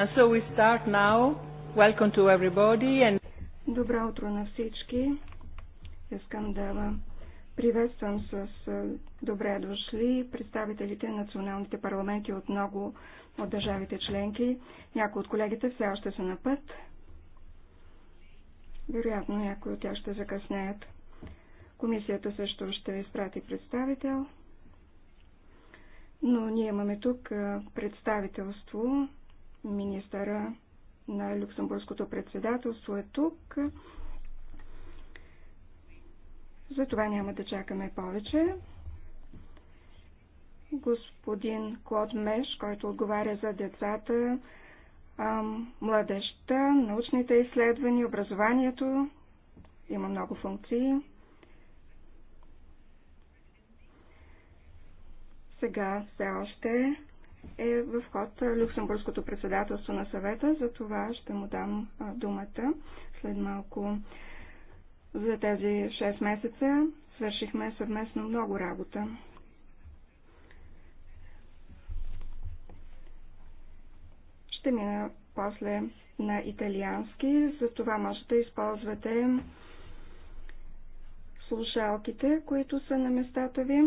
And so we start now. Welcome to everybody and Добро утро на всички. Искам да приветствам с е, добре дошли представителите на националните парламенти от много от държавите членки. Някои от колегите все още са на път. Вероятно някои от тях ще закъснеят. Комисията също ще изпрати представител. Но ние имаме тук е, представителство Министъра на Люксембургското председателство е тук. Затова няма да чакаме повече. Господин Клод Меш, който отговаря за децата, младежта, научните изследвания, образованието, има много функции. Сега все още е в ход Люксембургското председателство на съвета, за това ще му дам думата след малко. За тези 6 месеца свършихме съвместно много работа. Ще мина после на италиански, за това може да използвате слушалките, които са на местата ви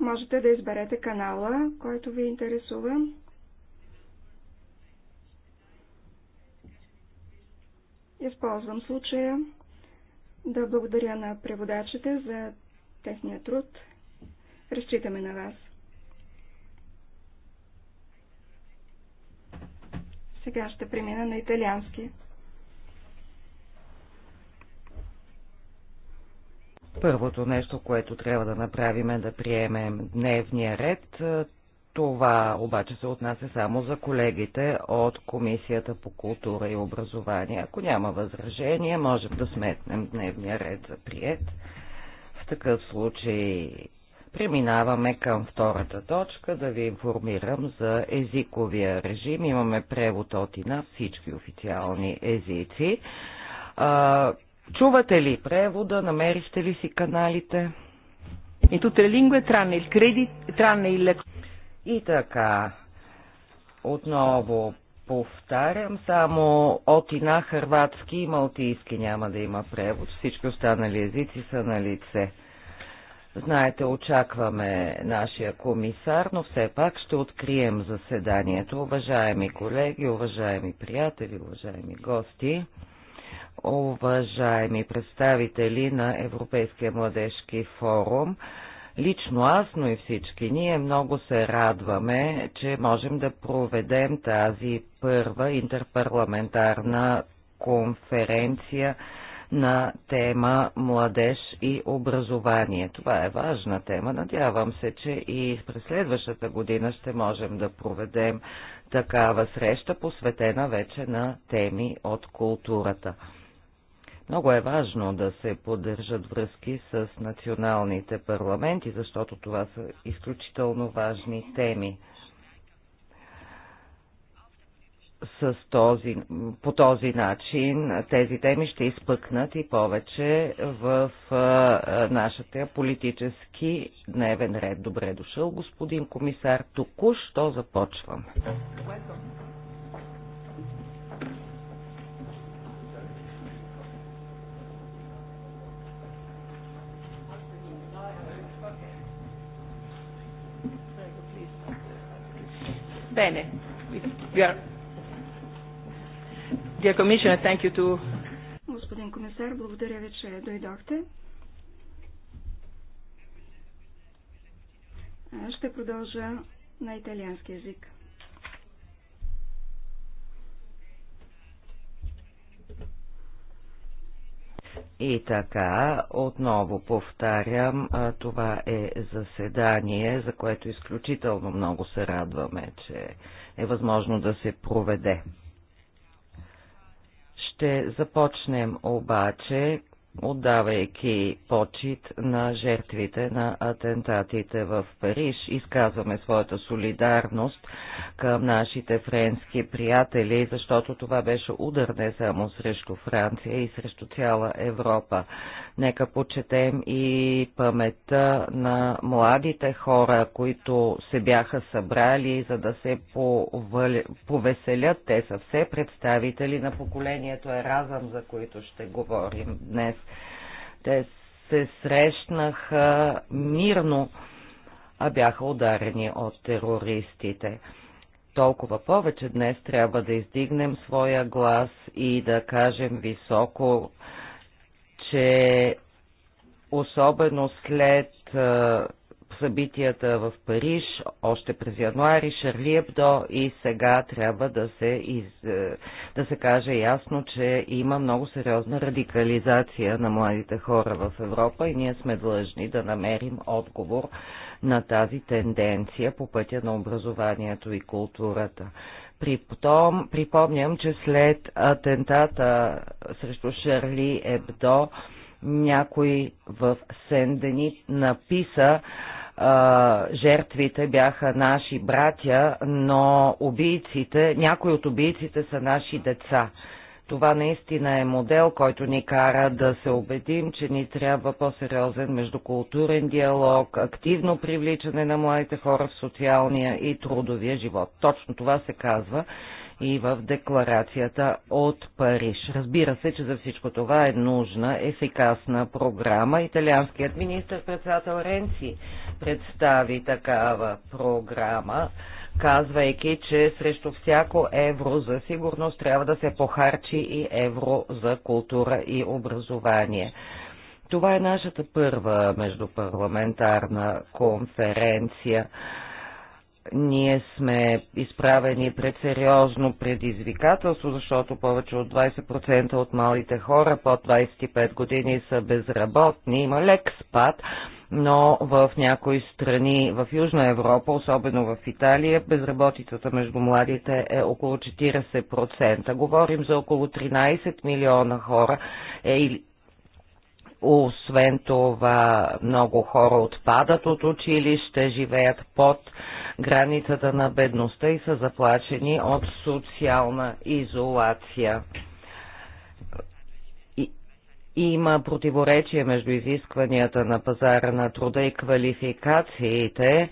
можете да изберете канала, който ви интересува. Използвам случая да благодаря на преводачите за техния труд. Разчитаме на вас. Сега ще премина на италиански. Първото нещо, което трябва да направим е да приемем дневния ред. Това обаче се отнася само за колегите от Комисията по култура и образование. Ако няма възражение, можем да сметнем дневния ред за прият. В такъв случай преминаваме към втората точка, да ви информирам за езиковия режим. Имаме превод от и на всички официални езици Чувате ли превода? Намерихте ли си каналите? И тук лингве, тране или кредит, тране il... И така, отново повтарям, само от и на хърватски и малтийски няма да има превод. Всички останали езици са на лице. Знаете, очакваме нашия комисар, но все пак ще открием заседанието. Уважаеми колеги, уважаеми приятели, уважаеми гости уважаеми представители на Европейския младежки форум. Лично аз, но и всички ние много се радваме, че можем да проведем тази първа интерпарламентарна конференция на тема младеж и образование. Това е важна тема. Надявам се, че и през следващата година ще можем да проведем такава среща, посветена вече на теми от културата. Много е важно да се поддържат връзки с националните парламенти, защото това са изключително важни теми. С този, по този начин тези теми ще изпъкнат и повече в а, нашата политически дневен ред. Добре е дошъл, господин комисар. Току-що започвам. Welcome. Bene. Dear Commissioner, thank you to... Господин комисар, благодаря ви, че дойдохте. Ще продължа на италиански язик. И така, отново повтарям, това е заседание, за което изключително много се радваме, че е възможно да се проведе. Ще започнем обаче отдавайки почет на жертвите на атентатите в Париж. Изказваме своята солидарност към нашите френски приятели, защото това беше удар не само срещу Франция и срещу цяла Европа. Нека почетем и паметта на младите хора, които се бяха събрали, за да се повеселят. Те са все представители на поколението Еразъм, за които ще говорим днес те се срещнаха мирно, а бяха ударени от терористите. Толкова повече днес трябва да издигнем своя глас и да кажем високо, че особено след събитията в Париж още през януари, Шарли Ебдо и сега трябва да се, из, е, да се каже ясно, че има много сериозна радикализация на младите хора в Европа и ние сме длъжни да намерим отговор на тази тенденция по пътя на образованието и културата. Притом, припомням, че след атентата срещу Шарли Ебдо някой в Сендени написа а, жертвите бяха наши братя, но убийците, някои от убийците са наши деца. Това наистина е модел, който ни кара да се убедим, че ни трябва по-сериозен междукултурен диалог, активно привличане на младите хора в социалния и трудовия живот. Точно това се казва и в декларацията от Париж. Разбира се, че за всичко това е нужна ефикасна програма. Италианският министр-председател Ренци представи такава програма, казвайки, че срещу всяко евро за сигурност трябва да се похарчи и евро за култура и образование. Това е нашата първа междупарламентарна конференция ние сме изправени пред сериозно предизвикателство, защото повече от 20% от малите хора под 25 години са безработни. Има лек спад, но в някои страни в Южна Европа, особено в Италия, безработицата между младите е около 40%. Говорим за около 13 милиона хора е, освен това, много хора отпадат от училище, живеят под границата на бедността и са заплачени от социална изолация има противоречие между изискванията на пазара на труда и квалификациите,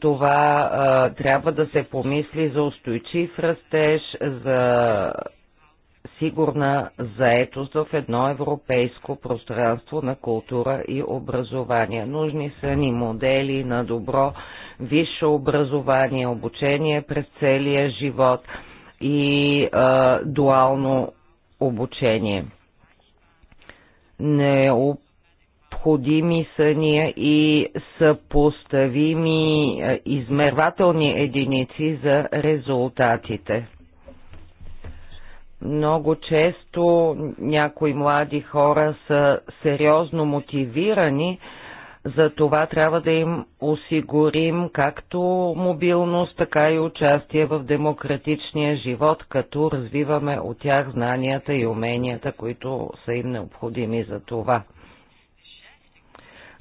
това а, трябва да се помисли за устойчив растеж, за сигурна заетост в едно европейско пространство на култура и образование. Нужни са ни модели на добро висше образование, обучение през целия живот и а, дуално обучение. необходими са ни и съпоставими измервателни единици за резултатите много често някои млади хора са сериозно мотивирани, за това трябва да им осигурим както мобилност, така и участие в демократичния живот, като развиваме от тях знанията и уменията, които са им необходими за това.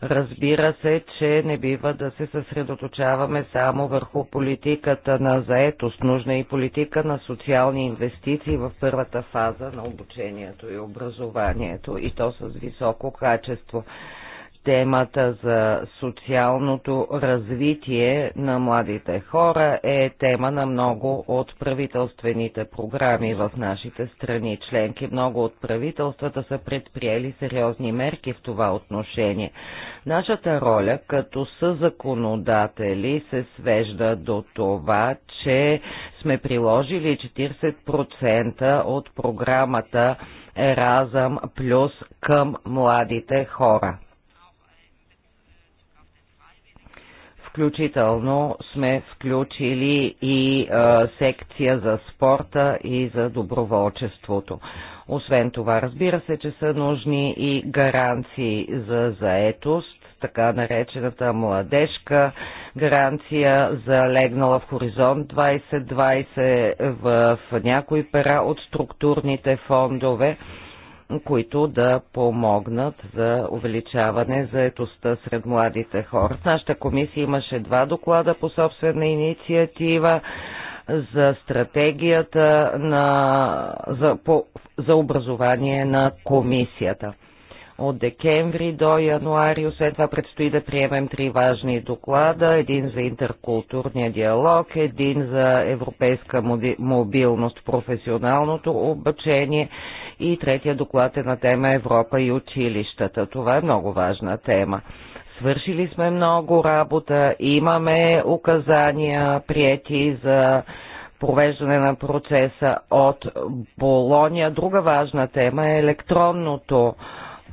Разбира се, че не бива да се съсредоточаваме само върху политиката на заетост. Нужна е и политика на социални инвестиции в първата фаза на обучението и образованието и то с високо качество темата за социалното развитие на младите хора е тема на много от правителствените програми в нашите страни членки. Много от правителствата са предприели сериозни мерки в това отношение. Нашата роля като съзаконодатели се свежда до това, че сме приложили 40% от програмата Еразъм плюс към младите хора. Включително сме включили и а, секция за спорта и за доброволчеството. Освен това, разбира се, че са нужни и гаранции за заетост, така наречената младежка гаранция, залегнала в Хоризонт 2020 в някои пера от структурните фондове които да помогнат за увеличаване заетостта сред младите хора. нашата комисия имаше два доклада по собствена инициатива за стратегията на, за, по, за образование на комисията. От декември до януари, освен това предстои да приемем три важни доклада. Един за интеркултурния диалог, един за европейска мобилност, професионалното обучение и третия доклад е на тема Европа и училищата. Това е много важна тема. Свършили сме много работа, имаме указания, прияти за провеждане на процеса от Болония. Друга важна тема е електронното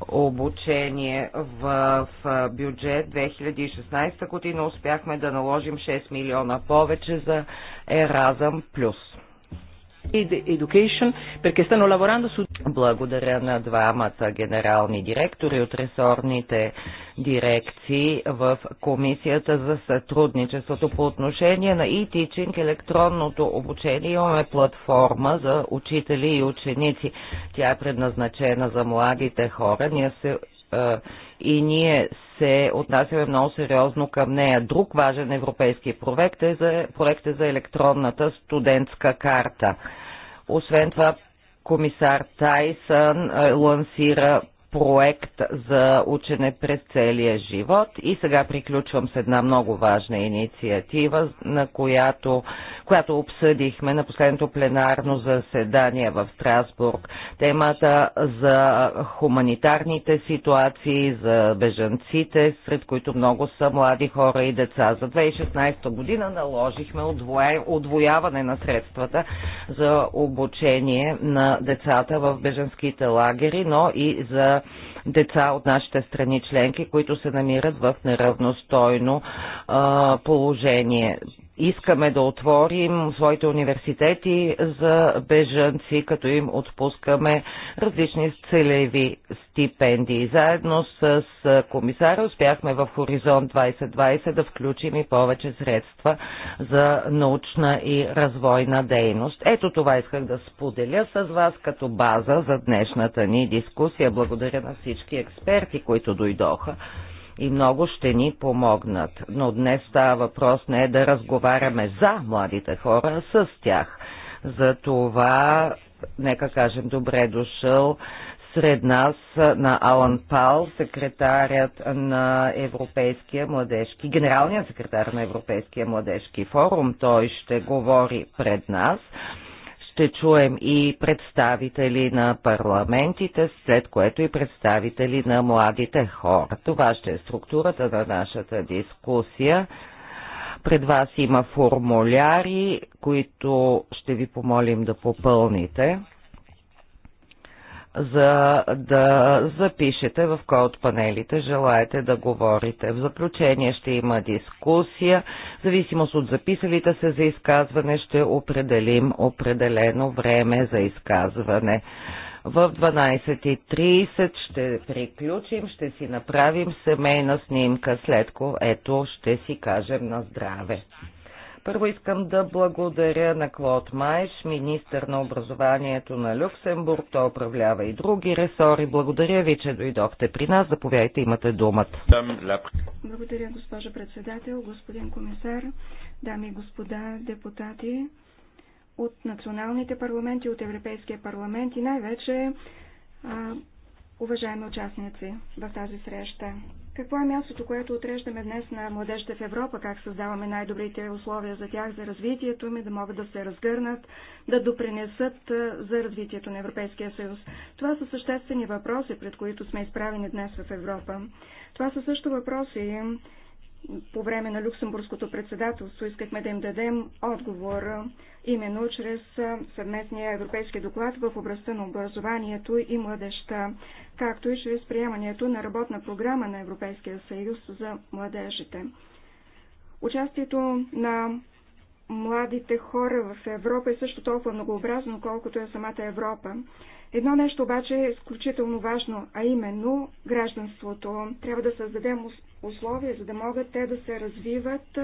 обучение в бюджет 2016 година успяхме да наложим 6 милиона повече за Еразъм плюс. Education, perché stanno lavorando su... Благодаря на двамата генерални директори от ресорните дирекции в Комисията за сътрудничеството по отношение на e-teaching, електронното обучение. Имаме платформа за учители и ученици. Тя е предназначена за младите хора. Ние се е, и ние се отнасяме много сериозно към нея. Друг важен европейски проект е за, проект е за електронната студентска карта. Освен това, комисар Тайсън лансира проект за учене през целия живот. И сега приключвам с една много важна инициатива, на която, която обсъдихме на последното пленарно заседание в Страсбург. Темата за хуманитарните ситуации, за бежанците, сред които много са млади хора и деца. За 2016 година наложихме отвояване на средствата за обучение на децата в бежанските лагери, но и за деца от нашите страни членки, които се намират в неравностойно а, положение искаме да отворим своите университети за бежанци, като им отпускаме различни целеви стипендии. Заедно с комисара успяхме в Хоризонт 2020 да включим и повече средства за научна и развойна дейност. Ето това исках да споделя с вас като база за днешната ни дискусия. Благодаря на всички експерти, които дойдоха и много ще ни помогнат. Но днес става въпрос не е да разговаряме за младите хора, а с тях. За това, нека кажем добре дошъл сред нас на Алан Пал, секретарят на Европейския младежки, генералният секретар на Европейския младежки форум. Той ще говори пред нас ще чуем и представители на парламентите, след което и представители на младите хора. Това ще е структурата на нашата дискусия. Пред вас има формуляри, които ще ви помолим да попълните за да запишете в кой от панелите желаете да говорите. В заключение ще има дискусия. В зависимост от записалите се за изказване ще определим определено време за изказване. В 12.30 ще приключим, ще си направим семейна снимка, след което ето ще си кажем на здраве. Първо искам да благодаря на Клод Майш, министър на образованието на Люксембург. Той управлява и други ресори. Благодаря ви, че дойдохте при нас. Заповядайте, имате думата. Благодаря, госпожа председател, господин комисар, дами и господа депутати от националните парламенти, от Европейския парламент и най-вече уважаеми участници в тази среща. Какво е мястото, което отреждаме днес на младежите в Европа, как създаваме най-добрите условия за тях, за развитието ми, да могат да се разгърнат, да допринесат за развитието на Европейския съюз? Това са съществени въпроси, пред които сме изправени днес в Европа. Това са също въпроси, по време на люксембургското председателство искахме да им дадем отговор именно чрез съвместния европейски доклад в областта на образованието и младеща, както и чрез приемането на работна програма на Европейския съюз за младежите. Участието на младите хора в Европа е също толкова многообразно, колкото е самата Европа. Едно нещо обаче е изключително важно, а именно гражданството. Трябва да създадем условия, за да могат те да се развиват,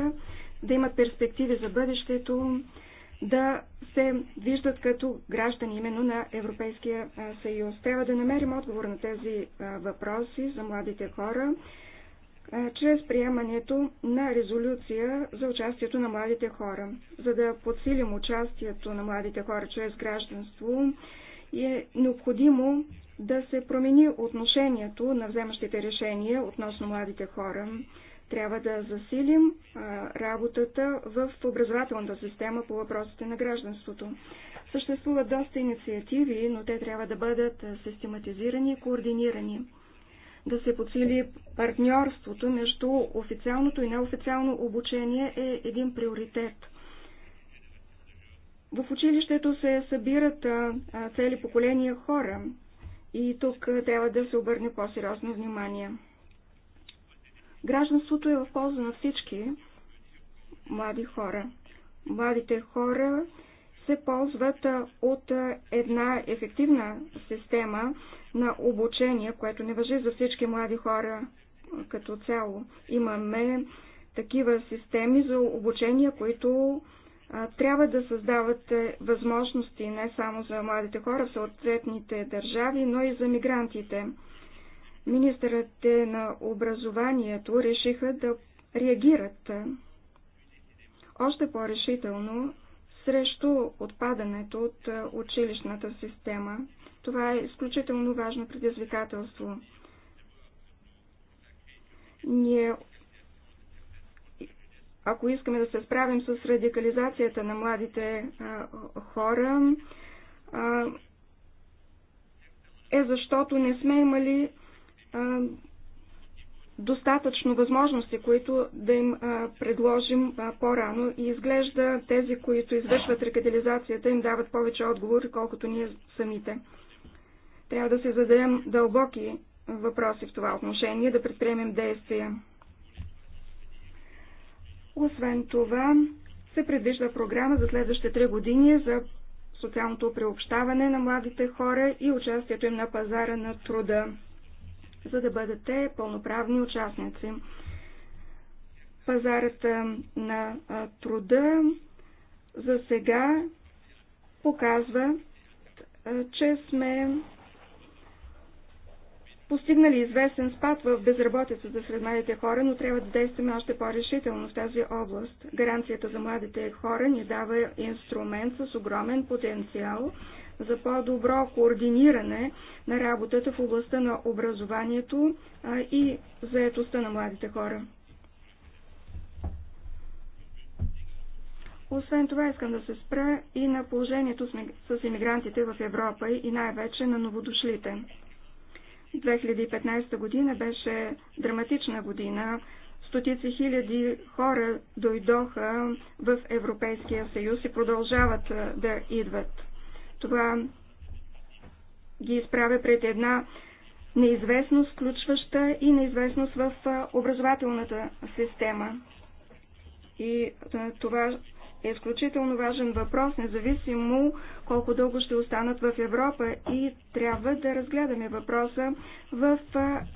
да имат перспективи за бъдещето, да се виждат като граждани именно на Европейския съюз. Трябва да намерим отговор на тези въпроси за младите хора чрез приемането на резолюция за участието на младите хора. За да подсилим участието на младите хора чрез гражданство, е необходимо да се промени отношението на вземащите решения относно младите хора. Трябва да засилим а, работата в образователната система по въпросите на гражданството. Съществуват доста инициативи, но те трябва да бъдат систематизирани и координирани. Да се подсили партньорството между официалното и неофициално обучение е един приоритет – в училището се събират а, цели поколения хора. И тук е, трябва да се обърне по-сериозно внимание. Гражданството е в полза на всички млади хора. Младите хора се ползват е, от е, една ефективна система на обучение, което не въжи за всички млади хора като цяло. Имаме такива системи за обучение, които трябва да създават е, възможности не само за младите хора в съответните държави, но и за мигрантите. Министърите на образованието решиха да реагират е, още по-решително срещу отпадането от е, училищната система. Това е изключително важно предизвикателство. Ние ако искаме да се справим с радикализацията на младите а, хора, а, е защото не сме имали а, достатъчно възможности, които да им а, предложим а, по-рано и изглежда тези, които извършват рекатализацията, им дават повече отговори, колкото ние самите. Трябва да се зададем дълбоки въпроси в това отношение, да предприемем действия. Освен това, се предвижда програма за следващите три години за социалното приобщаване на младите хора и участието им на пазара на труда, за да бъдете пълноправни участници. Пазарът на труда за сега показва, че сме постигнали известен спад в безработицата сред младите хора, но трябва да действаме още по-решително в тази област. Гаранцията за младите хора ни дава инструмент с огромен потенциал за по-добро координиране на работата в областта на образованието и заетостта на младите хора. Освен това искам да се спра и на положението с иммигрантите в Европа и най-вече на новодошлите. 2015 година беше драматична година. Стотици хиляди хора дойдоха в Европейския съюз и продължават да идват. Това ги изправя пред една неизвестност, включваща и неизвестност в образователната система. И това е изключително важен въпрос, независимо колко дълго ще останат в Европа и трябва да разгледаме въпроса в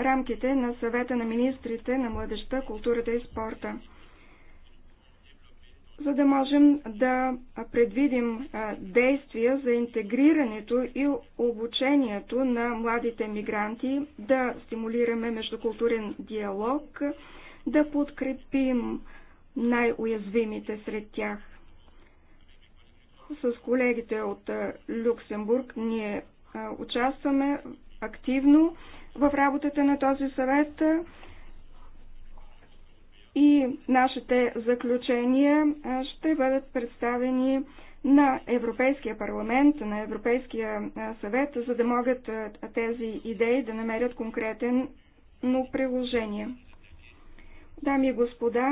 рамките на съвета на министрите на младеща, културата и спорта. За да можем да предвидим действия за интегрирането и обучението на младите мигранти, да стимулираме междукултурен диалог, да подкрепим най-уязвимите сред тях с колегите от Люксембург. Ние участваме активно в работата на този съвет и нашите заключения ще бъдат представени на Европейския парламент, на Европейския съвет, за да могат тези идеи да намерят конкретен приложение. Дами и господа,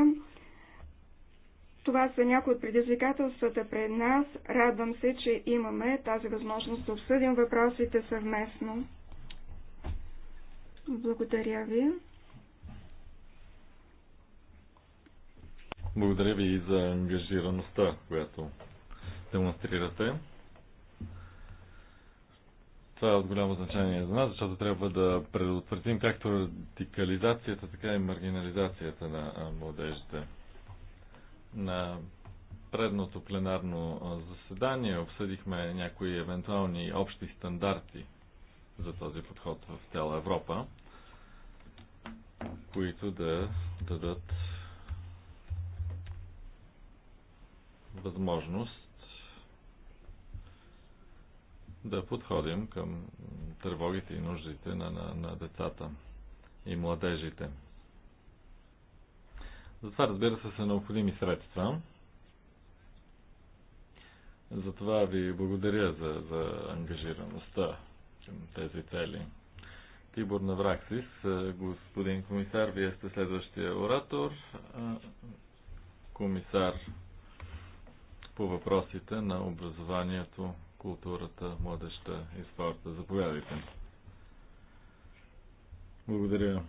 това са някои от предизвикателствата пред нас. Радвам се, че имаме тази възможност да обсъдим въпросите съвместно. Благодаря ви. Благодаря ви и за ангажираността, която демонстрирате. Това е от голямо значение за нас, защото трябва да предотвратим както радикализацията, така и маргинализацията на младежите на предното пленарно заседание обсъдихме някои евентуални общи стандарти за този подход в цяла Европа, които да дадат възможност да подходим към тревогите и нуждите на, на, на децата и младежите. За това, разбира се, са необходими средства. Затова ви благодаря за, за ангажираността към тези цели. Тибор Навраксис, е, господин комисар, вие сте следващия оратор, е, комисар по въпросите на образованието, културата, младеща и спорта. Заповядайте. Благодаря,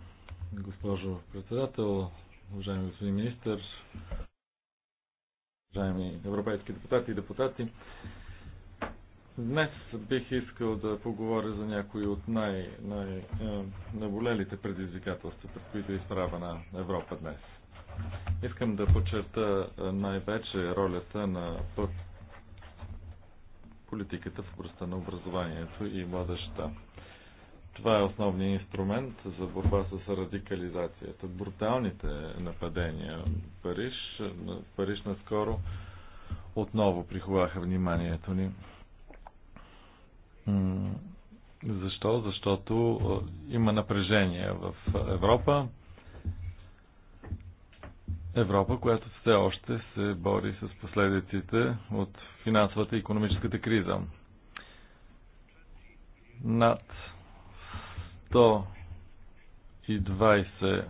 госпожо председател, уважаеми господин министр, уважаеми европейски депутати и депутати. Днес бих искал да поговоря за някои от най-, най- е, предизвикателства, пред които е изправена Европа днес. Искам да подчерта е, най-вече ролята на политиката в областта на образованието и младеща. Това е основният инструмент за борба с радикализацията. Бруталните нападения в Париж, Париж наскоро отново приховаха вниманието ни. Защо? Защото има напрежение в Европа. Европа, която все още се бори с последиците от финансовата и економическата криза. Над 120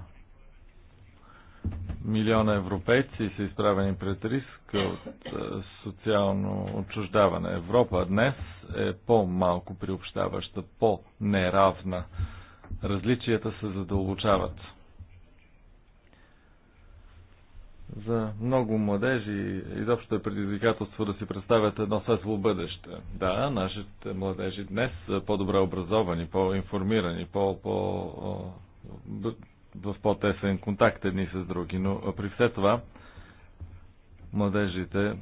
милиона европейци са изправени пред риска от социално отчуждаване. Европа днес е по-малко приобщаваща, по-неравна. Различията се задълбочават. За много младежи изобщо е предизвикателство да си представят едно светло бъдеще. Да, нашите младежи днес са по-добре образовани, по-информирани, по, по, в по-тесен контакт едни с други, но при все това младежите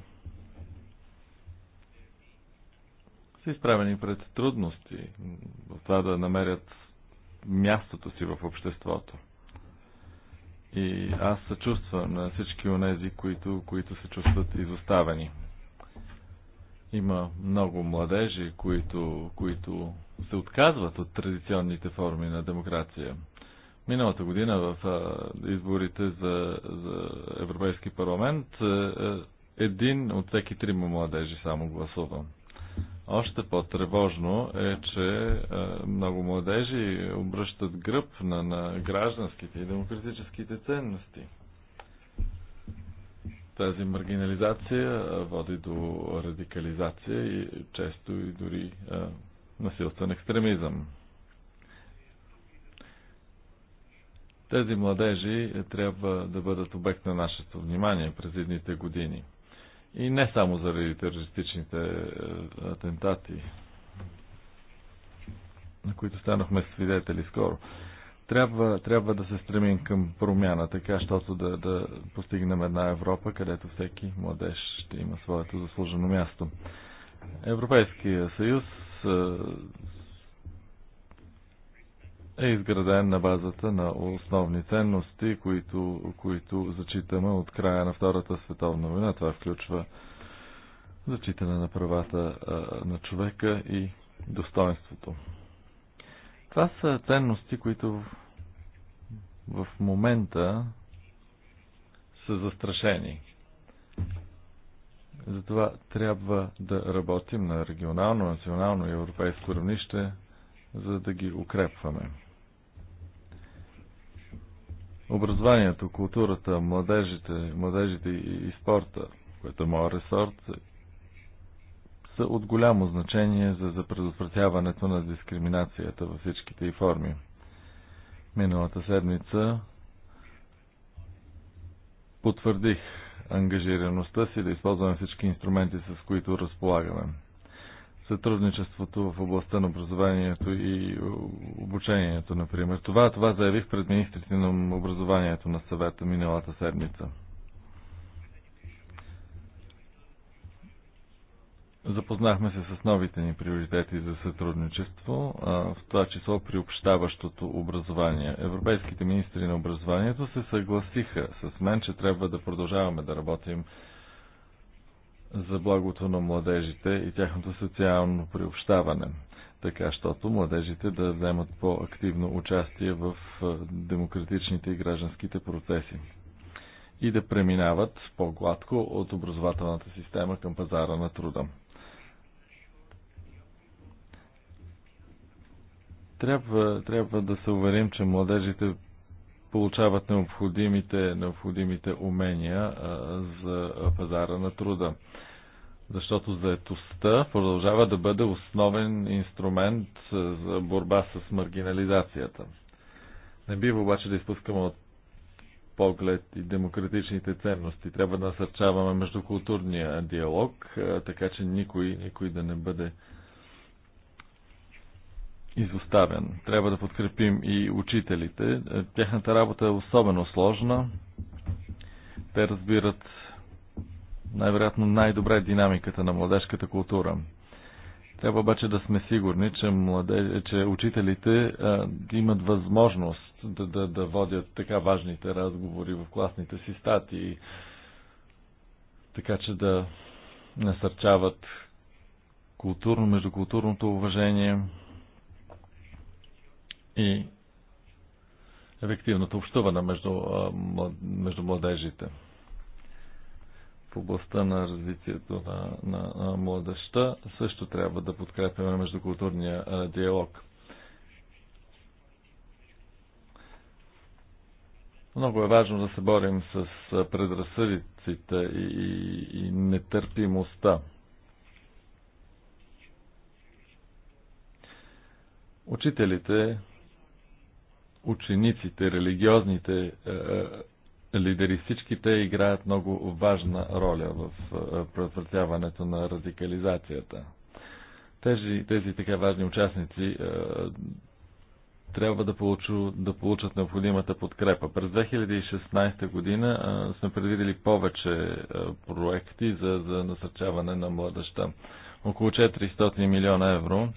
са изправени пред трудности в това да намерят мястото си в обществото. И аз съчувствам на всички онези, които, които се чувстват изоставени. Има много младежи, които, които се отказват от традиционните форми на демокрация. Миналата година в изборите за, за Европейски парламент е, е, един от всеки трима младежи само гласува. Още по-тревожно е, че много младежи обръщат гръб на, на гражданските и демократическите ценности. Тази маргинализация води до радикализация и често и дори насилствен екстремизъм. Тези младежи е, трябва да бъдат обект на нашето внимание през едните години – и не само заради терористичните е, атентати, на които станахме свидетели скоро. Трябва, трябва да се стремим към промяна, така, защото да, да постигнем една Европа, където всеки младеж ще има своето заслужено място. Европейския съюз е, е изграден на базата на основни ценности, които, които зачитаме от края на Втората световна война. Това включва зачитане на правата на човека и достоинството. Това са ценности, които в момента са застрашени. Затова трябва да работим на регионално, национално и европейско равнище, за да ги укрепваме. Образованието, културата, младежите, младежите и спорта, което е моят ресорт, са от голямо значение за, за предотвратяването на дискриминацията във всичките и форми. Миналата седмица потвърдих ангажираността си да използваме всички инструменти, с които разполагаме сътрудничеството в областта на образованието и обучението, например. Това, това заявих пред министрите на образованието на съвета миналата седмица. Запознахме се с новите ни приоритети за сътрудничество, в това число приобщаващото образование. Европейските министри на образованието се съгласиха с мен, че трябва да продължаваме да работим за благото на младежите и тяхното социално приобщаване, така щото младежите да вземат по-активно участие в демократичните и гражданските процеси и да преминават по-гладко от образователната система към пазара на труда. Трябва, трябва да се уверим, че младежите получават необходимите, необходимите умения за пазара на труда. Защото заетостта продължава да бъде основен инструмент за борба с маргинализацията. Не бива обаче да изпускаме от поглед и демократичните ценности. Трябва да насърчаваме междукултурния диалог, така че никой, никой да не бъде изоставен. Трябва да подкрепим и учителите. Е, тяхната работа е особено сложна. Те разбират най-вероятно най-добре динамиката на младежката култура. Трябва обаче да сме сигурни, че, младе, че учителите е, а, имат възможност да, да, да водят така важните разговори в класните си статии, така че да насърчават културно, междукултурното уважение, и ефективното общуване между, между младежите в областта на развитието на, на, на младеща също трябва да подкрепяме междукултурния диалог. Много е важно да се борим с предразсъдиците и, и, и нетърпимостта. Учителите учениците, религиозните е, е, лидери, всичките играят много важна роля в е, предотвратяването на радикализацията. Тези, тези така важни участници трябва да, получу, да получат необходимата подкрепа. През 2016 година е, сме предвидели повече е, проекти за, за насърчаване на младеща. Около 400 милиона евро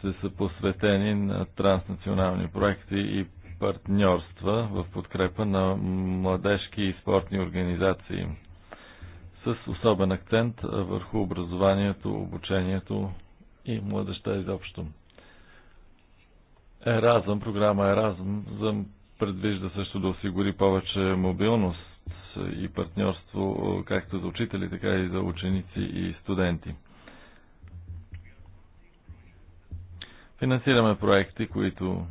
ще са посветени на транснационални проекти и партньорства в подкрепа на младежки и спортни организации с особен акцент върху образованието, обучението и младеща изобщо. Еразъм, програма Еразъм предвижда също да осигури повече мобилност и партньорство както за учители, така и за ученици и студенти. Финансираме проекти, които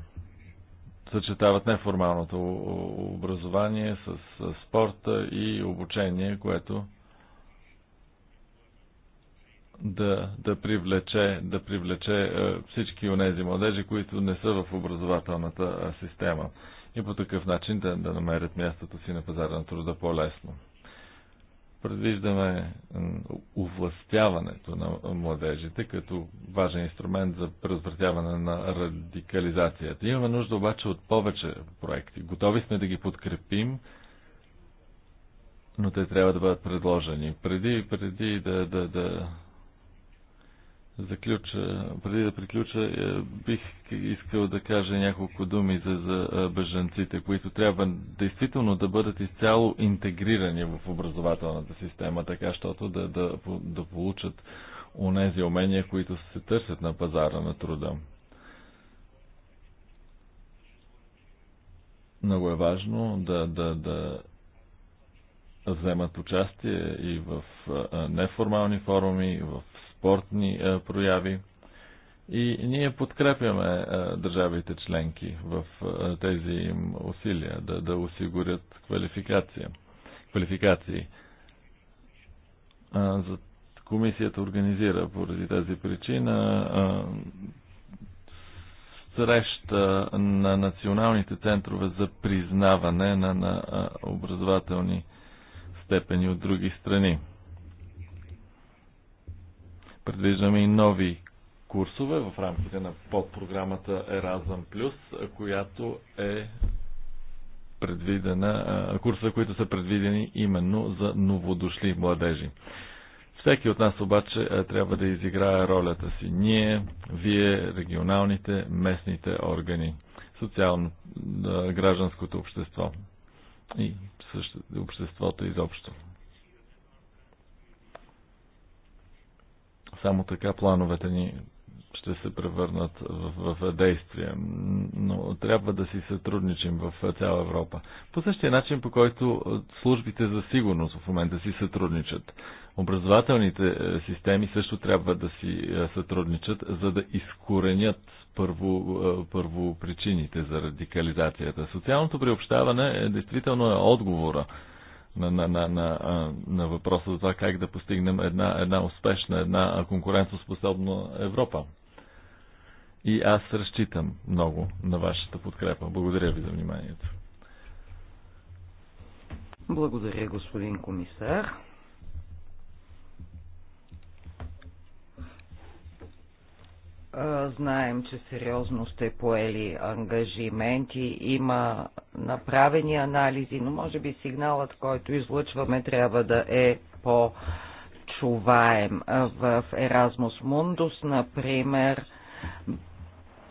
съчетават неформалното образование с спорта и обучение, което да, да привлече, да привлече е, всички тези младежи, които не са в образователната система и по такъв начин да, да намерят мястото си на пазара на труда по-лесно. Предвиждаме овластяването на младежите като важен инструмент за предотвратяване на радикализацията. Имаме нужда обаче от повече проекти. Готови сме да ги подкрепим, но те трябва да бъдат предложени. Преди, преди да, да, да заключа, преди да приключа, е, бих искал да кажа няколко думи за, за е, бежанците, които трябва действително да бъдат изцяло интегрирани в образователната система, така щото да, да, да получат онези умения, които се търсят на пазара на труда. Много е важно да, да, да вземат участие и в е, неформални форуми, в спортни а, е, прояви. И ние подкрепяме а, е, държавите членки в а, е, тези им усилия да, да осигурят квалификация, квалификации. А, за комисията организира поради тази причина а, среща на националните центрове за признаване на, на образователни степени от други страни. Предвиждаме и нови курсове в рамките на подпрограмата Еразъм Плюс, която е предвидена, курсове, които са предвидени именно за новодошли младежи. Всеки от нас обаче трябва да изиграе ролята си. Ние, вие, регионалните, местните органи, социално, гражданското общество и обществото изобщо. Само така плановете ни ще се превърнат в, в действие. Но трябва да си сътрудничим в цяла Европа. По същия начин, по който службите за сигурност в момента си сътрудничат. Образователните е, системи също трябва да си е, сътрудничат, за да изкоренят първо, е, първо причините за радикализацията. Социалното приобщаване е действително е отговора на, на, на, на, на въпроса за това как да постигнем една, една успешна, една конкурентоспособна Европа. И аз разчитам много на вашата подкрепа. Благодаря ви за вниманието. Благодаря, господин комисар. знаем, че сериозно сте поели ангажименти. Има направени анализи, но може би сигналът, който излъчваме, трябва да е по чуваем. В Еразмус Мундус, например,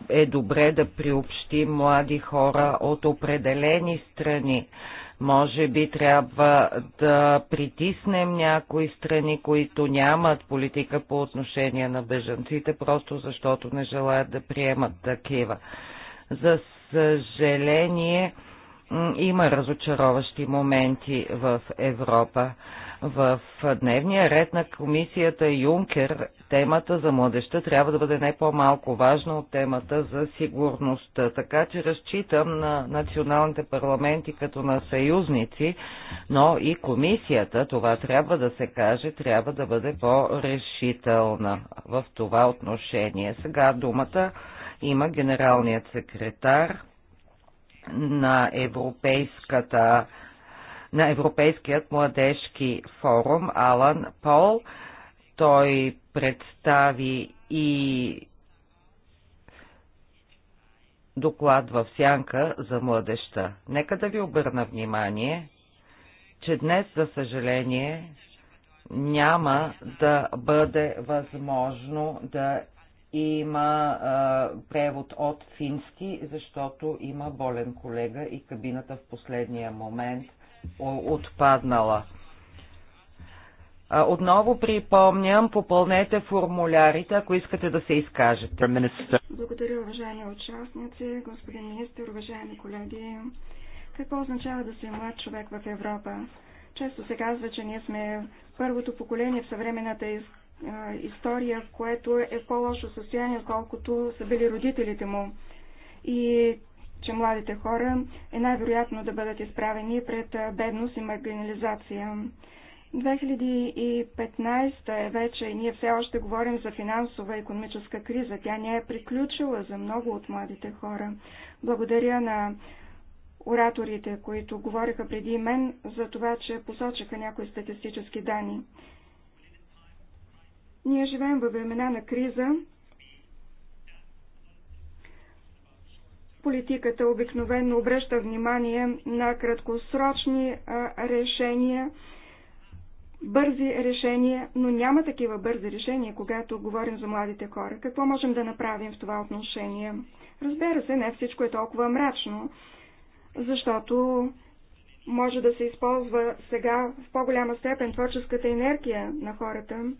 е добре да приобщим млади хора от определени страни. Може би трябва да притиснем някои страни, които нямат политика по отношение на бежанците, просто защото не желаят да приемат такива. За съжаление, има разочароващи моменти в Европа. В дневния ред на комисията Юнкер темата за младеща трябва да бъде не по-малко важна от темата за сигурността. Така че разчитам на националните парламенти като на съюзници, но и комисията, това трябва да се каже, трябва да бъде по-решителна в това отношение. Сега думата има генералният секретар на Европейската на Европейският младежки форум Алан Пол. Той представи и доклад в сянка за младеща. Нека да ви обърна внимание, че днес, за съжаление, няма да бъде възможно да има а, превод от фински, защото има болен колега и кабината в последния момент отпаднала. А, отново припомням, попълнете формулярите, ако искате да се изкажете. Благодаря, уважаеми участници, господин министр, уважаеми колеги. Какво означава да си е млад човек в Европа? Често се казва, че ние сме първото поколение в съвременната изкуство история, в което е в по-лошо състояние, отколкото са били родителите му. И че младите хора е най-вероятно да бъдат изправени пред бедност и маргинализация. 2015 е вече и ние все още говорим за финансова и економическа криза. Тя не е приключила за много от младите хора. Благодаря на ораторите, които говориха преди мен за това, че посочиха някои статистически данни. Ние живеем във времена на криза. Политиката обикновено обръща внимание на краткосрочни решения, бързи решения, но няма такива бързи решения, когато говорим за младите хора. Какво можем да направим в това отношение? Разбира се, не всичко е толкова мрачно, защото може да се използва сега в по-голяма степен творческата енергия на хората.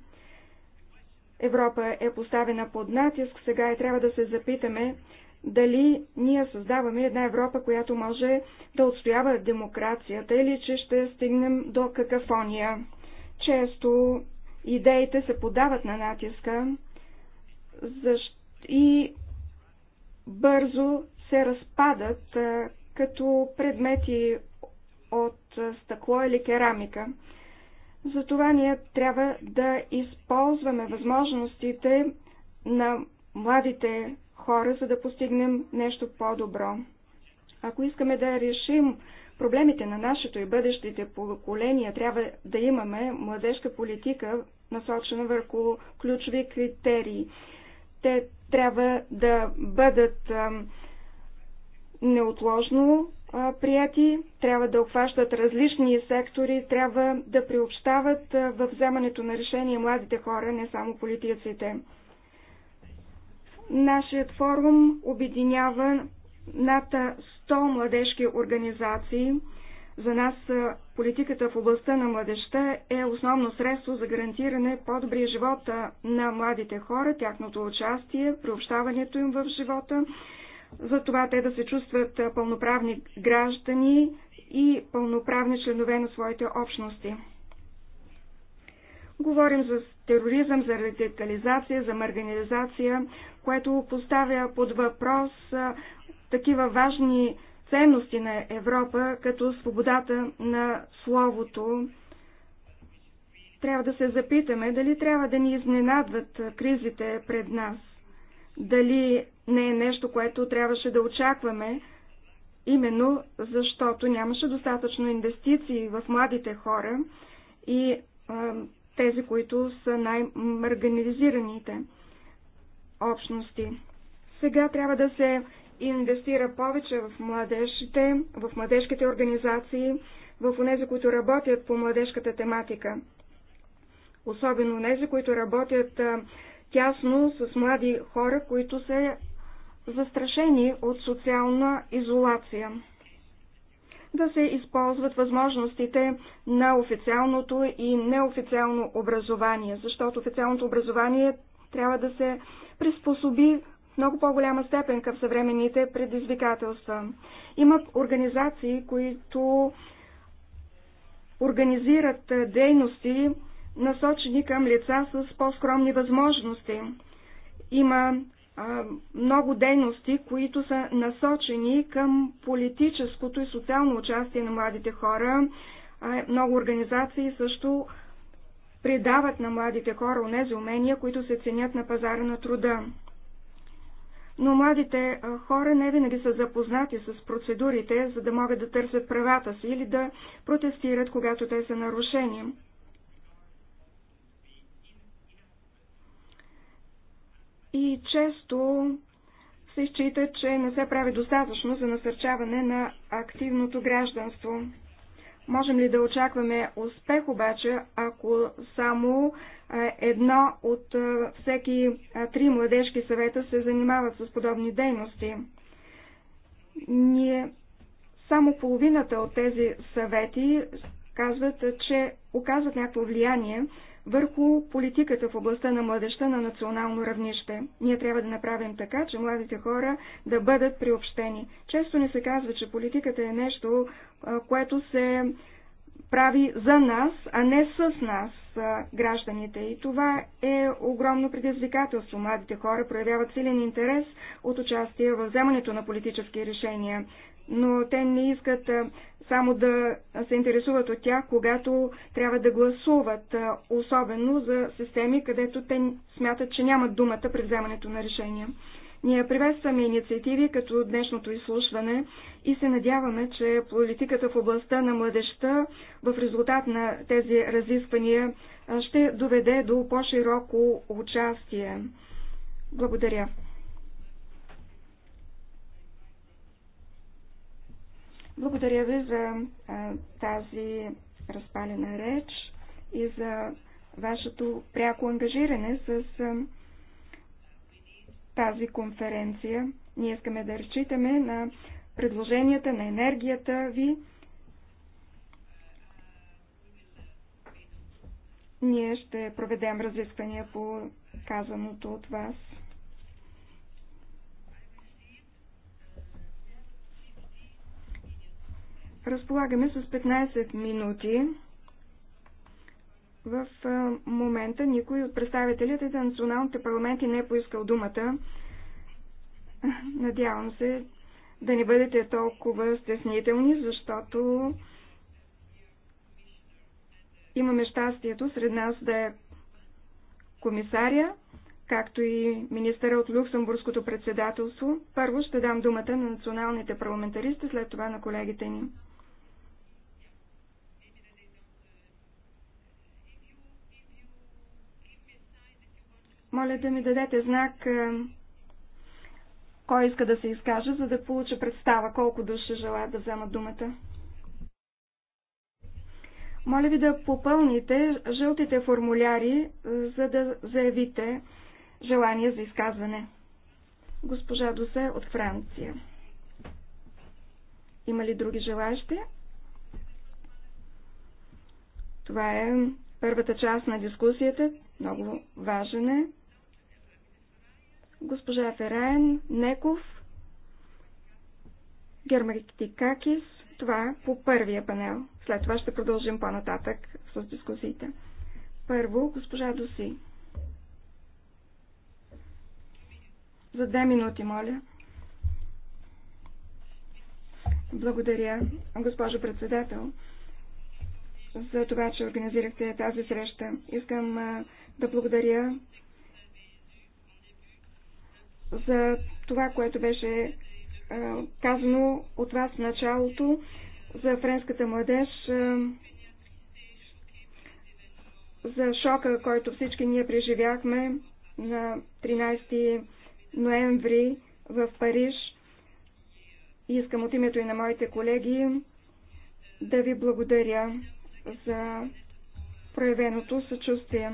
Европа е поставена под натиск, сега и е трябва да се запитаме дали ние създаваме една Европа, която може да отстоява демокрацията или че ще стигнем до какафония. Често идеите се подават на натиска и бързо се разпадат като предмети от стъкло или керамика. Затова ние трябва да използваме възможностите на младите хора, за да постигнем нещо по-добро. Ако искаме да решим проблемите на нашето и бъдещите поколения, трябва да имаме младежка политика, насочена върху ключови критерии. Те трябва да бъдат неотложно прияти, трябва да обхващат различни сектори, трябва да приобщават в вземането на решения младите хора, не само политиците. Нашият форум обединява над 100 младежки организации. За нас политиката в областта на младеща е основно средство за гарантиране по-добрия живота на младите хора, тяхното участие, приобщаването им в живота за това те да се чувстват пълноправни граждани и пълноправни членове на своите общности. Говорим за тероризъм, за радикализация, за марганизация, което поставя под въпрос такива важни ценности на Европа, като свободата на словото. Трябва да се запитаме дали трябва да ни изненадват кризите пред нас, дали не е нещо, което трябваше да очакваме, именно защото нямаше достатъчно инвестиции в младите хора и а, тези, които са най-марганизираните общности. Сега трябва да се инвестира повече в младежите, в младежките организации, в онези, които работят по младежката тематика. Особено онези, които работят тясно с млади хора, които се застрашени от социална изолация. Да се използват възможностите на официалното и неофициално образование, защото официалното образование трябва да се приспособи в много по-голяма степен към съвременните предизвикателства. Има организации, които организират дейности, насочени към лица с по-скромни възможности. Има много дейности, които са насочени към политическото и социално участие на младите хора. Много организации също придават на младите хора унези умения, които се ценят на пазара на труда. Но младите хора не винаги са запознати с процедурите, за да могат да търсят правата си или да протестират, когато те са нарушени. и често се счита, че не се прави достатъчно за насърчаване на активното гражданство. Можем ли да очакваме успех обаче, ако само едно от всеки три младежки съвета се занимават с подобни дейности? Ние само половината от тези съвети казват, че оказват някакво влияние върху политиката в областта на младеща на национално равнище. Ние трябва да направим така, че младите хора да бъдат приобщени. Често не се казва, че политиката е нещо, което се прави за нас, а не с нас, гражданите. И това е огромно предизвикателство. Младите хора проявяват силен интерес от участие в вземането на политически решения но те не искат само да се интересуват от тях, когато трябва да гласуват, особено за системи, където те смятат, че нямат думата при вземането на решения. Ние приветстваме инициативи като днешното изслушване и се надяваме, че политиката в областта на младеща в резултат на тези разисквания ще доведе до по-широко участие. Благодаря. Благодаря ви за а, тази разпалена реч и за вашето пряко ангажиране с а, тази конференция. Ние искаме да разчитаме на предложенията, на енергията ви. Ние ще проведем разисквания по казаното от вас. Разполагаме с 15 минути. В момента никой от представителите на националните парламенти не е поискал думата. Надявам се да не бъдете толкова стеснителни, защото имаме щастието сред нас да е комисаря, както и министъра от Люксембургското председателство. Първо ще дам думата на националните парламентаристи, след това на колегите ни. Моля да ми дадете знак е, кой иска да се изкаже, за да получа представа колко души желаят да вземат думата. Моля ви да попълните жълтите формуляри, е, за да заявите желание за изказване. Госпожа Досе от Франция. Има ли други желаящи? Това е първата част на дискусията. Много важен е госпожа Ферен, Неков, Герматикакис. Това по първия панел. След това ще продължим по-нататък с дискусиите. Първо, госпожа Доси. За две минути, моля. Благодаря, госпожо председател, за това, че организирахте тази среща. Искам да благодаря за това, което беше казано от вас в началото за френската младеж, за шока, който всички ние преживяхме на 13 ноември в Париж. Искам от името и на моите колеги да ви благодаря за проявеното съчувствие.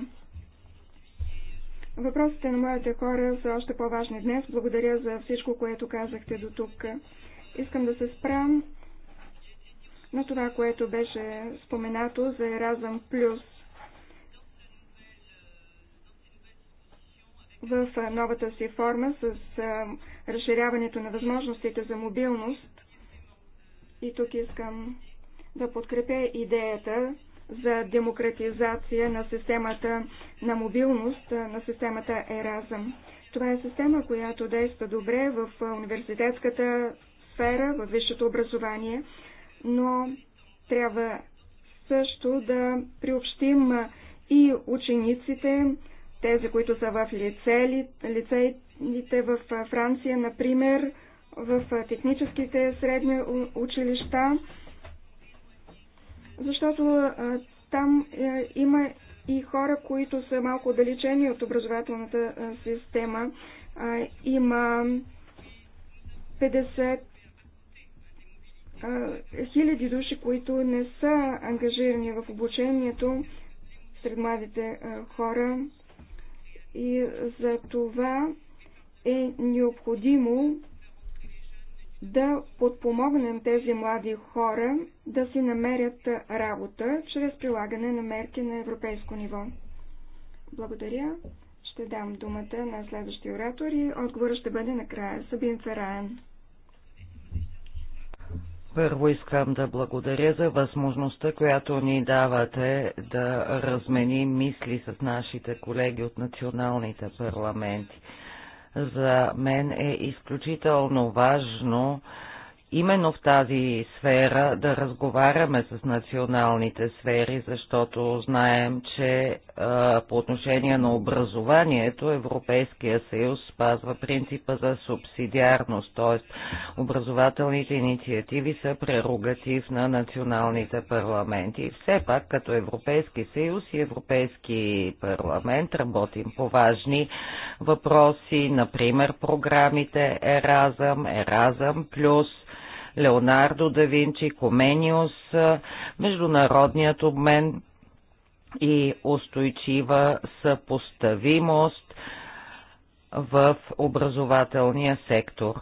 Въпросите на моите хора са още по-важни днес. Благодаря за всичко, което казахте до тук. Искам да се спрям на това, което беше споменато за Еразъм Плюс. В новата си форма с разширяването на възможностите за мобилност. И тук искам да подкрепя идеята за демократизация на системата на мобилност, на системата Еразъм. Това е система, която действа добре в университетската сфера, в висшето образование, но трябва също да приобщим и учениците, тези, които са в лицели, лицеите в Франция, например, в техническите средни училища, защото а, там а, е, има и хора, които са малко отдалечени от образователната а, система. А, има 50 а, хиляди души, които не са ангажирани в обучението сред младите а, хора. И за това е необходимо да подпомогнем тези млади хора да си намерят работа чрез прилагане на мерки на европейско ниво. Благодаря. Ще дам думата на следващия оратор и отговорът ще бъде накрая. Сабин Фераен. Първо искам да благодаря за възможността, която ни давате да разменим мисли с нашите колеги от националните парламенти. За мен е изключително важно именно в тази сфера да разговаряме с националните сфери, защото знаем, че а, по отношение на образованието Европейския съюз спазва принципа за субсидиарност, т.е. образователните инициативи са прерогатив на националните парламенти. все пак, като Европейски съюз и Европейски парламент работим по важни въпроси, например програмите Еразъм, Еразъм плюс – Леонардо да Винчи, Комениус, международният обмен и устойчива съпоставимост в образователния сектор.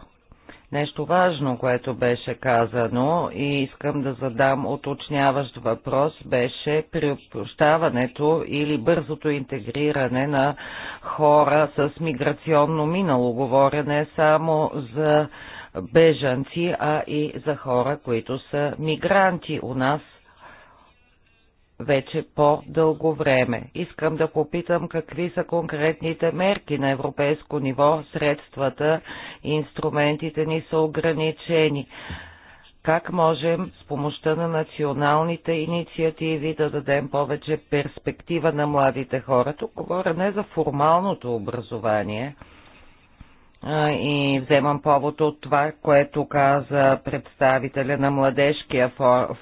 Нещо важно, което беше казано и искам да задам уточняващ въпрос, беше приобщаването или бързото интегриране на хора с миграционно минало. Говоря не само за бежанци, а и за хора, които са мигранти у нас вече по-дълго време. Искам да попитам какви са конкретните мерки на европейско ниво, средствата и инструментите ни са ограничени. Как можем с помощта на националните инициативи да дадем повече перспектива на младите хора? Тук говоря не за формалното образование, и вземам повод от това, което каза представителя на Младежкия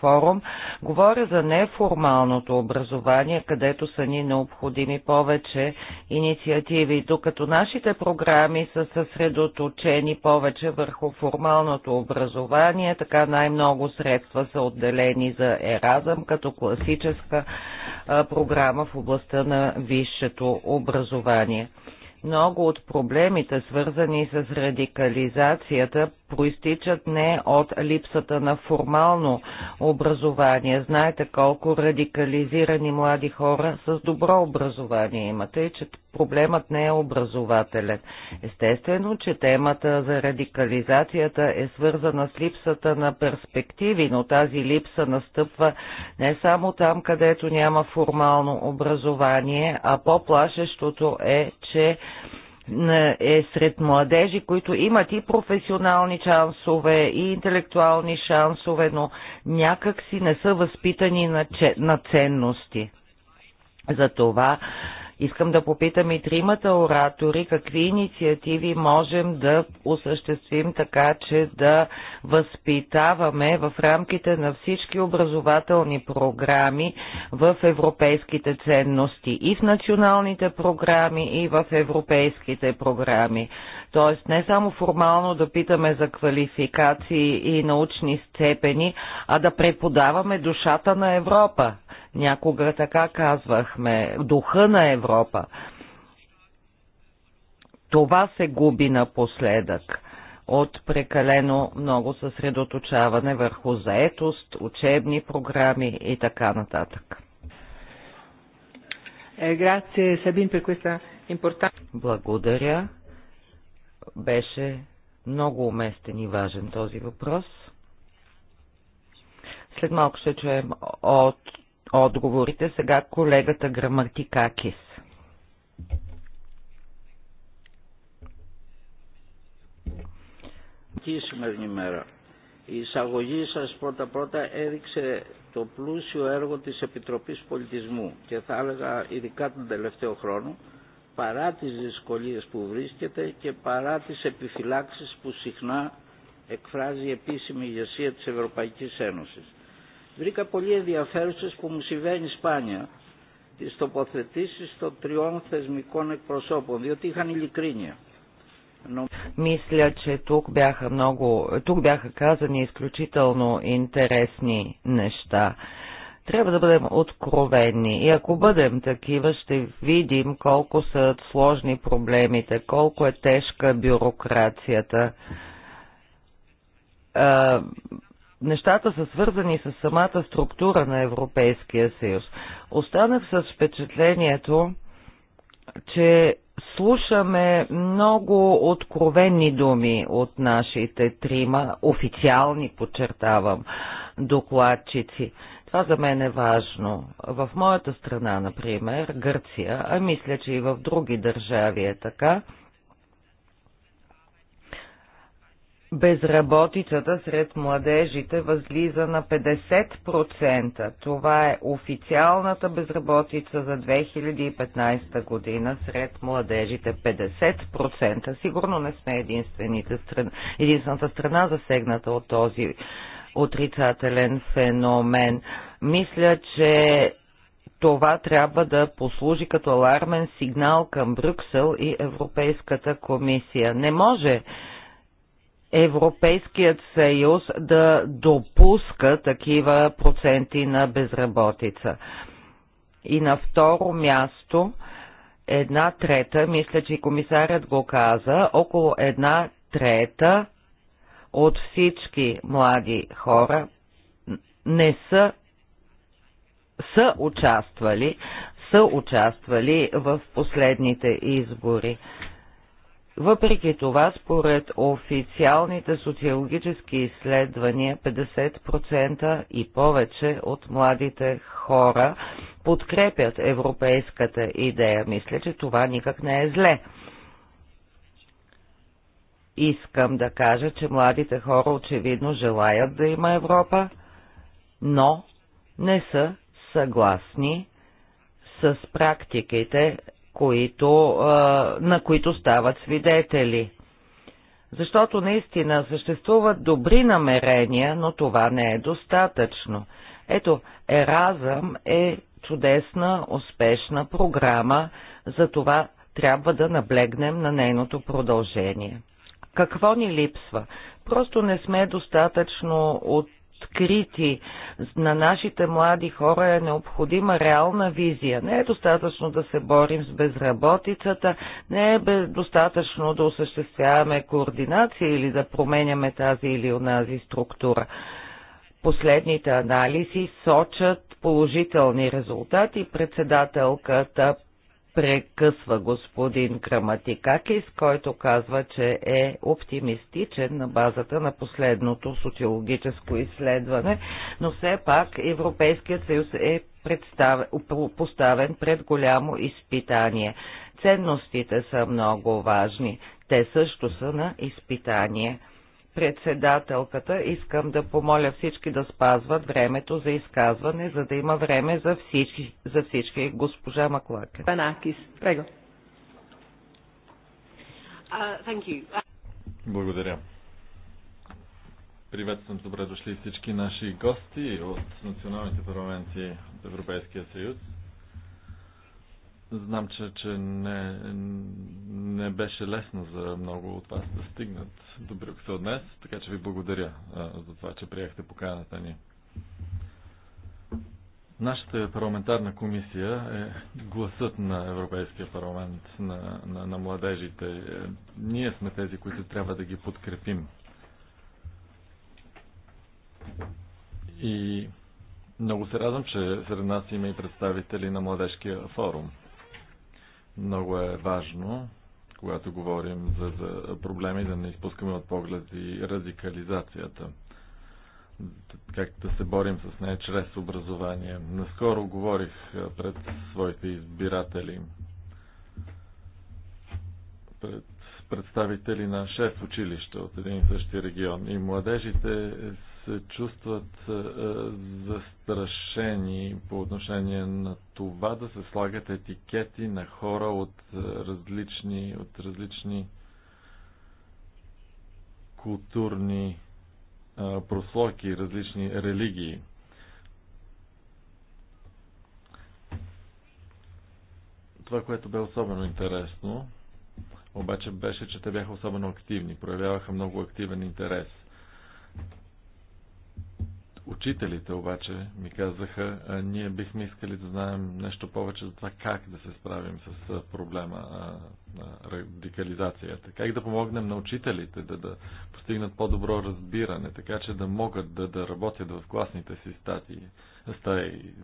форум. Говоря за неформалното образование, където са ни необходими повече инициативи, докато нашите програми са съсредоточени повече върху формалното образование, така най-много средства са отделени за Еразъм като класическа програма в областта на висшето образование много от проблемите, свързани с радикализацията, проистичат не от липсата на формално образование. Знаете колко радикализирани млади хора с добро образование имате и че проблемът не е образователен. Естествено, че темата за радикализацията е свързана с липсата на перспективи, но тази липса настъпва не само там, където няма формално образование, а по-плашещото е, че е сред младежи, които имат и професионални шансове, и интелектуални шансове, но някак си не са възпитани на, ценности. Затова Искам да попитам и тримата оратори какви инициативи можем да осъществим така, че да възпитаваме в рамките на всички образователни програми в европейските ценности и в националните програми и в европейските програми. Тоест не само формално да питаме за квалификации и научни степени, а да преподаваме душата на Европа. Някога така казвахме, духа на Европа. Това се губи напоследък от прекалено много съсредоточаване върху заетост, учебни програми и така нататък. Е, Благодаря. Беше много уместен и важен този въпрос. След малко ще чуем от отговорите. Сега колегата Граматикакис. Η σημερινή μέρα. Η εισαγωγή σας πρώτα-πρώτα έδειξε το πλούσιο έργο της Επιτροπής Πολιτισμού και θα έλεγα ειδικά τον τελευταίο χρόνο παρά τις δυσκολίες που βρίσκεται και παρά τις επιφυλάξεις που συχνά εκφράζει η επίσημη ηγεσία της Ευρωπαϊκής Ένωσης βρήκα πολύ ενδιαφέρουσες που μου συμβαίνει σπάνια τις τοποθετήσεις των τριών θεσμικών εκπροσώπων, διότι είχαν ειλικρίνεια. Мисля, че тук бяха много, тук бяха казани изключително интересни неща. Трябва да бъдем откровени и ако бъдем такива, ще видим колко са сложни проблемите, колко е тежка бюрокрацията нещата са свързани с самата структура на Европейския съюз. Останах с впечатлението, че слушаме много откровени думи от нашите трима, официални, подчертавам, докладчици. Това за мен е важно. В моята страна, например, Гърция, а мисля, че и в други държави е така, Безработицата сред младежите възлиза на 50%. Това е официалната безработица за 2015 година сред младежите. 50%. Сигурно не сме единствените страна, единствената страна засегната от този отрицателен феномен. Мисля, че това трябва да послужи като алармен сигнал към Брюксел и Европейската комисия. Не може Европейският съюз да допуска такива проценти на безработица. И на второ място, една трета, мисля, че и комисарят го каза, около една трета от всички млади хора не са са участвали, са участвали в последните избори. Въпреки това, според официалните социологически изследвания, 50% и повече от младите хора подкрепят европейската идея. Мисля, че това никак не е зле. Искам да кажа, че младите хора очевидно желаят да има Европа, но не са съгласни с практиките които, на които стават свидетели. Защото наистина съществуват добри намерения, но това не е достатъчно. Ето, Еразъм е чудесна, успешна програма, за това трябва да наблегнем на нейното продължение. Какво ни липсва? Просто не сме достатъчно от скрити На нашите млади хора е необходима реална визия. Не е достатъчно да се борим с безработицата, не е достатъчно да осъществяваме координация или да променяме тази или онази структура. Последните анализи сочат положителни резултати. Председателката прекъсва господин Краматикакис, който казва, че е оптимистичен на базата на последното социологическо изследване, но все пак Европейският съюз е поставен пред голямо изпитание. Ценностите са много важни. Те също са на изпитание председателката, искам да помоля всички да спазват времето за изказване, за да има време за всички. За всички. Госпожа Маклакен. Панакис, прего. Благодаря. Приветствам добре дошли всички наши гости от националните парламенти от Европейския съюз. Знам, че, че не, не беше лесно за много от вас да стигнат до Брюксел днес, така че ви благодаря а, за това, че приехте поканата ни. Нашата парламентарна комисия е гласът на Европейския парламент, на, на, на младежите. Ние сме тези, които трябва да ги подкрепим. И много се радвам, че сред нас има и представители на Младежкия форум – много е важно, когато говорим за, за проблеми, да не изпускаме от поглед и радикализацията. Как да се борим с нея чрез образование. Наскоро говорих пред своите избиратели, пред представители на шеф училища от един и същи регион. И младежите се чувстват е, е, застрашени по отношение на това да се слагат етикети на хора от е, различни, от различни културни прослойки, различни религии. Това, което бе особено интересно, обаче беше, че те бяха особено активни, проявяваха много активен интерес. Учителите обаче ми казаха, а ние бихме искали да знаем нещо повече за това как да се справим с проблема на радикализацията. Как да помогнем на учителите да, да постигнат по-добро разбиране, така че да могат да, да работят в класните си стати. стаи.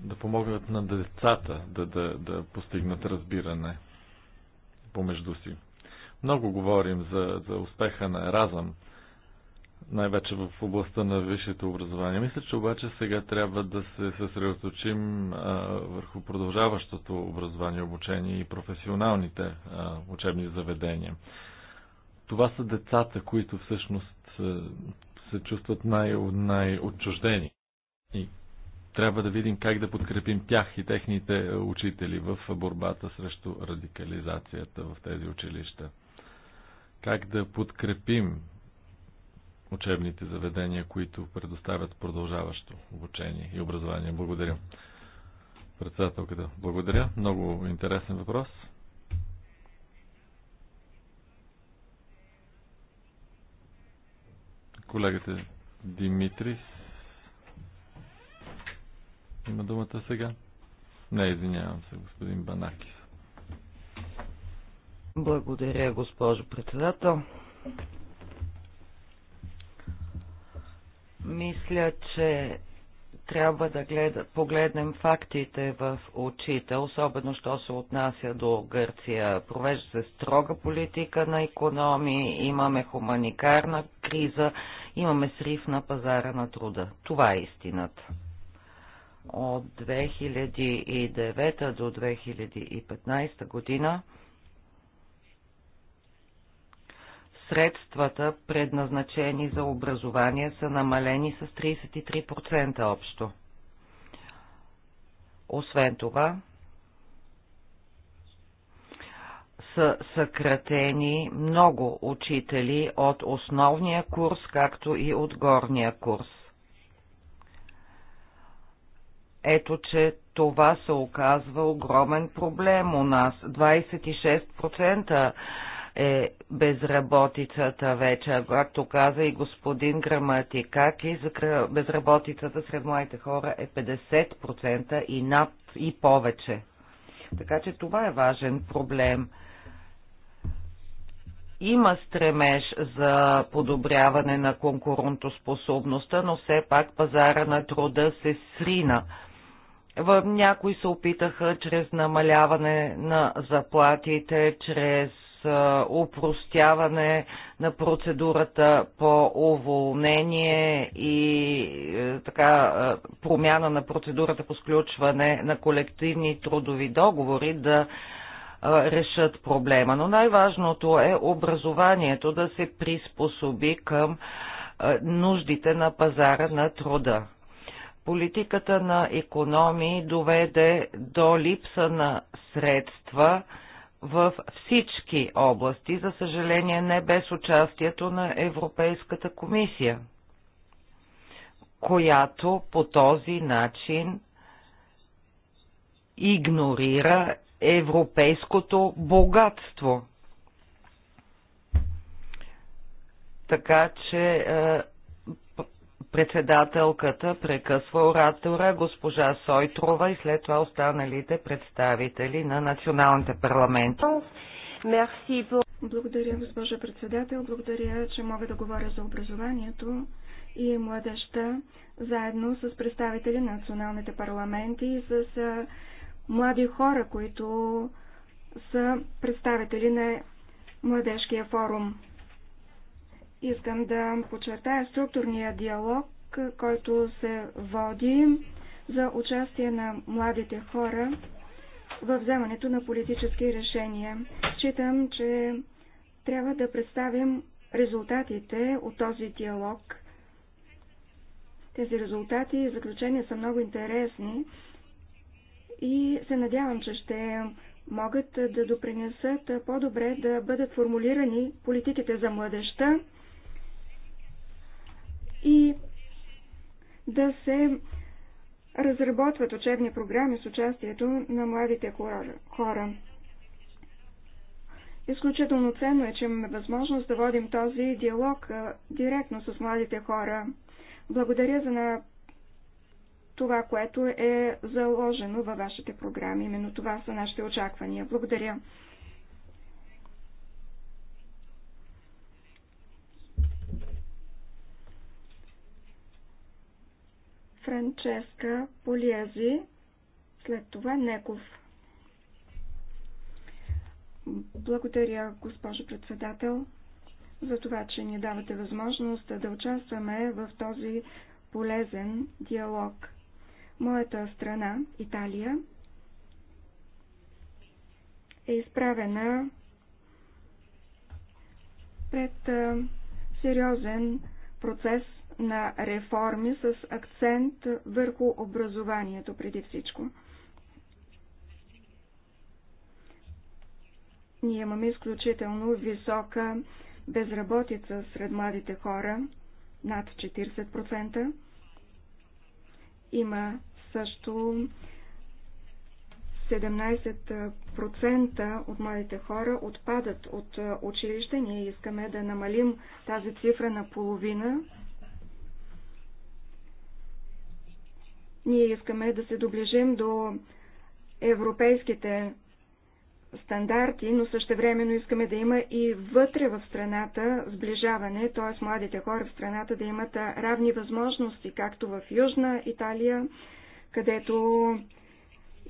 Да помогнат на децата да, да, да постигнат разбиране помежду си. Много говорим за, за успеха на Еразъм най-вече в областта на висшето образование. Мисля, че обаче сега трябва да се съсредоточим върху продължаващото образование, обучение и професионалните учебни заведения. Това са децата, които всъщност се чувстват най- най-отчуждени. И трябва да видим как да подкрепим тях и техните учители в борбата срещу радикализацията в тези училища. Как да подкрепим учебните заведения, които предоставят продължаващо обучение и образование. Благодаря. Председателката, благодаря. Много интересен въпрос. Колегата Димитрис има думата сега. Не, извинявам се, господин Банакис. Благодаря, госпожо председател. Мисля, че трябва да гледа, погледнем фактите в очите, особено що се отнася до Гърция. Провежда се строга политика на економии, имаме хуманитарна криза, имаме срив на пазара на труда. Това е истината. От 2009 до 2015 година средствата, предназначени за образование, са намалени с 33% общо. Освен това, са съкратени много учители от основния курс, както и от горния курс. Ето, че това се оказва огромен проблем у нас. 26% е безработицата вече. Както каза и господин Граматикаки, безработицата сред младите хора е 50% и над и повече. Така че това е важен проблем. Има стремеж за подобряване на конкурентоспособността, но все пак пазара на труда се срина. В някои се опитаха чрез намаляване на заплатите, чрез упростяване на процедурата по уволнение и е, така е, промяна на процедурата по сключване на колективни трудови договори да е, решат проблема. Но най-важното е образованието да се приспособи към нуждите на пазара на труда. Политиката на економии доведе до липса на средства, в всички области, за съжаление не без участието на Европейската комисия, която по този начин игнорира европейското богатство. Така че е, Председателката прекъсва оратора госпожа Сойтрова и след това останалите представители на националните парламенти. Благодаря, госпожа председател. Благодаря, че мога да говоря за образованието и младеща, заедно с представители на националните парламенти и с млади хора, които са представители на Младежкия форум. Искам да подчертая структурния диалог, който се води за участие на младите хора в вземането на политически решения. Считам, че трябва да представим резултатите от този диалог. Тези резултати и заключения са много интересни и се надявам, че ще могат да допринесат по-добре да бъдат формулирани политиките за младеща и да се разработват учебни програми с участието на младите хора. Изключително ценно е, че имаме възможност да водим този диалог директно с младите хора. Благодаря за на това, което е заложено във вашите програми. Именно това са нашите очаквания. Благодаря. Франческа Полиази, след това Неков. Благодаря, госпожо председател, за това, че ни давате възможност да участваме в този полезен диалог. Моята страна, Италия, е изправена пред сериозен процес на реформи с акцент върху образованието преди всичко. Ние имаме изключително висока безработица сред младите хора, над 40%. Има също 17% от младите хора отпадат от училище. Ние искаме да намалим тази цифра на половина Ние искаме да се доближим до европейските стандарти, но същевременно искаме да има и вътре в страната сближаване, т.е. младите хора в страната да имат равни възможности, както в Южна Италия, където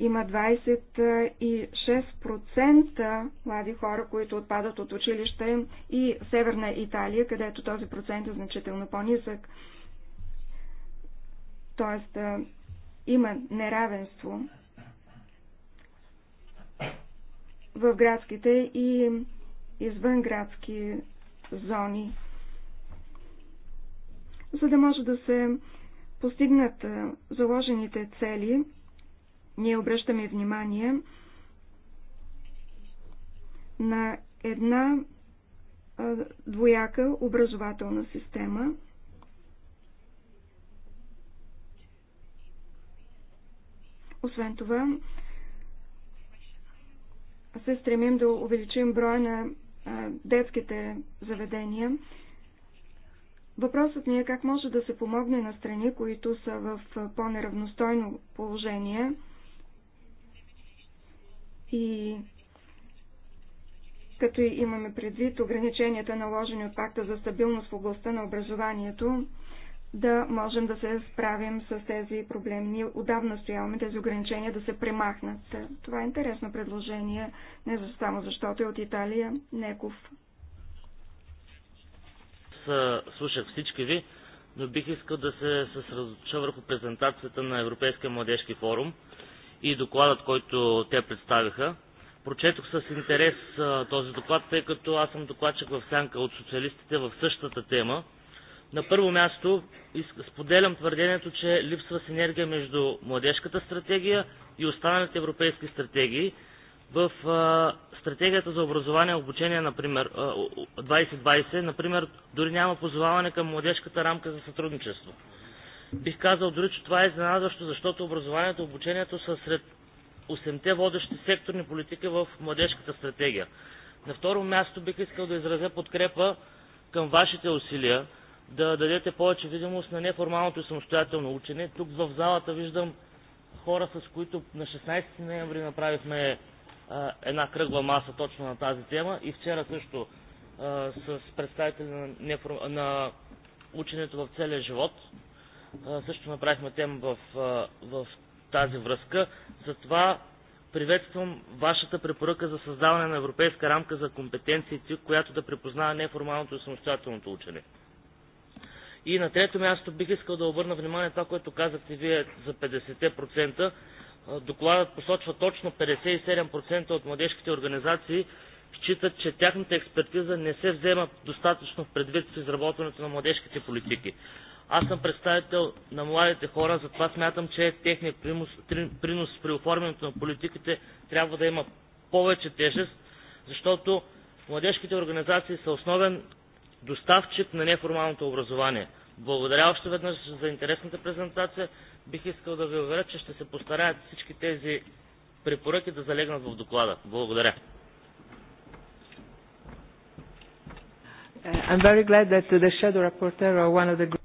има 26% млади хора, които отпадат от училище и Северна Италия, където този процент е значително по-нисък. Тоест, има неравенство в градските и извънградски зони. За да може да се постигнат заложените цели, ние обръщаме внимание на една двояка образователна система – Освен това, се стремим да увеличим броя на детските заведения. Въпросът ни е как може да се помогне на страни, които са в по-неравностойно положение и като имаме предвид ограниченията наложени от пакта за стабилност в областта на образованието, да можем да се справим с тези проблеми. Ние отдавна стояваме тези ограничения да се премахнат. Това е интересно предложение, не за само защото е от Италия. Неков. Е, слушах всички ви, но бих искал да се съсредоточа върху презентацията на Европейския младежки форум и докладът, който те представиха. Прочетох с интерес е, този доклад, тъй като аз съм докладчик в сянка от социалистите в същата тема – на първо място, споделям твърдението, че липсва синергия между младежката стратегия и останалите европейски стратегии. В стратегията за образование и обучение, например, 2020, например, дори няма позоваване към младежката рамка за сътрудничество. Бих казал дори, че това е изненадващо, защото образованието и обучението са сред 8-те водещи секторни политики в младежката стратегия. На второ място бих искал да изразя подкрепа към вашите усилия да дадете повече видимост на неформалното и самостоятелно учене. Тук в залата виждам хора, с които на 16 ноември направихме а, една кръгла маса точно на тази тема и вчера също а, с представители на, неформ... на ученето в целия живот. А, също направихме тема в, а, в тази връзка. Затова приветствам вашата препоръка за създаване на европейска рамка за компетенциите, която да препознава неформалното и самостоятелното учене. И на трето място бих искал да обърна внимание това, което казахте вие за 50%. Докладът посочва точно 57% от младежките организации считат, че тяхната експертиза не се взема достатъчно предвид в изработването на младежките политики. Аз съм представител на младите хора, затова смятам, че техният принос, принос при оформянето на политиките трябва да има повече тежест, защото младежките организации са основен доставчик на неформалното образование. Благодаря още веднъж за интересната презентация. Бих искал да ви уверя, че ще се постараят всички тези препоръки да залегнат в доклада. Благодаря. Uh, I'm very glad that the shadow or one of the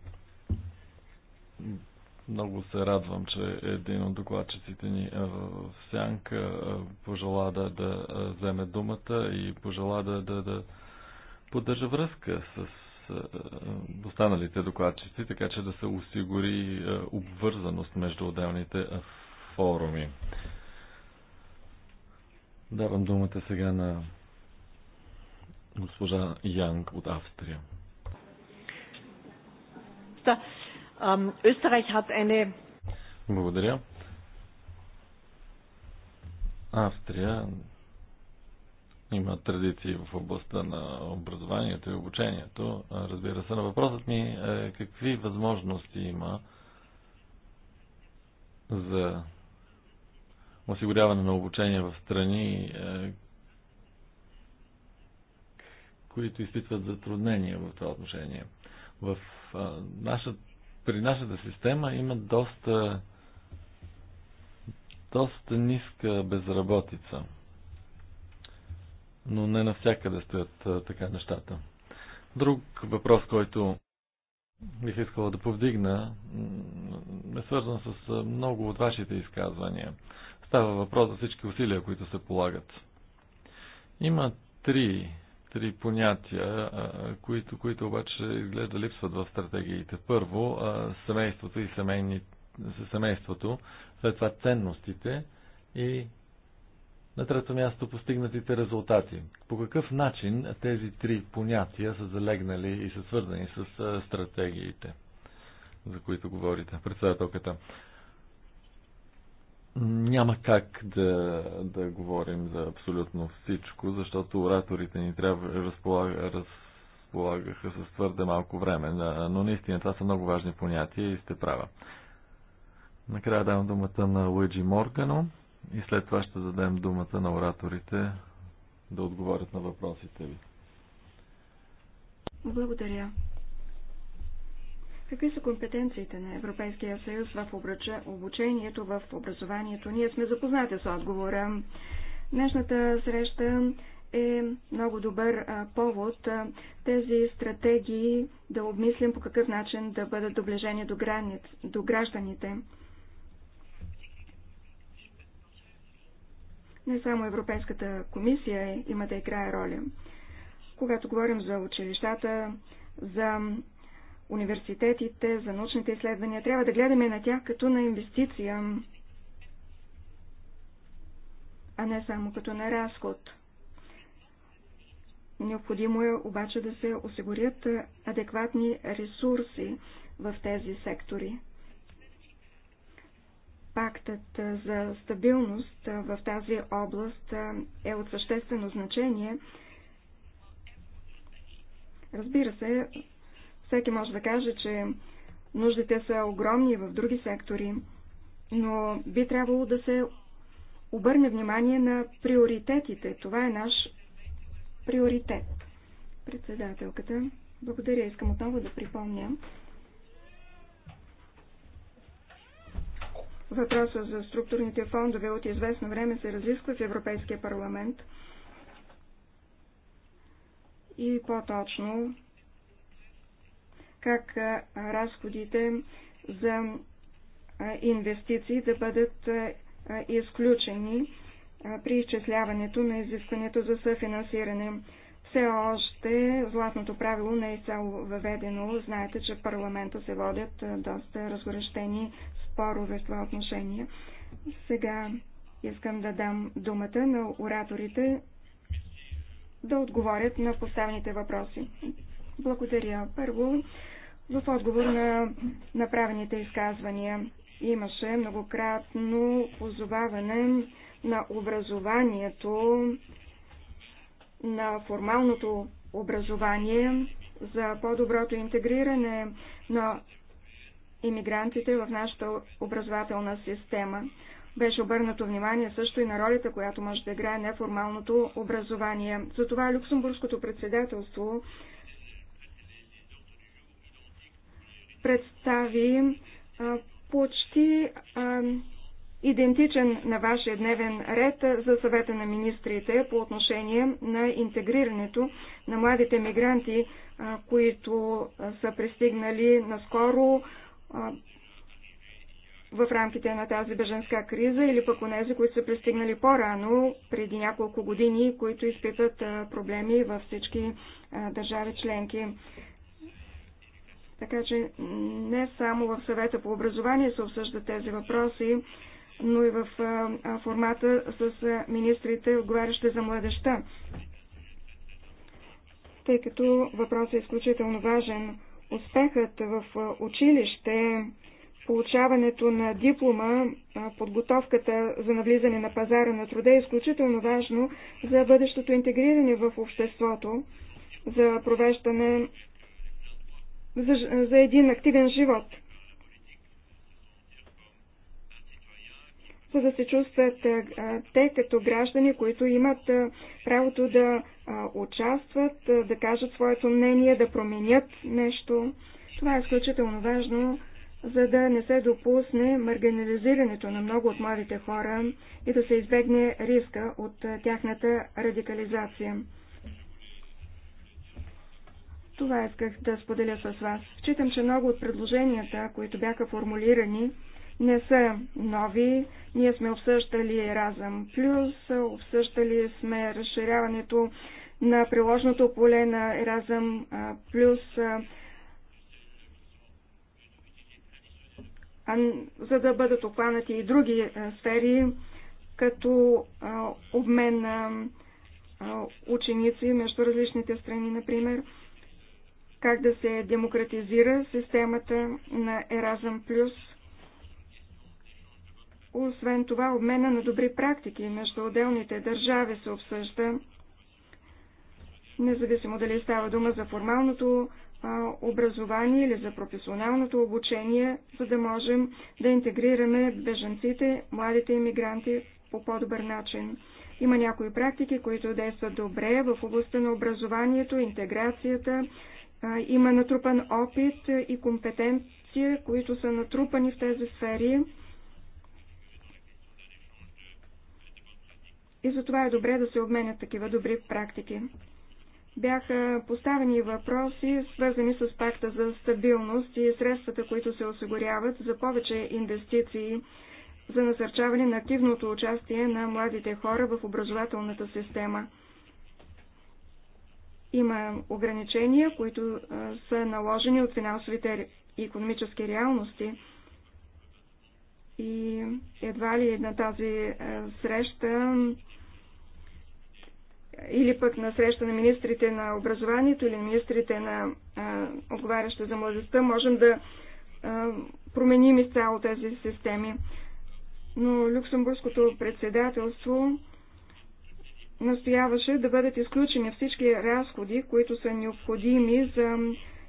много се радвам, че един от докладчиците ни е, в Сянка е, пожела да, да е, вземе думата и пожела да, да, да поддържа връзка с останалите докладчици, така че да се осигури обвързаност между отделните форуми. Давам думата сега на госпожа Янг от Австрия. Е, Благодаря. Австрия има традиции в областта на образованието и обучението. Разбира се, на въпросът ми е какви възможности има за осигуряване на обучение в страни, е, които изпитват затруднения в това отношение. В наша, при нашата система има доста, доста ниска безработица – но не навсякъде стоят така нещата. Друг въпрос, който бих искала да повдигна, е свързан с много от вашите изказвания. Става въпрос за всички усилия, които се полагат. Има три, три понятия, които, които обаче изглежда липсват в стратегиите. Първо, семейството и семейни, семейството, след това ценностите и на трето място постигнатите резултати. По какъв начин тези три понятия са залегнали и са свързани с стратегиите, за които говорите, председателката? Няма как да, да говорим за абсолютно всичко, защото ораторите ни трябва разполага, разполагаха с твърде малко време. Но наистина това са много важни понятия и сте права. Накрая давам думата на Луиджи Моргано и след това ще дадем думата на ораторите да отговорят на въпросите ви. Благодаря. Какви са компетенциите на Европейския съюз в обучението, в образованието? Ние сме запознати с отговора. Днешната среща е много добър повод тези стратегии да обмислим по какъв начин да бъдат доближени до, граници, до гражданите. Не само Европейската комисия има да играе роля. Когато говорим за училищата, за университетите, за научните изследвания, трябва да гледаме на тях като на инвестиция, а не само като на разход. Необходимо е обаче да се осигурят адекватни ресурси в тези сектори пактът за стабилност в тази област е от съществено значение. Разбира се, всеки може да каже, че нуждите са огромни в други сектори, но би трябвало да се обърне внимание на приоритетите. Това е наш приоритет. Председателката, благодаря. Искам отново да припомня, Въпроса за структурните фондове от известно време се разисква в Европейския парламент и по-точно как разходите за инвестиции да бъдат изключени при изчисляването на изискването за съфинансиране. Все още златното правило не е изцяло въведено. Знаете, че в парламента се водят доста разгорещени спорове в това отношение. Сега искам да дам думата на ораторите да отговорят на поставените въпроси. Благодаря. Първо, в отговор на направените изказвания имаше многократно позоваване на образованието на формалното образование, за по-доброто интегриране на иммигрантите в нашата образователна система. Беше обърнато внимание също и на ролята, която може да играе неформалното образование. Затова Люксембургското председателство представи почти идентичен на вашия дневен ред за съвета на министрите по отношение на интегрирането на младите мигранти, които са пристигнали наскоро в рамките на тази беженска криза или пък онези, които са пристигнали по-рано, преди няколко години, които изпитат проблеми във всички държави членки. Така че не само в съвета по образование се обсъждат тези въпроси, но и в формата с министрите, отговарящи за младеща. Тъй като въпросът е изключително важен, успехът в училище, получаването на диплома, подготовката за навлизане на пазара на труда е изключително важно за бъдещото интегриране в обществото, за провеждане за, за един активен живот – за да се чувстват те като граждани, които имат правото да участват, да кажат своето мнение, да променят нещо. Това е изключително важно, за да не се допусне маргинализирането на много от младите хора и да се избегне риска от тяхната радикализация. Това исках да споделя с вас. Считам, че много от предложенията, които бяха формулирани, не са нови. Ние сме обсъждали Разъм Плюс, обсъждали сме разширяването на приложното поле на Еразъм Плюс, за да бъдат обхванати и други сфери, като обмен на ученици между различните страни, например, как да се демократизира системата на Еразъм Плюс – освен това, обмена на добри практики между отделните държави се обсъжда, независимо дали става дума за формалното образование или за професионалното обучение, за да можем да интегрираме бежанците, младите иммигранти по по-добър начин. Има някои практики, които действат добре в областта на образованието, интеграцията. Има натрупан опит и компетенция, които са натрупани в тези сфери. И затова е добре да се обменят такива добри практики. Бяха поставени въпроси, свързани с пакта за стабилност и средствата, които се осигуряват за повече инвестиции за насърчаване на активното участие на младите хора в образователната система. Има ограничения, които са наложени от финансовите и економически реалности и едва ли на тази е, среща или пък на среща на министрите на образованието или министрите на е, отговаряща за младостта можем да е, променим изцяло тези системи. Но Люксембургското председателство настояваше да бъдат изключени всички разходи, които са необходими за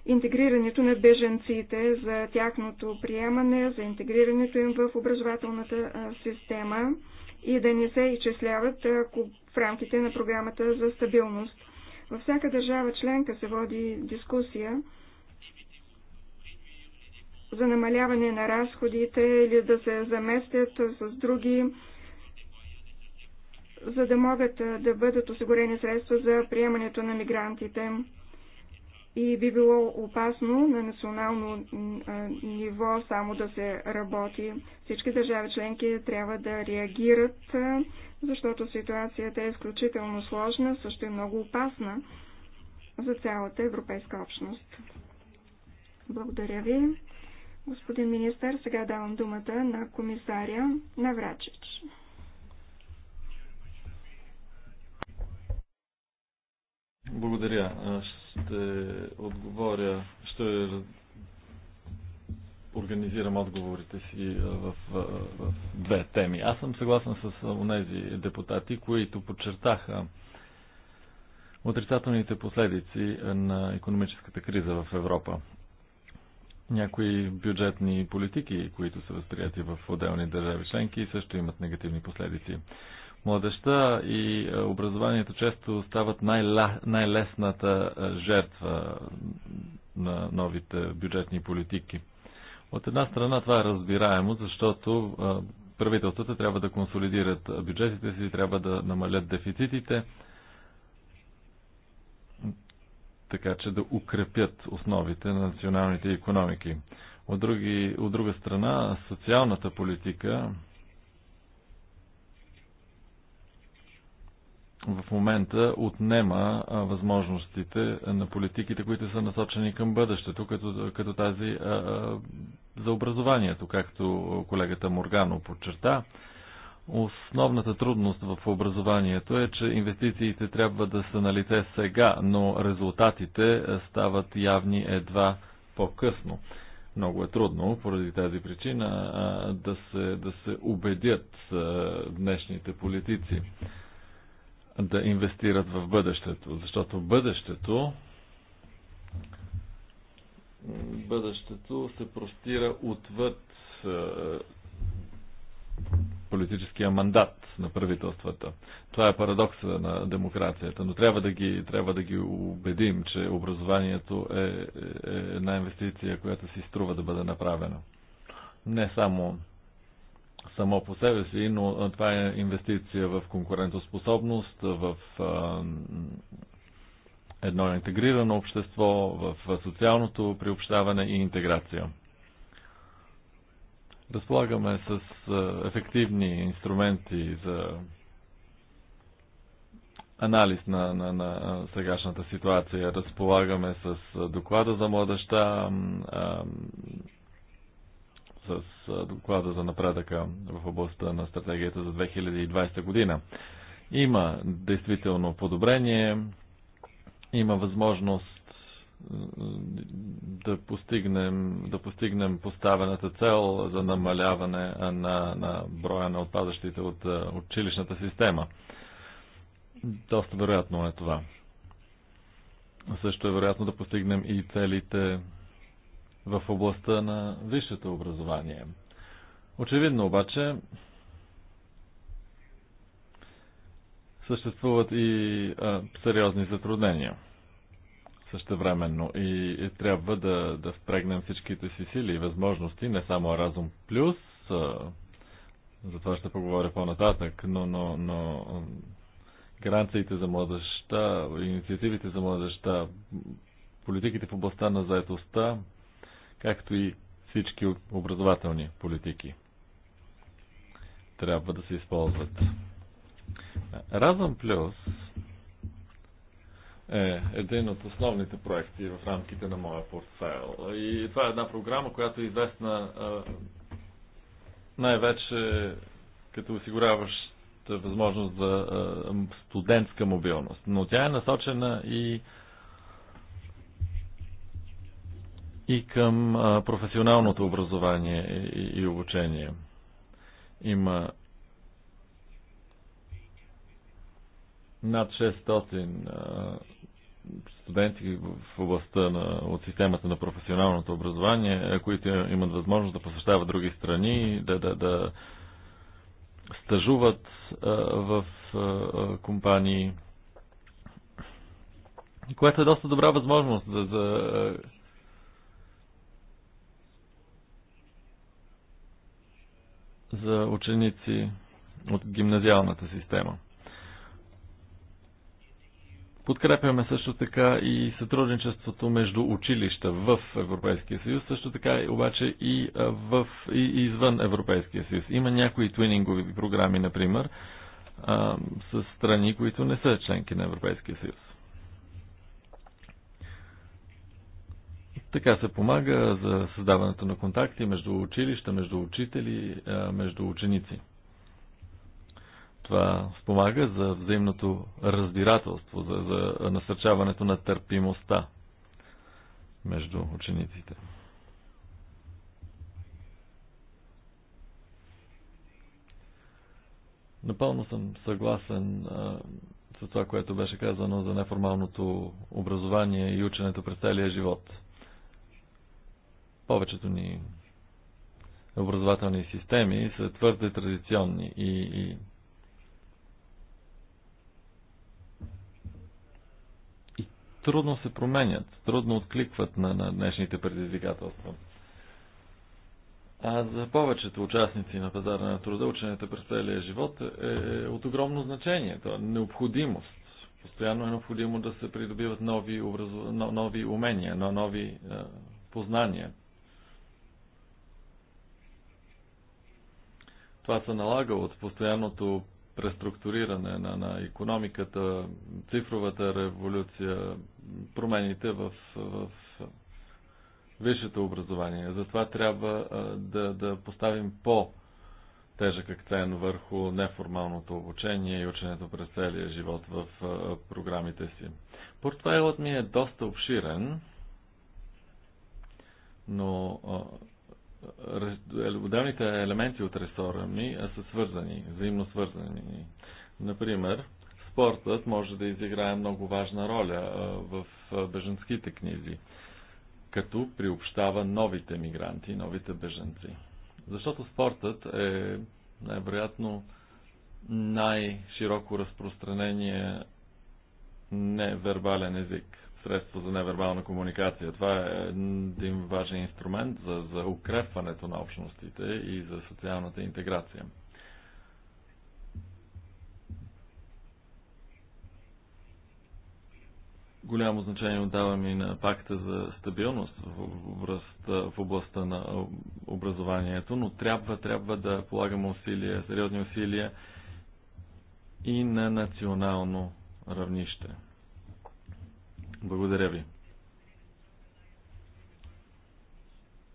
интегрирането на беженците, за тяхното приемане, за интегрирането им в образователната система и да не се изчисляват в рамките на програмата за стабилност. Във всяка държава членка се води дискусия за намаляване на разходите или да се заместят с други, за да могат да бъдат осигурени средства за приемането на мигрантите и би било опасно на национално ниво само да се работи. Всички държави членки трябва да реагират, защото ситуацията е изключително сложна, също е много опасна за цялата европейска общност. Благодаря ви. Господин министър, сега давам думата на комисаря Наврачич. Благодаря ще отговоря, ще организирам отговорите си в, в, в две теми. Аз съм съгласен с тези депутати, които подчертаха отрицателните последици на економическата криза в Европа. Някои бюджетни политики, които са възприяти в отделни държави членки, също имат негативни последици. Младеща и е, образованието често стават най-лесната е, жертва на новите бюджетни политики. От една страна това е разбираемо, защото е, правителствата трябва да консолидират бюджетите си, трябва да намалят дефицитите, така че да укрепят основите на националните економики. От, други, от друга страна, социалната политика в момента отнема възможностите на политиките, които са насочени към бъдещето, като, като тази за образованието, както колегата Моргано подчерта. Основната трудност в образованието е, че инвестициите трябва да са на лице сега, но резултатите стават явни едва по-късно. Много е трудно, поради тази причина, да се, да се убедят днешните политици да инвестират в бъдещето, защото бъдещето бъдещето се простира отвъд е, политическия мандат на правителствата. Това е парадокса на демокрацията, но трябва да ги, трябва да ги убедим, че образованието е, е, е една инвестиция, която си струва да бъде направена. Не само само по себе си, но това е инвестиция в конкурентоспособност, в едно интегрирано общество, в социалното приобщаване и интеграция. Разполагаме с ефективни инструменти за анализ на, на, на сегашната ситуация. Разполагаме с доклада за младеща, с доклада за напредъка в областта на стратегията за 2020 година. Има действително подобрение, има възможност да постигнем, да постигнем поставената цел за намаляване на, на броя на отпадащите от училищната система. Доста вероятно е това. Също е вероятно да постигнем и целите в областта на висшето образование. Очевидно обаче съществуват и а, сериозни затруднения същевременно и, и трябва да, да впрегнем всичките си сили и възможности, не само Разум Плюс, а, за това ще поговоря по-нататък, но, но, но гаранциите за младеща, инициативите за младеща, политиките в областта на заетостта, както и всички образователни политики трябва да се използват. Разъм Плюс е един от основните проекти в рамките на моя портфел. И това е една програма, която е известна най-вече като осигуряваща възможност за студентска мобилност. Но тя е насочена и и към професионалното образование и обучение. Има над 600 студенти в областта на, от системата на професионалното образование, които имат възможност да посещават други страни, да, да, да стажуват в компании, което е доста добра възможност за, за за ученици от гимназиалната система. Подкрепяме също така и сътрудничеството между училища в Европейския съюз, също така обаче и, в, и извън Европейския съюз. Има някои твинингови програми, например, с страни, които не са членки на Европейския съюз. Така се помага за създаването на контакти между училища, между учители, между ученици. Това спомага за взаимното разбирателство, за, за насърчаването на търпимостта между учениците. Напълно съм съгласен а, с това, което беше казано за неформалното образование и ученето през целия живот – повечето ни образователни системи са твърде традиционни и, и трудно се променят, трудно откликват на, на днешните предизвикателства. А за повечето участници на пазара на труда, ученето през целия живот е, е, е от огромно значение. Това е необходимост. Постоянно е необходимо да се придобиват нови, образу... нови умения, нови е, познания. Това се налага от постоянното преструктуриране на, на економиката, цифровата революция, промените в, в висшето образование. Затова трябва да, да поставим по- тежък акцент върху неформалното обучение и ученето през целия живот в програмите си. Портфайлът ми е доста обширен, но отделните елементи от ресора ми са свързани, взаимно свързани. Например, спортът може да изиграе много важна роля в беженските книзи, като приобщава новите мигранти, новите беженци. Защото спортът е най-вероятно най-широко разпространение невербален език средство за невербална комуникация. Това е един важен инструмент за, за укрепването на общностите и за социалната интеграция. Голямо значение отдавам и на пакта за стабилност в областта, в областта на образованието, но трябва, трябва да полагаме усилия, сериозни усилия и на национално равнище. Благодаря ви.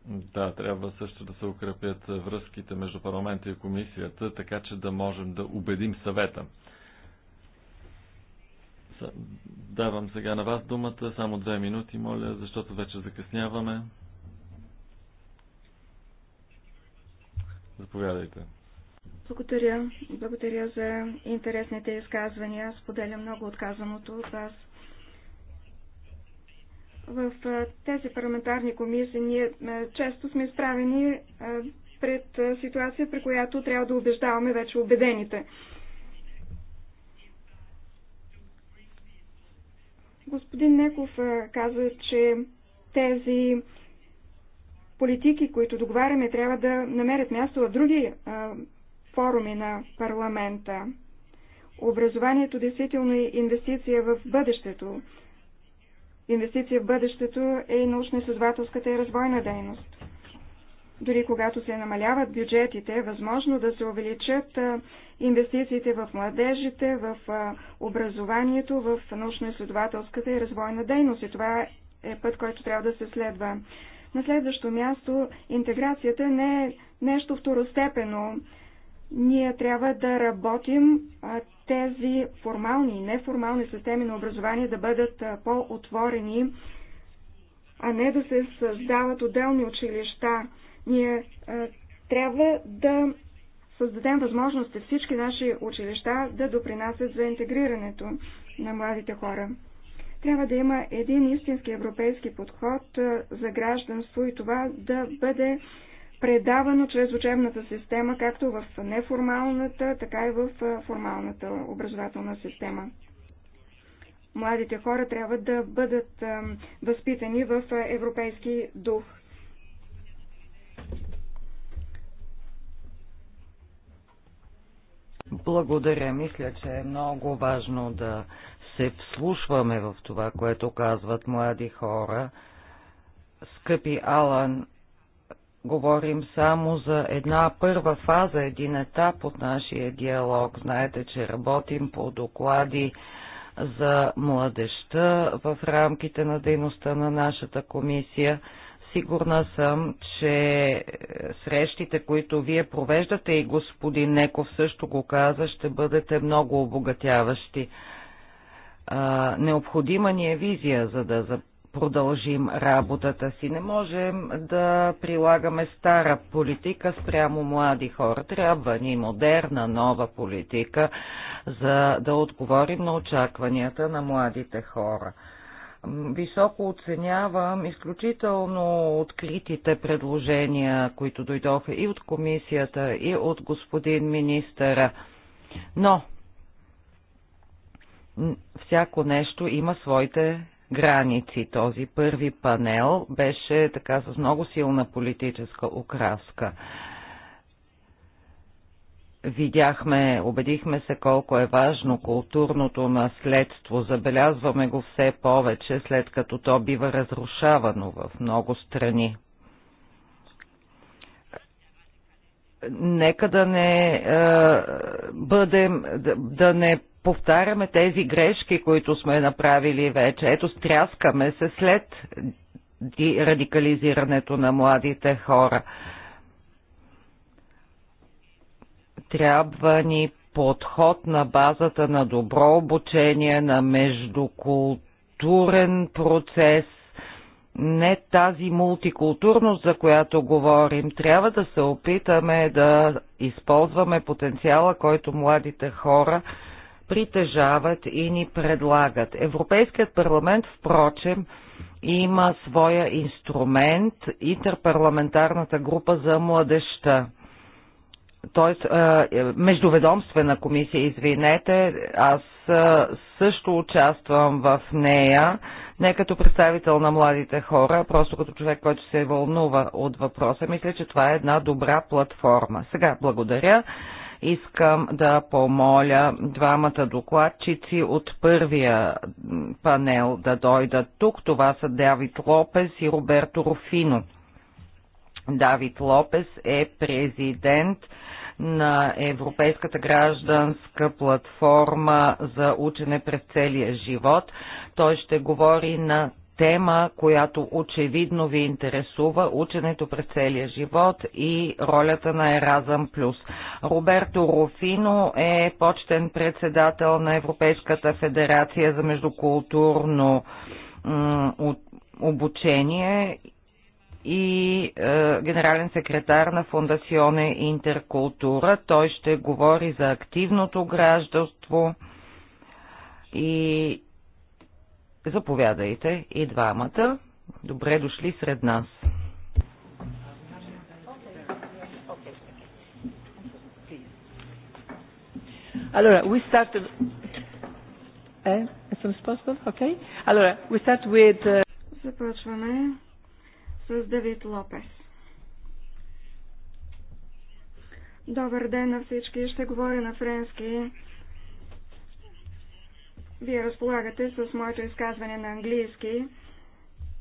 Да, трябва също да се укрепят връзките между парламента и комисията, така че да можем да убедим съвета. Давам сега на вас думата, само две минути, моля, защото вече закъсняваме. Заповядайте. Благодаря. Благодаря за интересните изказвания. Аз много отказаното от вас. В тези парламентарни комисии ние често сме изправени пред ситуация, при която трябва да убеждаваме вече убедените. Господин Неков каза, че тези политики, които договаряме, трябва да намерят място в други форуми на парламента. Образованието действително е инвестиция в бъдещето инвестиция в бъдещето е научно-изследователската и развойна дейност. Дори когато се намаляват бюджетите, е възможно да се увеличат инвестициите в младежите, в образованието, в научно-изследователската и развойна дейност. И това е път, който трябва да се следва. На следващо място, интеграцията не е нещо второстепенно ние трябва да работим тези формални и неформални системи на образование да бъдат по-отворени, а не да се създават отделни училища. Ние трябва да създадем възможности всички наши училища да допринасят за интегрирането на младите хора. Трябва да има един истински европейски подход за гражданство и това да бъде предавано чрез учебната система, както в неформалната, така и в формалната образователна система. Младите хора трябва да бъдат възпитани в европейски дух. Благодаря. Мисля, че е много важно да се вслушваме в това, което казват млади хора. Скъпи Алан, Говорим само за една първа фаза, един етап от нашия диалог. Знаете, че работим по доклади за младеща в рамките на дейността на нашата комисия. Сигурна съм, че е, срещите, които вие провеждате и господин Неков също го каза, ще бъдете много обогатяващи. А, необходима ни е визия, за да продължим работата си. Не можем да прилагаме стара политика спрямо млади хора. Трябва ни модерна, нова политика, за да отговорим на очакванията на младите хора. Високо оценявам изключително откритите предложения, които дойдоха и от комисията, и от господин министъра. Но всяко нещо има своите граници. Този първи панел беше така с много силна политическа окраска. Видяхме, убедихме се колко е важно културното наследство. Забелязваме го все повече, след като то бива разрушавано в много страни. нека да не е, бъдем, да, да не повтаряме тези грешки, които сме направили вече. Ето, стряскаме се след радикализирането на младите хора. Трябва ни подход на базата на добро обучение, на междукултурен процес, не тази мултикултурност, за която говорим. Трябва да се опитаме да използваме потенциала, който младите хора притежават и ни предлагат. Европейският парламент, впрочем, има своя инструмент интерпарламентарната група за младеща. Тоест, е, междуведомствена комисия, извинете, аз също участвам в нея, не като представител на младите хора, просто като човек, който се вълнува от въпроса. Мисля, че това е една добра платформа. Сега, благодаря. Искам да помоля двамата докладчици от първия панел да дойдат тук. Това са Давид Лопес и Роберто Руфино. Давид Лопес е президент на Европейската гражданска платформа за учене през целия живот. Той ще говори на тема, която очевидно ви интересува ученето през целия живот и ролята на Еразъм Плюс. Роберто Руфино е почтен председател на Европейската федерация за междукултурно обучение и е, генерален секретар на Фундационе Интеркултура. Той ще говори за активното гражданство и Заповядайте и двамата. Добре дошли сред нас. Allora, we start eh, as soon okay? Allora, we start with uh... Започваме с Давид Лопес. Добър ден на всички. Ще говоря на френски вие разполагате с моето изказване на английски.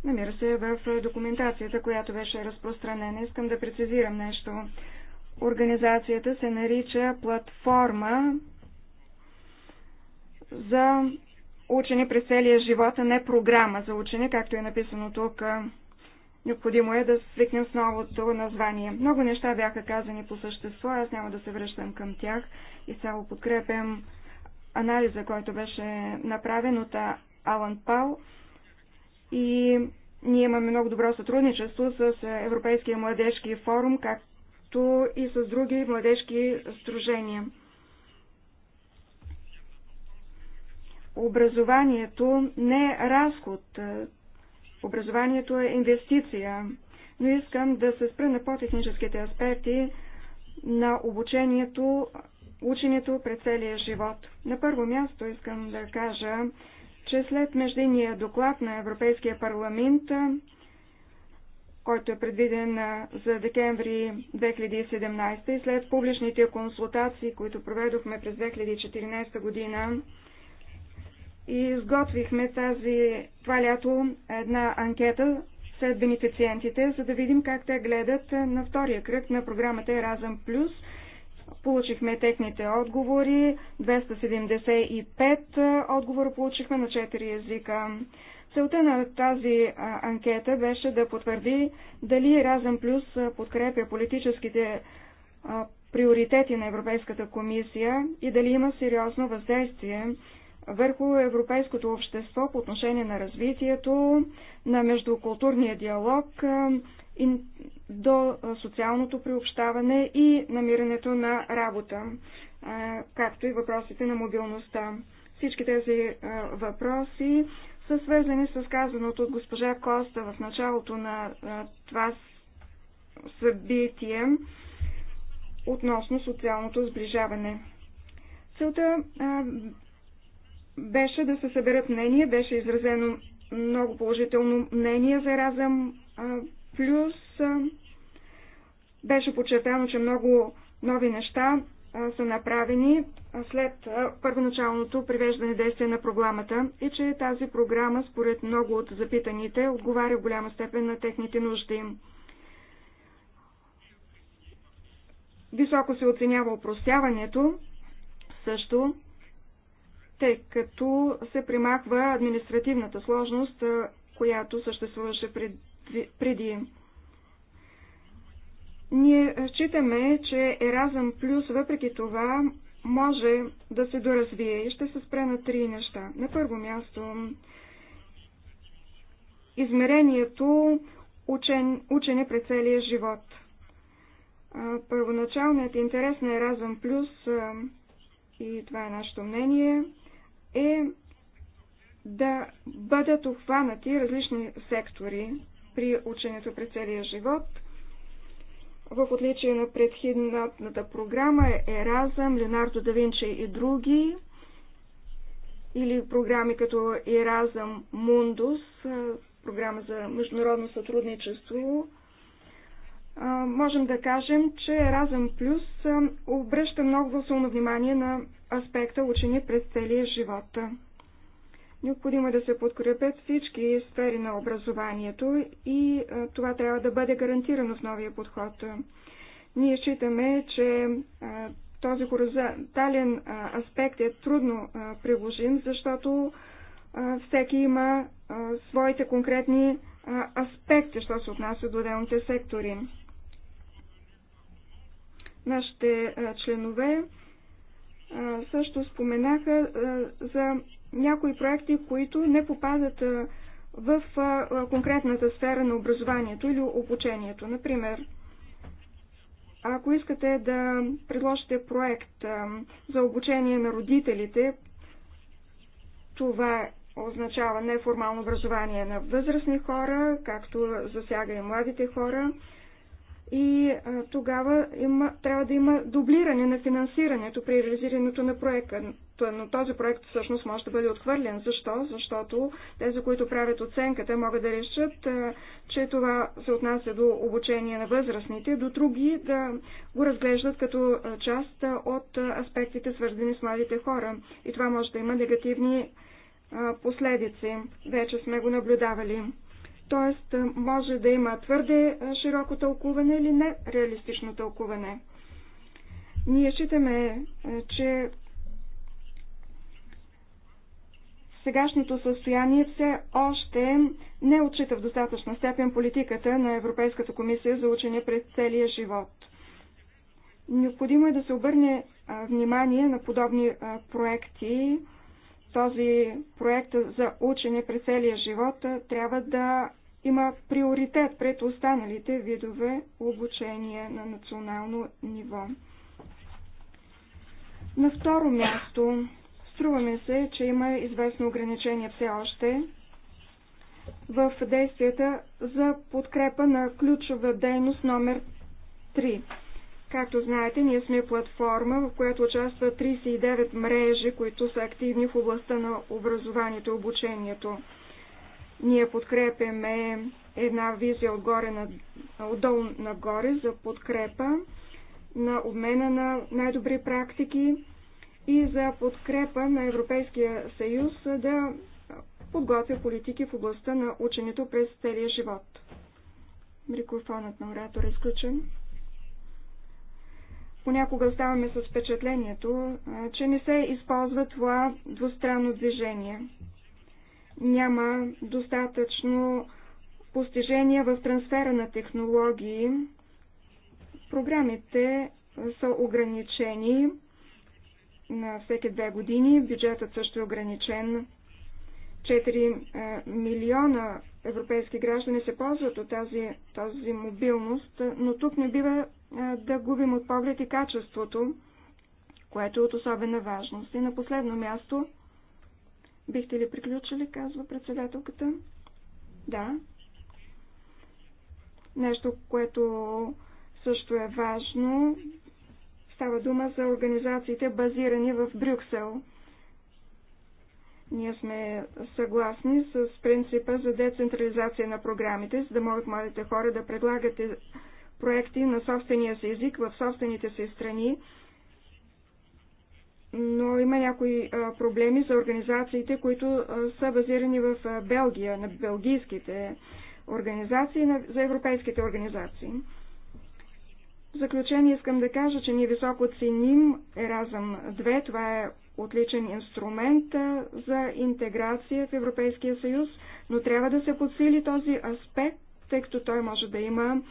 Намира се в документацията, която беше разпространена. Искам да прецизирам нещо. Организацията се нарича платформа за учене през целия живот, а не програма за учене, както е написано тук. Необходимо е да свикнем с новото название. Много неща бяха казани по същество, аз няма да се връщам към тях. и цяло подкрепям анализа, който беше направен от Алан Пал. И ние имаме много добро сътрудничество с Европейския младежки форум, както и с други младежки сдружения. Образованието не е разход. Образованието е инвестиция. Но искам да се спра на по-техническите аспекти на обучението ученето през целия живот. На първо място искам да кажа, че след междинния доклад на Европейския парламент, който е предвиден за декември 2017 и след публичните консултации, които проведохме през 2014 година, и изготвихме тази, това лято една анкета след бенефициентите, за да видим как те гледат на втория кръг на програмата Еразъм Плюс – Получихме техните отговори, 275 отговора получихме на 4 езика. Целта на тази анкета беше да потвърди дали Разен Плюс подкрепя политическите приоритети на Европейската комисия и дали има сериозно въздействие върху европейското общество по отношение на развитието, на междукултурния диалог, до социалното приобщаване и намирането на работа, както и въпросите на мобилността. Всички тези въпроси са свързани с казаното от госпожа Коста в началото на това събитие относно социалното сближаване. Целта беше да се съберат мнения, беше изразено много положително мнение за разъм плюс беше подчертано, че много нови неща са направени след първоначалното привеждане действие на програмата и че тази програма, според много от запитаните, отговаря в голяма степен на техните нужди. Високо се оценява упростяването също, тъй като се примахва административната сложност, която съществуваше пред преди. Ние считаме, че Еразъм Плюс, въпреки това, може да се доразвие и ще се спре на три неща. На първо място, измерението учен, учене през целия живот. Първоначалният интерес на Еразъм Плюс, и това е нашето мнение, е да бъдат обхванати различни сектори при ученето през целия живот. В отличие на предхидната програма Еразъм, Ленардо да Винчи и други, или програми като Еразъм Мундус, програма за международно сътрудничество, можем да кажем, че Еразъм Плюс обръща много силно внимание на аспекта учени през целия живот. Необходимо е да се подкрепят всички сфери на образованието и това трябва да бъде гарантирано в новия подход. Ние считаме, че този хоризонтален аспект е трудно приложим, защото всеки има своите конкретни аспекти, що се отнася до отделните сектори. Нашите членове също споменаха за някои проекти, които не попадат в конкретната сфера на образованието или обучението. Например, ако искате да предложите проект за обучение на родителите, това означава неформално образование на възрастни хора, както засяга и младите хора. И а, тогава има, трябва да има дублиране на финансирането при реализирането на проекта но този проект всъщност може да бъде отхвърлен. Защо? Защото тези, които правят оценката, могат да решат, че това се отнася до обучение на възрастните, до други да го разглеждат като част от аспектите, свързани с младите хора. И това може да има негативни последици. Вече сме го наблюдавали. Тоест, може да има твърде широко тълкуване или нереалистично тълкуване. Ние считаме, че сегашното състояние все още не отчита в достатъчна степен политиката на Европейската комисия за учене през целия живот. Необходимо е да се обърне внимание на подобни проекти. Този проект за учене през целия живот трябва да има приоритет пред останалите видове обучение на национално ниво. На второ място Струва ми се, че има известно ограничение все още в действията за подкрепа на ключова дейност номер 3. Както знаете, ние сме платформа, в която участва 39 мрежи, които са активни в областта на образованието и обучението. Ние подкрепяме една визия отгоре на, отдолу нагоре за подкрепа на обмена на най-добри практики, и за подкрепа на Европейския съюз да подготвя политики в областта на ученето през целия живот. Микрофонът на оратора е изключен. Понякога оставаме с впечатлението, че не се използва това двустранно движение. Няма достатъчно постижения в трансфера на технологии. Програмите са ограничени на всеки две години. Бюджетът също е ограничен. 4 е, милиона европейски граждани се ползват от тази, тази мобилност, но тук не бива е, да губим от поглед и качеството, което е от особена важност. И на последно място, бихте ли приключили, казва председателката? Да. Нещо, което също е важно, Става дума за организациите базирани в Брюксел. Ние сме съгласни с принципа за децентрализация на програмите, за да могат младите хора да предлагат проекти на собствения си език в собствените си страни, но има някои проблеми за организациите, които са базирани в Белгия, на белгийските организации, за европейските организации. В заключение искам да кажа, че ние високо ценим Еразъм 2. Това е отличен инструмент за интеграция в Европейския съюз, но трябва да се подсили този аспект, тъй като той може да има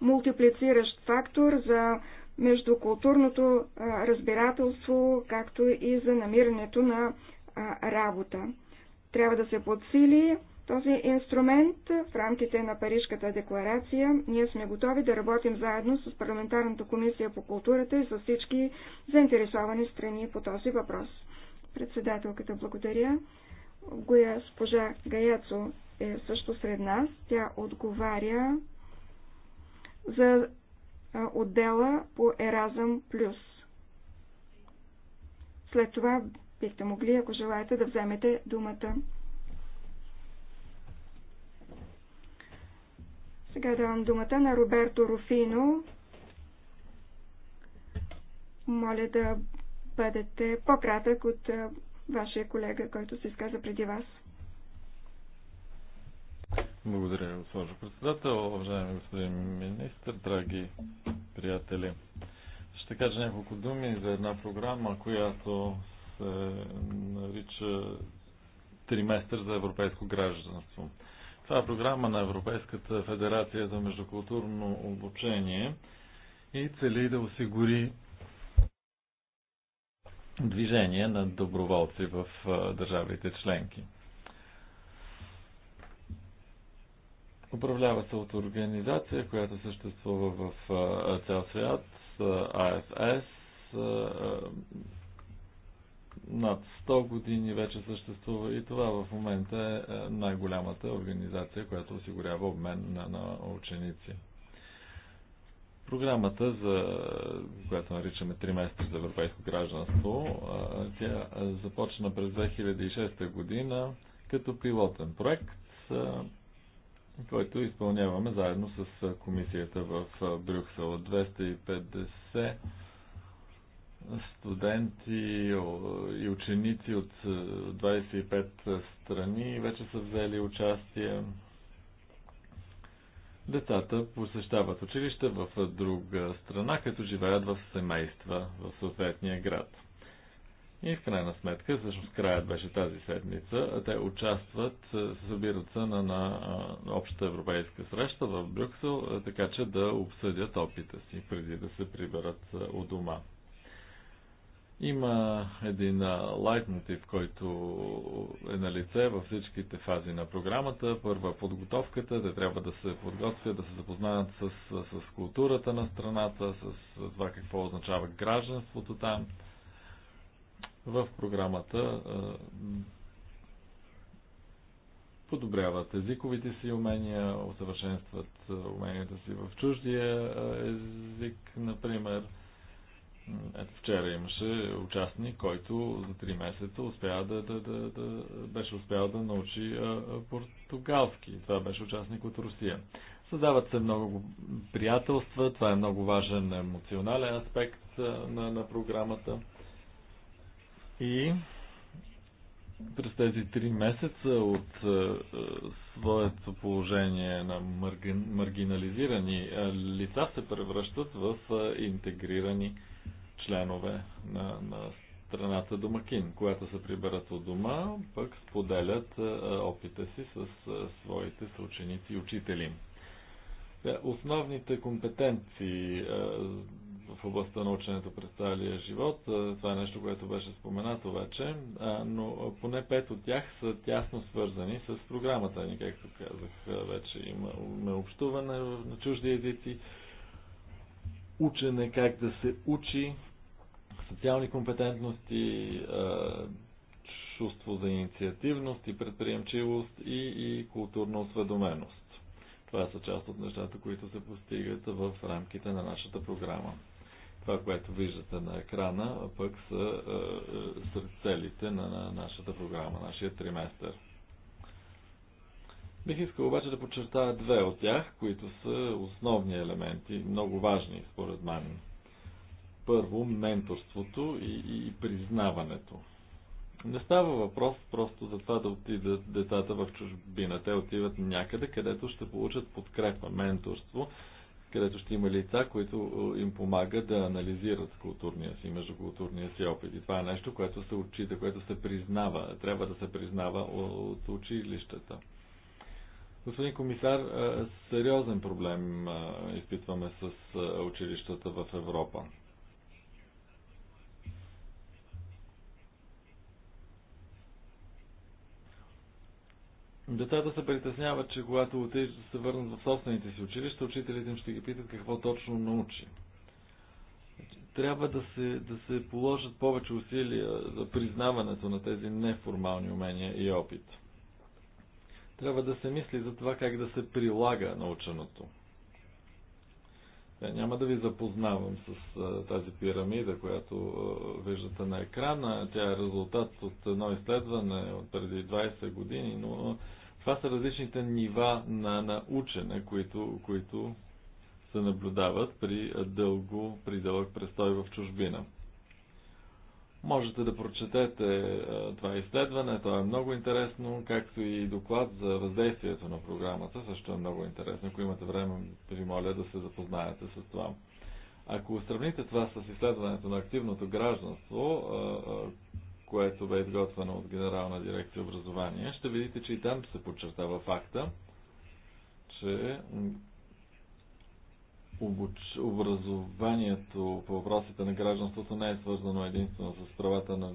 мултиплициращ фактор за междукултурното разбирателство, както и за намирането на работа. Трябва да се подсили този инструмент в рамките на Парижката декларация. Ние сме готови да работим заедно с Парламентарната комисия по културата и с всички заинтересовани страни по този въпрос. Председателката благодаря. Спожа Гаяцо е също сред нас. Тя отговаря за отдела по Еразъм Плюс. След това бихте могли, ако желаете, да вземете думата. Сега давам думата на Роберто Руфино. Моля да бъдете по-кратък от вашия колега, който се изказа преди вас. Благодаря, госпожо председател, уважаеми господин министр, драги приятели. Ще кажа няколко думи за една програма, която се нарича Триместър за европейско гражданство. Това е програма на Европейската федерация за междукултурно обучение и цели да осигури движение на доброволци в държавите членки. Управлява се от организация, която съществува в цял свят, АФС, над 100 години вече съществува и това в момента е, е най-голямата организация, която осигурява обмен на, на ученици. Програмата, за, която наричаме 3 месеца за европейско гражданство, е, тя започна през 2006 година като пилотен проект, е, който изпълняваме заедно с комисията в Брюксел. 250 студенти и ученици от 25 е, страни вече са взели участие. Децата посещават училище в друга страна, като живеят в семейства в съответния град. И в крайна сметка, всъщност краят беше тази седмица, те участват, е, събират се на, на е, обща европейска среща в Брюксел, така че да обсъдят опита си преди да се приберат у дома. Има един лайт мотив, който е на лице във всичките фази на програмата. Първа е подготовката, те трябва да се подготвят, да се запознаят с, с културата на страната, с това какво означава гражданството там. В програмата подобряват езиковите си умения, усъвършенстват уменията си в чуждия език, например – ето вчера имаше участник, който за 3 месеца успя да, да, да, да беше успял да научи а, португалски. Това беше участник от Русия. Създават се много приятелства, това е много важен емоционален аспект на, на програмата. И през тези три месеца от а, своето положение на марги, маргинализирани лица се превръщат в а, интегрирани членове на, на страната домакин. която се приберат от дома, пък споделят е, опита си с е, своите съученици и учители. Е, основните компетенции в областта на ученето през целия живот, това е нещо, което беше споменато вече, но поне пет от тях са тясно свързани с програмата ни, както казах вече. Имаме общуване на чужди езици, учене как да се учи, социални компетентности, чувство за инициативност и предприемчивост и, и културна осведоменост. Това са част от нещата, които се постигат в рамките на нашата програма. Това, което виждате на екрана, пък са е, сред целите на, на нашата програма, нашия триместър. Бих искал обаче да подчертая две от тях, които са основни елементи, много важни според мен първо, менторството и, и признаването. Не става въпрос просто за това да отидат децата в чужбина. Те отиват някъде, където ще получат подкрепа, менторство, където ще има лица, които е, им помагат да анализират културния си, междукултурния си опит. И това е нещо, което се отчита, което се признава, трябва да се признава от училищата. Господин комисар, е, сериозен проблем е, изпитваме с училищата в Европа. Децата се притесняват, че когато отидат да се върнат в собствените си училища, учителите им ще ги питат какво точно научи. Трябва да се, да се положат повече усилия за признаването на тези неформални умения и опит. Трябва да се мисли за това как да се прилага наученото. Е, няма да ви запознавам с е, тази пирамида, която е, виждате на екрана. Тя е резултат от едно изследване от преди 20 години, но това са различните нива на, на учене, които, които се наблюдават при дълго, при дълъг престой в чужбина. Можете да прочетете това изследване, то е много интересно, както и доклад за въздействието на програмата, също е много интересно. Ако имате време, ви моля да се запознаете с това. Ако сравните това с изследването на активното гражданство, което бе изготвено от Генерална дирекция образование, ще видите, че и там се подчертава факта, че обуч... образованието по въпросите на гражданството не е свързано единствено с правата на,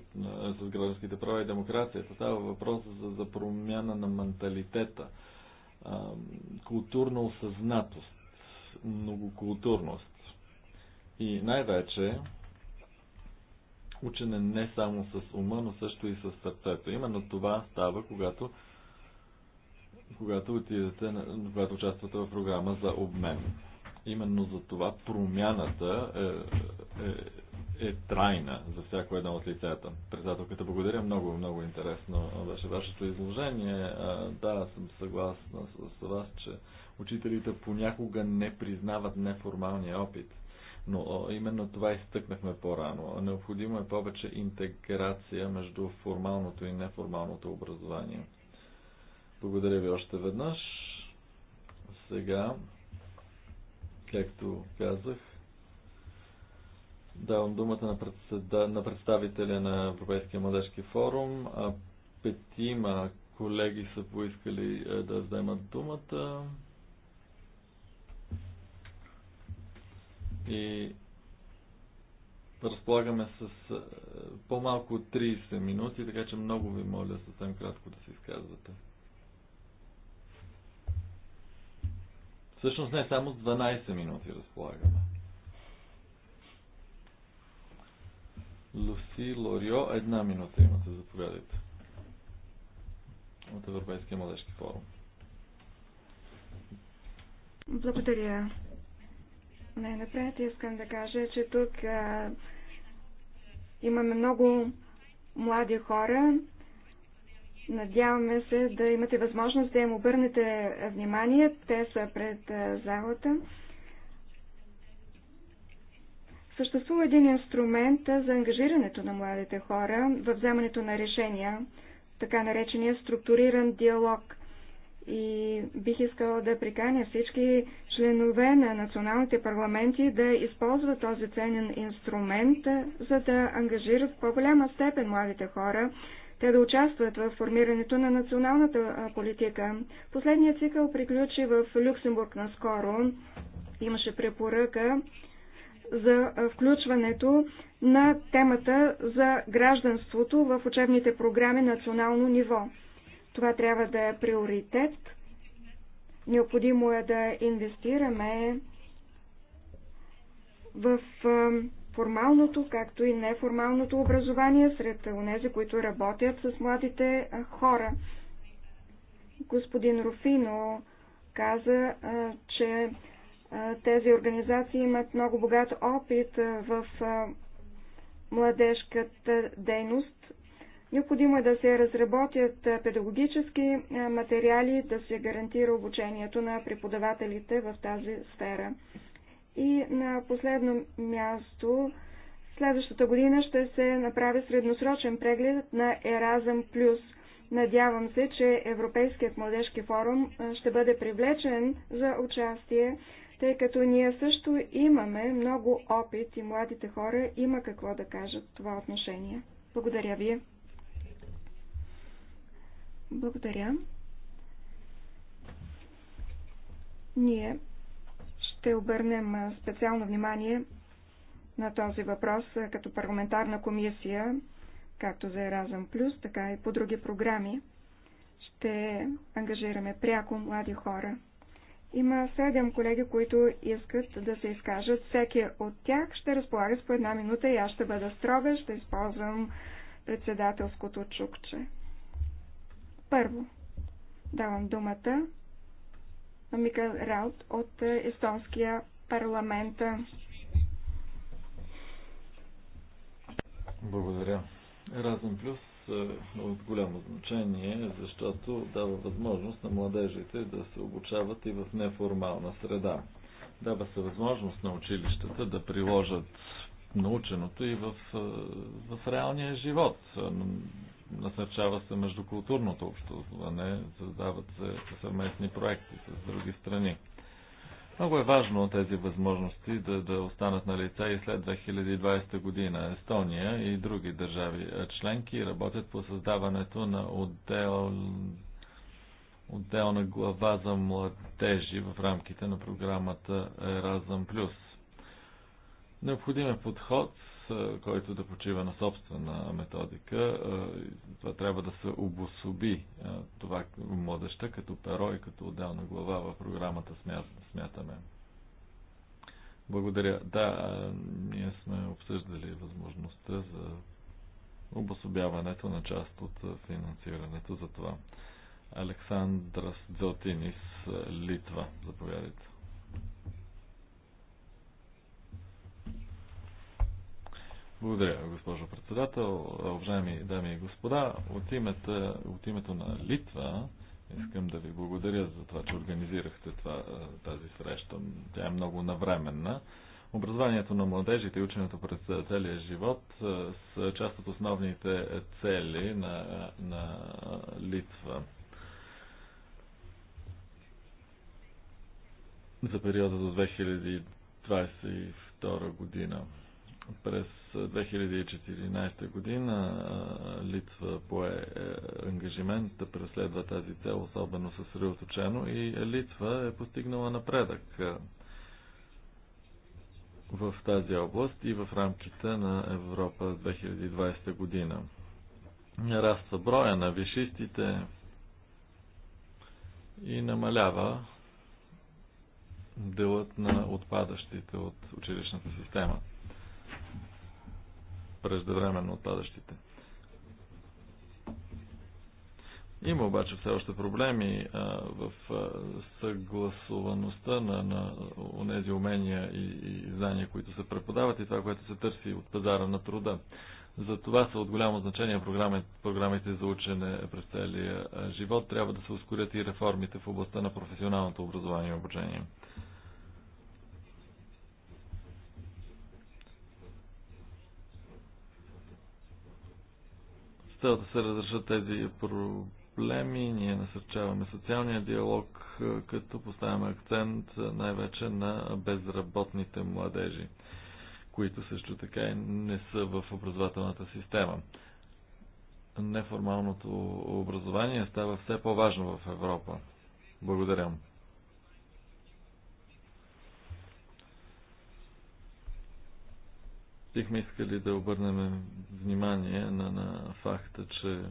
с гражданските права и демокрацията. Става въпрос за, за промяна на менталитета, а, културна осъзнатост, многокултурност. И най-вече учене не само с ума, но също и с сърцето. Именно това става, когато когато отидете, когато участвате в програма за обмен. Именно за това промяната е, е, е, е трайна за всяко едно от лицата. Председателката, благодаря много, много интересно беше вашето изложение. Е, да, съм съгласна с вас, че учителите понякога не признават неформалния опит. Но именно това изтъкнахме по-рано. Необходимо е повече интеграция между формалното и неформалното образование. Благодаря ви още веднъж. Сега Както казах, давам думата на, председа... на представителя на Европейския младежки форум. А петима колеги са поискали е, да вземат думата. И разполагаме с е, по-малко от 30 минути, така че много ви моля съвсем кратко да се изказвате. Всъщност не, само с 12 минути разполагаме. Луси Лорио, една минута имате, заповядайте. От Европейския младежки форум. Благодаря. Най-напред искам да кажа, че тук а, имаме много млади хора, Надяваме се да имате възможност да им обърнете внимание. Те са пред залата. Съществува един инструмент за ангажирането на младите хора в вземането на решения, така наречения структуриран диалог. И бих искала да приканя всички членове на националните парламенти да използват този ценен инструмент, за да ангажират в по-голяма степен младите хора те да участват в формирането на националната политика. Последният цикъл приключи в Люксембург наскоро. Имаше препоръка за включването на темата за гражданството в учебните програми национално ниво. Това трябва да е приоритет. Необходимо е да инвестираме в формалното, както и неформалното образование сред онези, които работят с младите хора. Господин Руфино каза, че тези организации имат много богат опит в младежката дейност. Необходимо е да се разработят педагогически материали, да се гарантира обучението на преподавателите в тази сфера. И на последно място, следващата година ще се направи средносрочен преглед на Еразъм Плюс. Надявам се, че Европейският младежки форум ще бъде привлечен за участие, тъй като ние също имаме много опит и младите хора има какво да кажат това отношение. Благодаря ви. Благодаря. Ние ще обърнем специално внимание на този въпрос като парламентарна комисия, както за Еразъм Плюс, така и по други програми. Ще ангажираме пряко млади хора. Има седем колеги, които искат да се изкажат. Всеки от тях ще разполага с по една минута и аз ще бъда строга, ще използвам председателското чукче. Първо, давам думата Микъл Раут от е, Естонския парламент. Благодаря. Разен плюс е, е от голямо значение, защото дава възможност на младежите да се обучават и в неформална среда. Дава се възможност на училищата да приложат наученото и в, е, в реалния живот насърчава се междукултурното общуване, създават се съвместни проекти с други страни. Много е важно тези възможности да, да останат на лица и след 2020 година. Естония и други държави членки работят по създаването на отдел, отделна глава за младежи в рамките на програмата Erasmus+. Необходим е подход който да почива на собствена методика. Това трябва да се обособи това младеща като перо и като отделна глава в програмата смятаме. Благодаря. Да, ние сме обсъждали възможността за обособяването на част от финансирането за това. Александра Дзотинис, Литва. Заповядайте. Благодаря, госпожо председател. Уважаеми дами и господа, от името, от името на Литва искам да ви благодаря за това, че организирахте това, е, тази среща. Тя е много навременна. Образованието на младежите и ученето през целия живот е, са част от основните цели на, на Литва. За периода до 2022 година. През 2014 година Литва пое е, ангажимент да преследва тази цел, особено съсредоточено и Литва е постигнала напредък в тази област и в рамките на Европа 2020 година. Нараства броя на вишистите и намалява делът на отпадащите от училищната система преждевременно отпадащите. Има обаче все още проблеми а, в а, съгласуваността на, на тези умения и, и знания, които се преподават и това, което се търси от пазара на труда. За това са от голямо значение програмите, програмите за учене през целия живот. Трябва да се ускорят и реформите в областта на професионалното образование и обучение. цел да се разрешат тези проблеми, ние насърчаваме социалния диалог, е, като поставяме акцент е, най-вече на безработните младежи, които също така и не са в образователната система неформалното образование става все по-важно в Европа. Благодаря. бихме искали да обърнем внимание на, на факта, че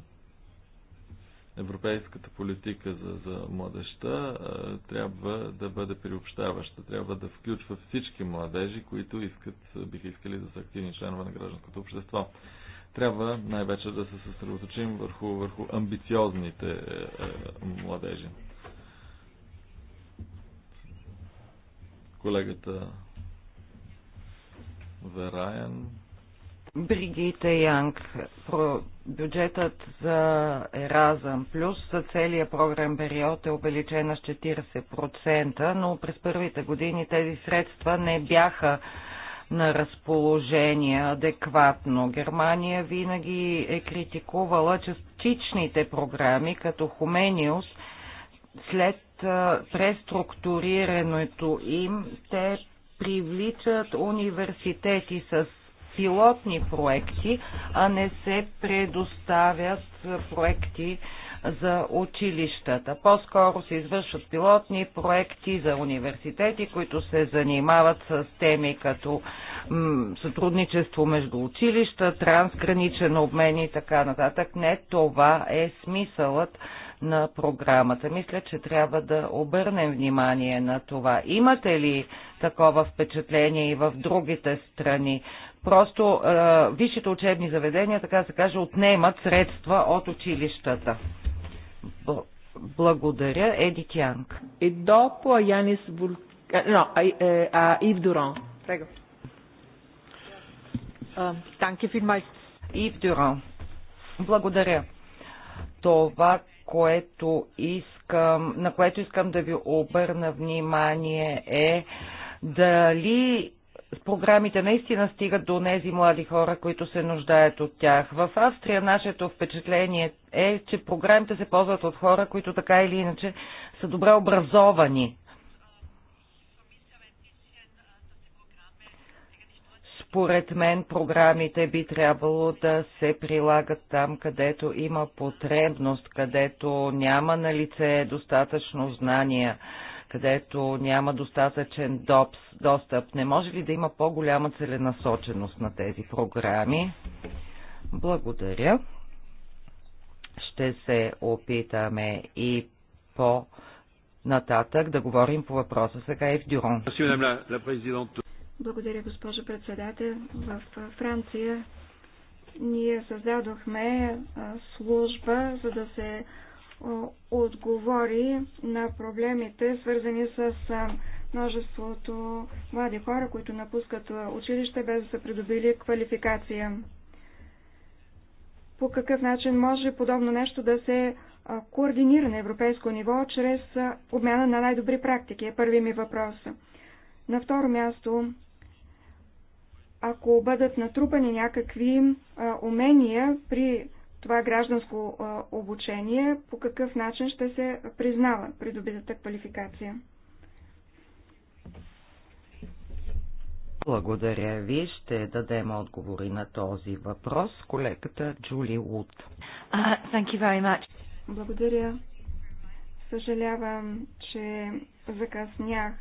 европейската политика за, за младеща а, трябва да бъде приобщаваща, трябва да включва всички младежи, които искат, биха искали да са активни членове на гражданското общество. Трябва най-вече да се съсредоточим върху, върху амбициозните е, е, младежи. Колегата Верайен. Бригита Янг, про бюджетът за Еразъм плюс за целия програм период е увеличена с 40%, но през първите години тези средства не бяха на разположение адекватно. Германия винаги е критикувала частичните програми като Хумениус след преструктурирането им те привличат университети с пилотни проекти, а не се предоставят проекти за училищата. По-скоро се извършват пилотни проекти за университети, които се занимават с теми като сътрудничество между училища, трансграничен обмен и така нататък. Не това е смисълът на програмата. Мисля, че трябва да обърнем внимание на това. Имате ли такова впечатление и в другите страни? Просто е, висшите учебни заведения, така се каже, отнемат средства от училищата. Благодаря, Еди Кянг. И допо Янис Вул... No, a, Благодаря. Това, което искам, на което искам да ви обърна внимание е дали програмите наистина стигат до тези млади хора, които се нуждаят от тях. В Австрия нашето впечатление е, че програмите се ползват от хора, които така или иначе са добре образовани Според мен програмите би трябвало да се прилагат там, където има потребност, където няма на лице достатъчно знания, където няма достатъчен достъп. Не може ли да има по-голяма целенасоченост на тези програми? Благодаря. Ще се опитаме и по-нататък да говорим по въпроса сега и в Дюрон. Благодаря, госпожо председател. В Франция ние създадохме служба, за да се отговори на проблемите, свързани с множеството млади хора, които напускат училище без да са придобили квалификация. По какъв начин може подобно нещо да се координира на европейско ниво чрез обмяна на най-добри практики е първи ми въпрос. На второ място, ако бъдат натрупани някакви а, умения при това гражданско а, обучение, по какъв начин ще се признава придобитата квалификация. Благодаря ви. Ще дадем отговори на този въпрос колегата Джули Уд. Uh, Благодаря. Съжалявам, че закъснях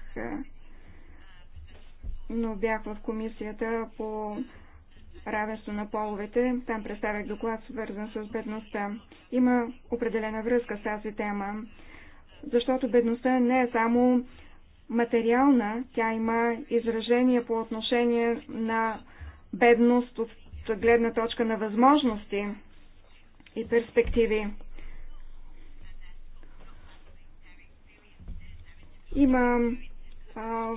но бях в комисията по равенство на половете. Там представях доклад, свързан с бедността. Има определена връзка с тази тема, защото бедността не е само материална, тя има изражение по отношение на бедност от гледна точка на възможности и перспективи. Има а,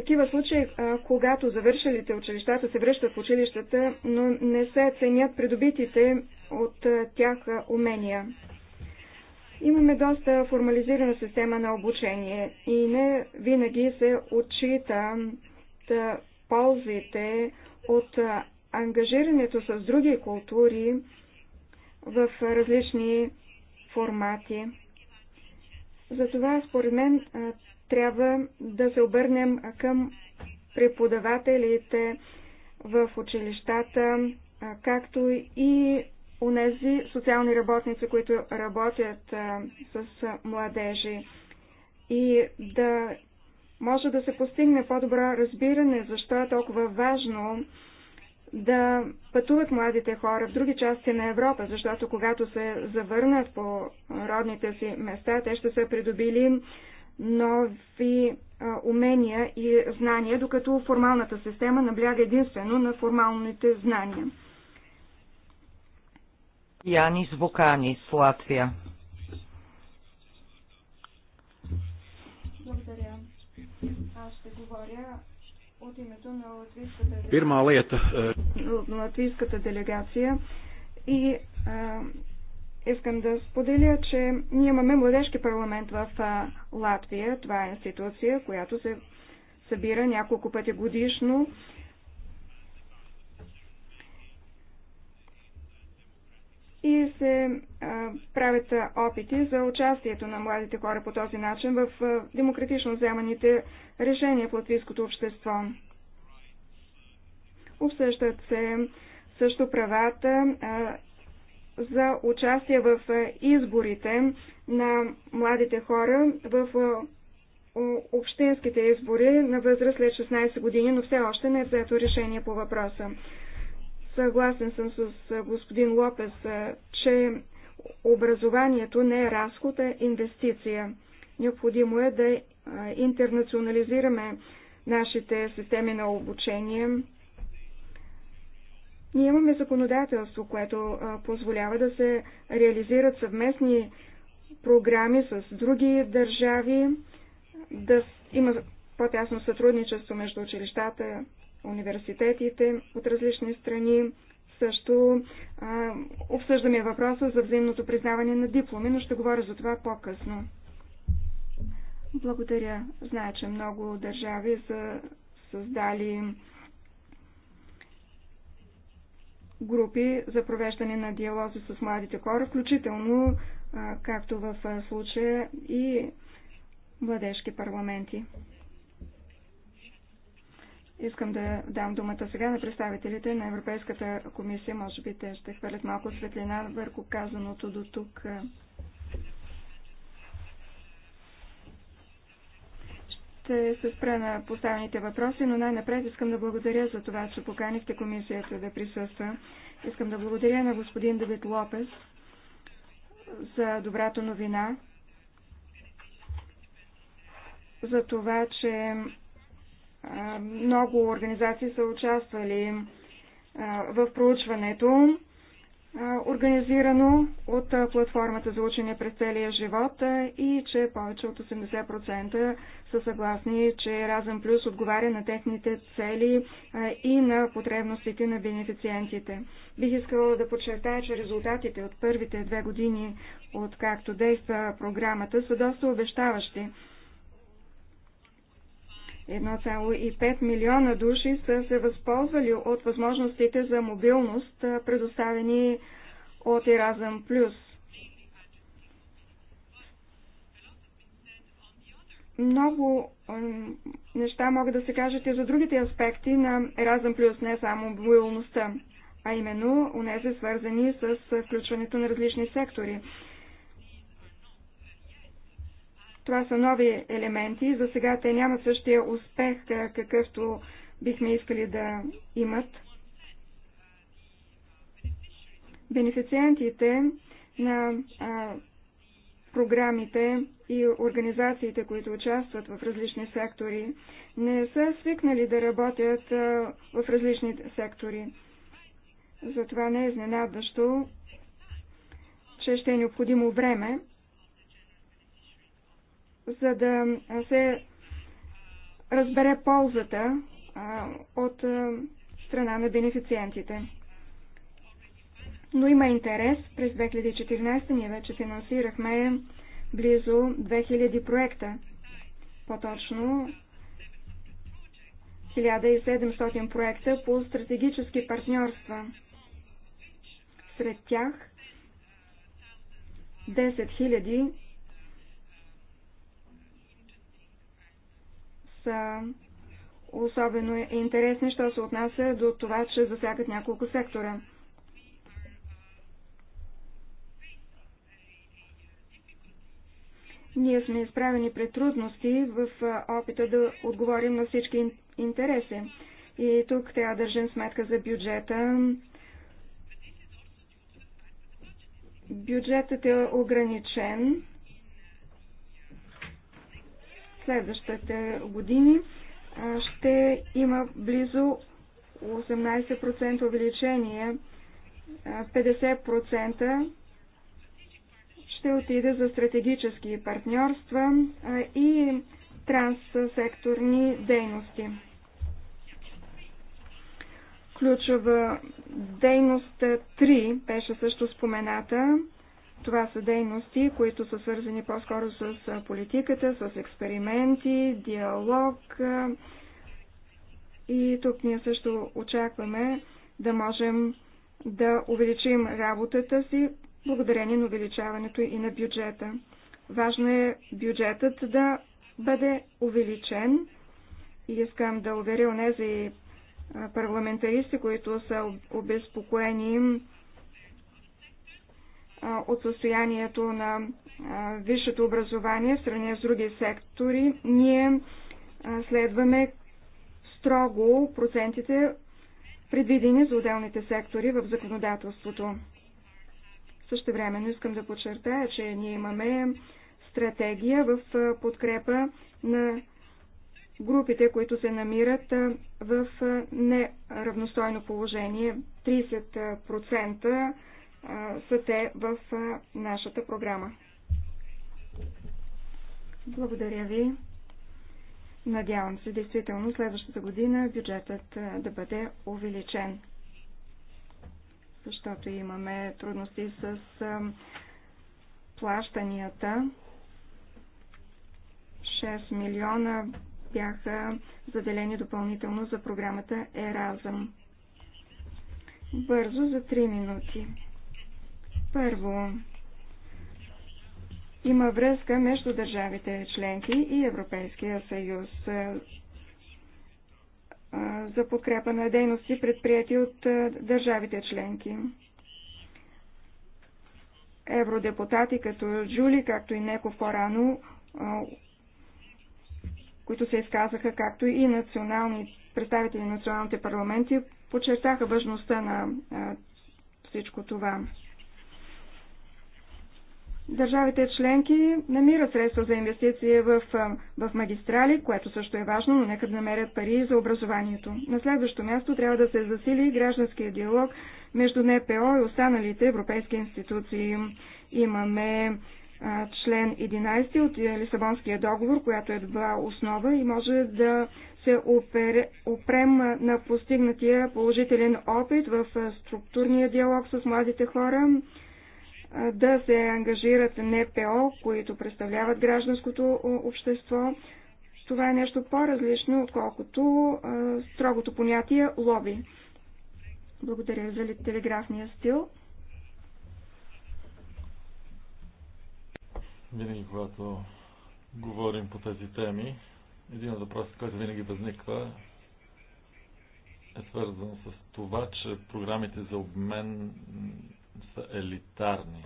такива случаи, когато завършилите училищата се връщат в училищата, но не се ценят придобитите от тях умения. Имаме доста формализирана система на обучение и не винаги се отчита ползите от ангажирането с други култури в различни формати. Затова, според мен, трябва да се обърнем към преподавателите в училищата, както и унези социални работници, които работят с младежи и да може да се постигне по-добро разбиране, защо е толкова важно да пътуват младите хора в други части на Европа, защото когато се завърнат по родните си места, те ще са придобили нови умения и знания, докато формалната система набляга единствено на формалните знания. Янис Воканис, Латвия. Благодаря. Аз ще говоря от името на латвийската, е. латвийската делегация и а, Искам да споделя, че ние имаме младежки парламент в Латвия. Това е институция, която се събира няколко пъти годишно. И се а, правят опити за участието на младите хора по този начин в а, демократично вземаните решения в латвийското общество. Обсъщат се също правата а, за участие в е, изборите на младите хора в е, общинските избори на възраст след 16 години, но все още не е взето решение по въпроса. Съгласен съм с господин Лопес, е, че образованието не е разход, а инвестиция. Необходимо е да интернационализираме нашите системи на обучение, ние имаме законодателство, което позволява да се реализират съвместни програми с други държави, да има по-тясно сътрудничество между училищата, университетите от различни страни. Също а, обсъждаме въпроса за взаимното признаване на дипломи, но ще говоря за това по-късно. Благодаря. Зная, че много държави са създали групи за провеждане на диалози с младите хора, включително, както в случая, и младежки парламенти. Искам да дам думата сега на представителите на Европейската комисия. Може би те ще хвърлят малко светлина върху казаното до тук. Ще се спра на поставените въпроси, но най-напред искам да благодаря за това, че поканихте комисията да присъства. Искам да благодаря на господин Давид Лопес за добрата новина, за това, че много организации са участвали в проучването организирано от платформата за учене през целия живот и че повече от 80% са съгласни, че РАЗъм Плюс отговаря на техните цели и на потребностите на бенефициентите. Бих искала да подчертая, че резултатите от първите две години, откакто действа програмата, са доста обещаващи. 1,5 милиона души са се възползвали от възможностите за мобилност, предоставени от Еразъм Плюс. Много неща могат да се кажат и за другите аспекти на Еразъм Плюс, не само мобилността, а именно унези свързани с включването на различни сектори. Това са нови елементи. За сега те нямат същия успех, какъвто бихме искали да имат. Бенефициентите на а, програмите и организациите, които участват в различни сектори, не са свикнали да работят а, в различни сектори. Затова не е изненадващо, че ще е необходимо време, за да се разбере ползата от страна на бенефициентите. Но има интерес. През 2014 ние вече финансирахме близо 2000 проекта. По-точно 1700 проекта по стратегически партньорства. Сред тях 10 000 са особено интересни, що се отнася до това, че засягат няколко сектора. Ние сме изправени пред трудности в опита да отговорим на всички интереси. И тук трябва да държим сметка за бюджета. Бюджетът е ограничен следващите години ще има близо 18% увеличение, 50% ще отиде за стратегически партньорства и транссекторни дейности. Ключова дейност 3 беше също спомената това са дейности, които са свързани по-скоро с политиката, с експерименти, диалог. И тук ние също очакваме да можем да увеличим работата си, благодарение на увеличаването и на бюджета. Важно е бюджетът да бъде увеличен и искам да уверя нези парламентаристи, които са обезпокоени от състоянието на висшето образование в сравнение с други сектори, ние следваме строго процентите, предвидени за отделните сектори в законодателството. Също времено искам да подчертая, че ние имаме стратегия в подкрепа на групите, които се намират в неравностойно положение. 30% са те в нашата програма. Благодаря ви. Надявам се, действително, следващата година бюджетът да бъде увеличен, защото имаме трудности с плащанията. 6 милиона бяха заделени допълнително за програмата Еразъм. Бързо за 3 минути. Първо, има връзка между държавите членки и Европейския съюз за подкрепа на дейности, предприяти от държавите членки. Евродепутати като Джули, както и Неко по-рано, които се изказаха, както и национални представители на националните парламенти, подчертаха важността на всичко това. Държавите членки намират средства за инвестиции в, в магистрали, което също е важно, но нека да намерят пари за образованието. На следващо място трябва да се засили гражданския диалог между НПО и останалите европейски институции. Имаме а, член 11 от е, Лисабонския договор, която е добра основа и може да се опрем на постигнатия положителен опит в структурния диалог с младите хора да се ангажират НПО, които представляват гражданското общество. Това е нещо по-различно, отколкото строгото понятие лоби. Благодаря за телеграфния стил. Винаги, когато говорим по тези теми, един от въпросите, който винаги възниква, е свързан с това, че програмите за обмен са елитарни.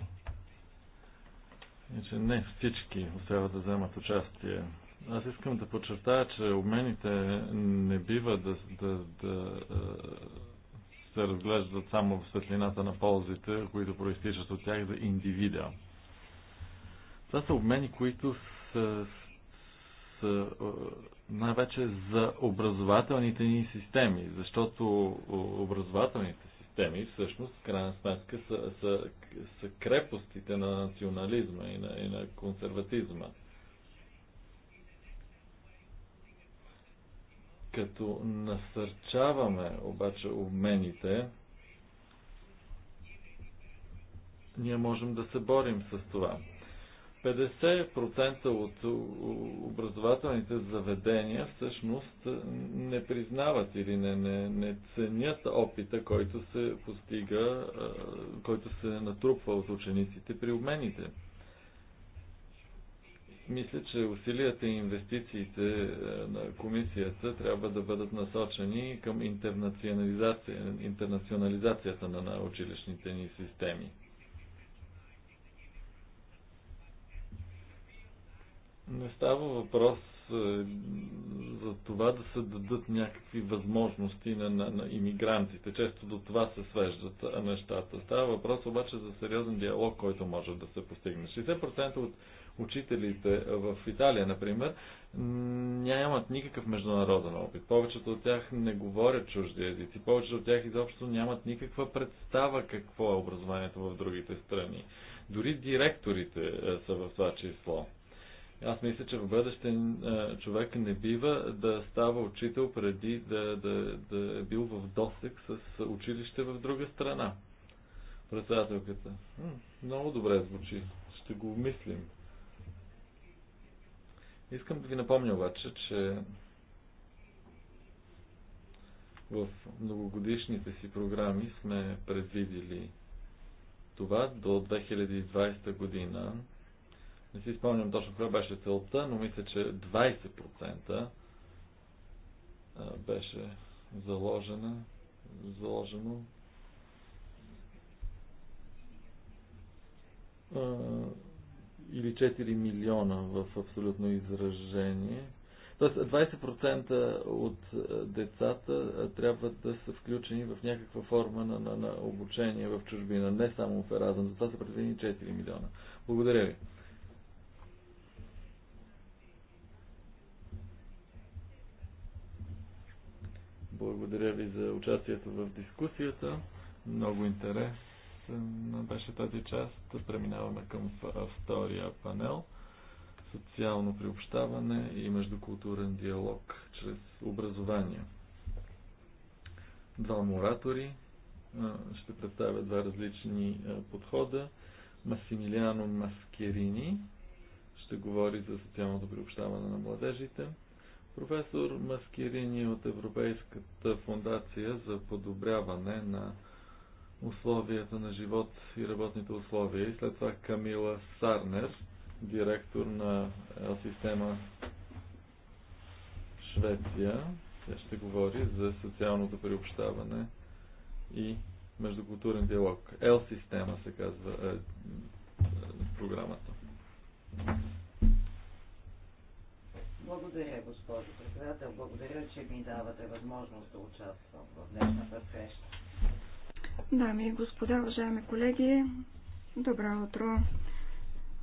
И че не всички трябва да вземат участие. Аз искам да подчертая, че обмените не бива да, да, да е, се разглеждат само в светлината на ползите, които проистичат от тях за индивида. Това са обмени, които са, са е, най-вече за образователните ни системи, защото образователните теми всъщност, в крайна сметка, са, са, са крепостите на национализма и на, и на консерватизма. Като насърчаваме обаче обмените, ние можем да се борим с това. 50% от образователните заведения всъщност не признават или не, не, не ценят опита, който се постига, който се натрупва от учениците при обмените. Мисля, че усилията и инвестициите е, на комисията трябва да бъдат насочени към интернационализация, интернационализацията на, на училищните ни системи. Не става въпрос е, за това да се дадат някакви възможности на, на, на иммигрантите. Често до това се свеждат нещата. Става въпрос обаче за сериозен диалог, който може да се постигне. 60% от учителите в Италия, например, нямат никакъв международен опит. Повечето от тях не говорят чужди езици. Повечето от тях изобщо нямат никаква представа какво е образованието в другите страни. Дори директорите е, са в това число. Аз мисля, че в бъдеще човек не бива да става учител преди да, да, да е бил в досек с училище в друга страна. Председателката. Много добре звучи. Ще го мислим. Искам да ви напомня обаче, че в многогодишните си програми сме предвидили това до 2020 година не си спомням точно каква беше целта, но мисля, че 20% беше заложена, заложено. Или 4 милиона в абсолютно изражение. Тоест 20% от децата трябва да са включени в някаква форма на, на, на обучение в чужбина, не само в Еразъм. Това са предвидени 4 милиона. Благодаря ви. Благодаря ви за участието в дискусията. Много интерес беше тази част. Преминаваме към втория панел. Социално приобщаване и междукултурен диалог чрез образование. Два моратори ще представя два различни подхода. Масимилиано Маскерини ще говори за социалното приобщаване на младежите – Професор Маскирини от Европейската фундация за подобряване на условията на живот и работните условия. И след това Камила Сарнер, директор на система Швеция. Тя ще говори за социалното приобщаване и междукултурен диалог. L-система се казва е, е, програмата. Благодаря, госпожо председател. Благодаря, че ми давате възможност да участвам в днешната среща. Дами и господа, уважаеми колеги, добро утро.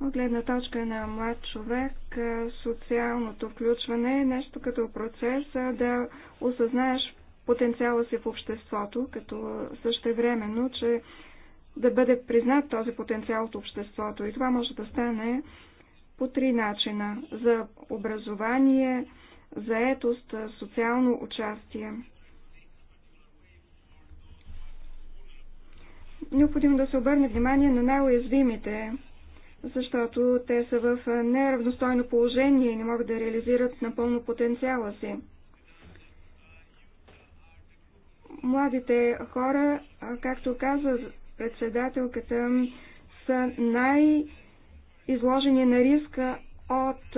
От гледна точка на млад човек, е, социалното включване е нещо като процес е, да осъзнаеш потенциала си в обществото, като същевременно, че да бъде признат този потенциал от обществото. И това може да стане по три начина – за образование, заетост, социално участие. Необходимо да се обърне внимание на най-уязвимите, защото те са в неравностойно положение и не могат да реализират напълно потенциала си. Младите хора, както каза председателката, са най- изложени на риска от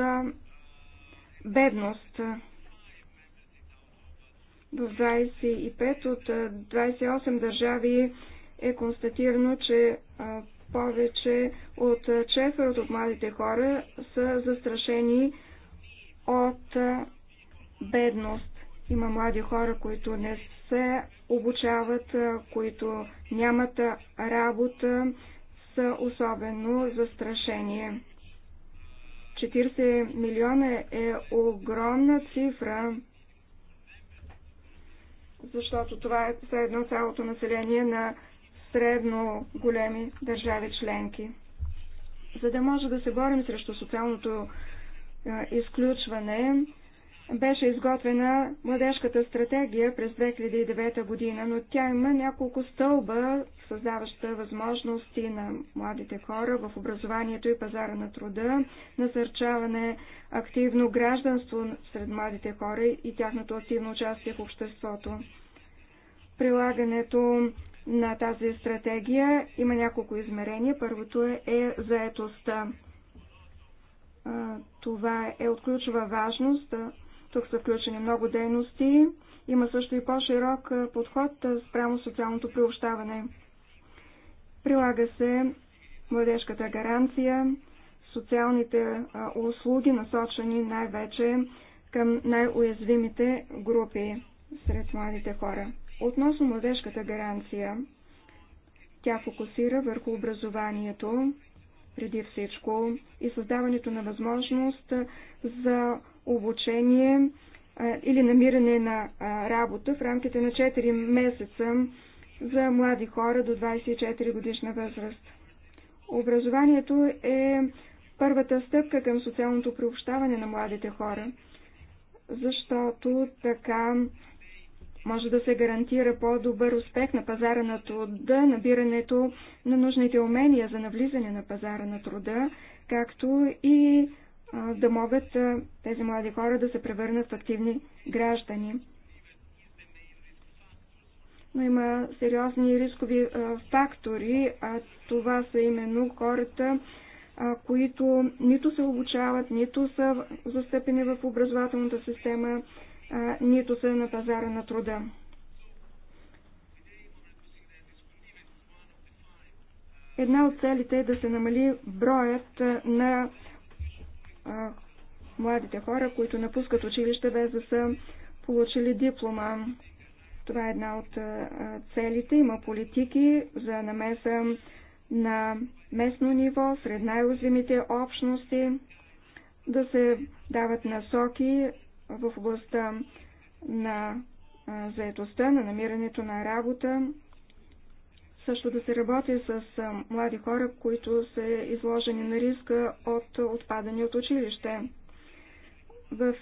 бедност. В 25 от 28 държави е констатирано, че повече от четвърт от младите хора са застрашени от бедност. Има млади хора, които не се обучават, които нямат работа, са особено застрашени. 40 милиона е огромна цифра, защото това е все едно цялото население на средно големи държави членки. За да може да се борим срещу социалното е, изключване, беше изготвена младежката стратегия през 2009 година, но тя има няколко стълба, създаваща възможности на младите хора в образованието и пазара на труда, насърчаване активно гражданство сред младите хора и тяхното активно участие в обществото. Прилагането на тази стратегия има няколко измерения. Първото е, е заетостта. Това е от ключова важност тук са включени много дейности. Има също и по-широк подход спрямо социалното приобщаване. Прилага се младежката гаранция, социалните услуги, насочени най-вече към най-уязвимите групи сред младите хора. Относно младежката гаранция, тя фокусира върху образованието, преди всичко, и създаването на възможност за обучение или намиране на работа в рамките на 4 месеца за млади хора до 24 годишна възраст. Образованието е първата стъпка към социалното приобщаване на младите хора, защото така може да се гарантира по-добър успех на пазара на труда, набирането на нужните умения за навлизане на пазара на труда, както и да могат тези млади хора да се превърнат в активни граждани. Но има сериозни рискови фактори, а това са именно хората, които нито се обучават, нито са застъпени в образователната система, нито са на пазара на труда. Една от целите е да се намали броят на младите хора, които напускат училище без да са получили диплома. Това е една от целите. Има политики за намеса на местно ниво, сред най-уязвимите общности, да се дават насоки в областта на заетостта, на намирането на работа, също да се работи с млади хора, които са изложени на риска от отпадане от училище. В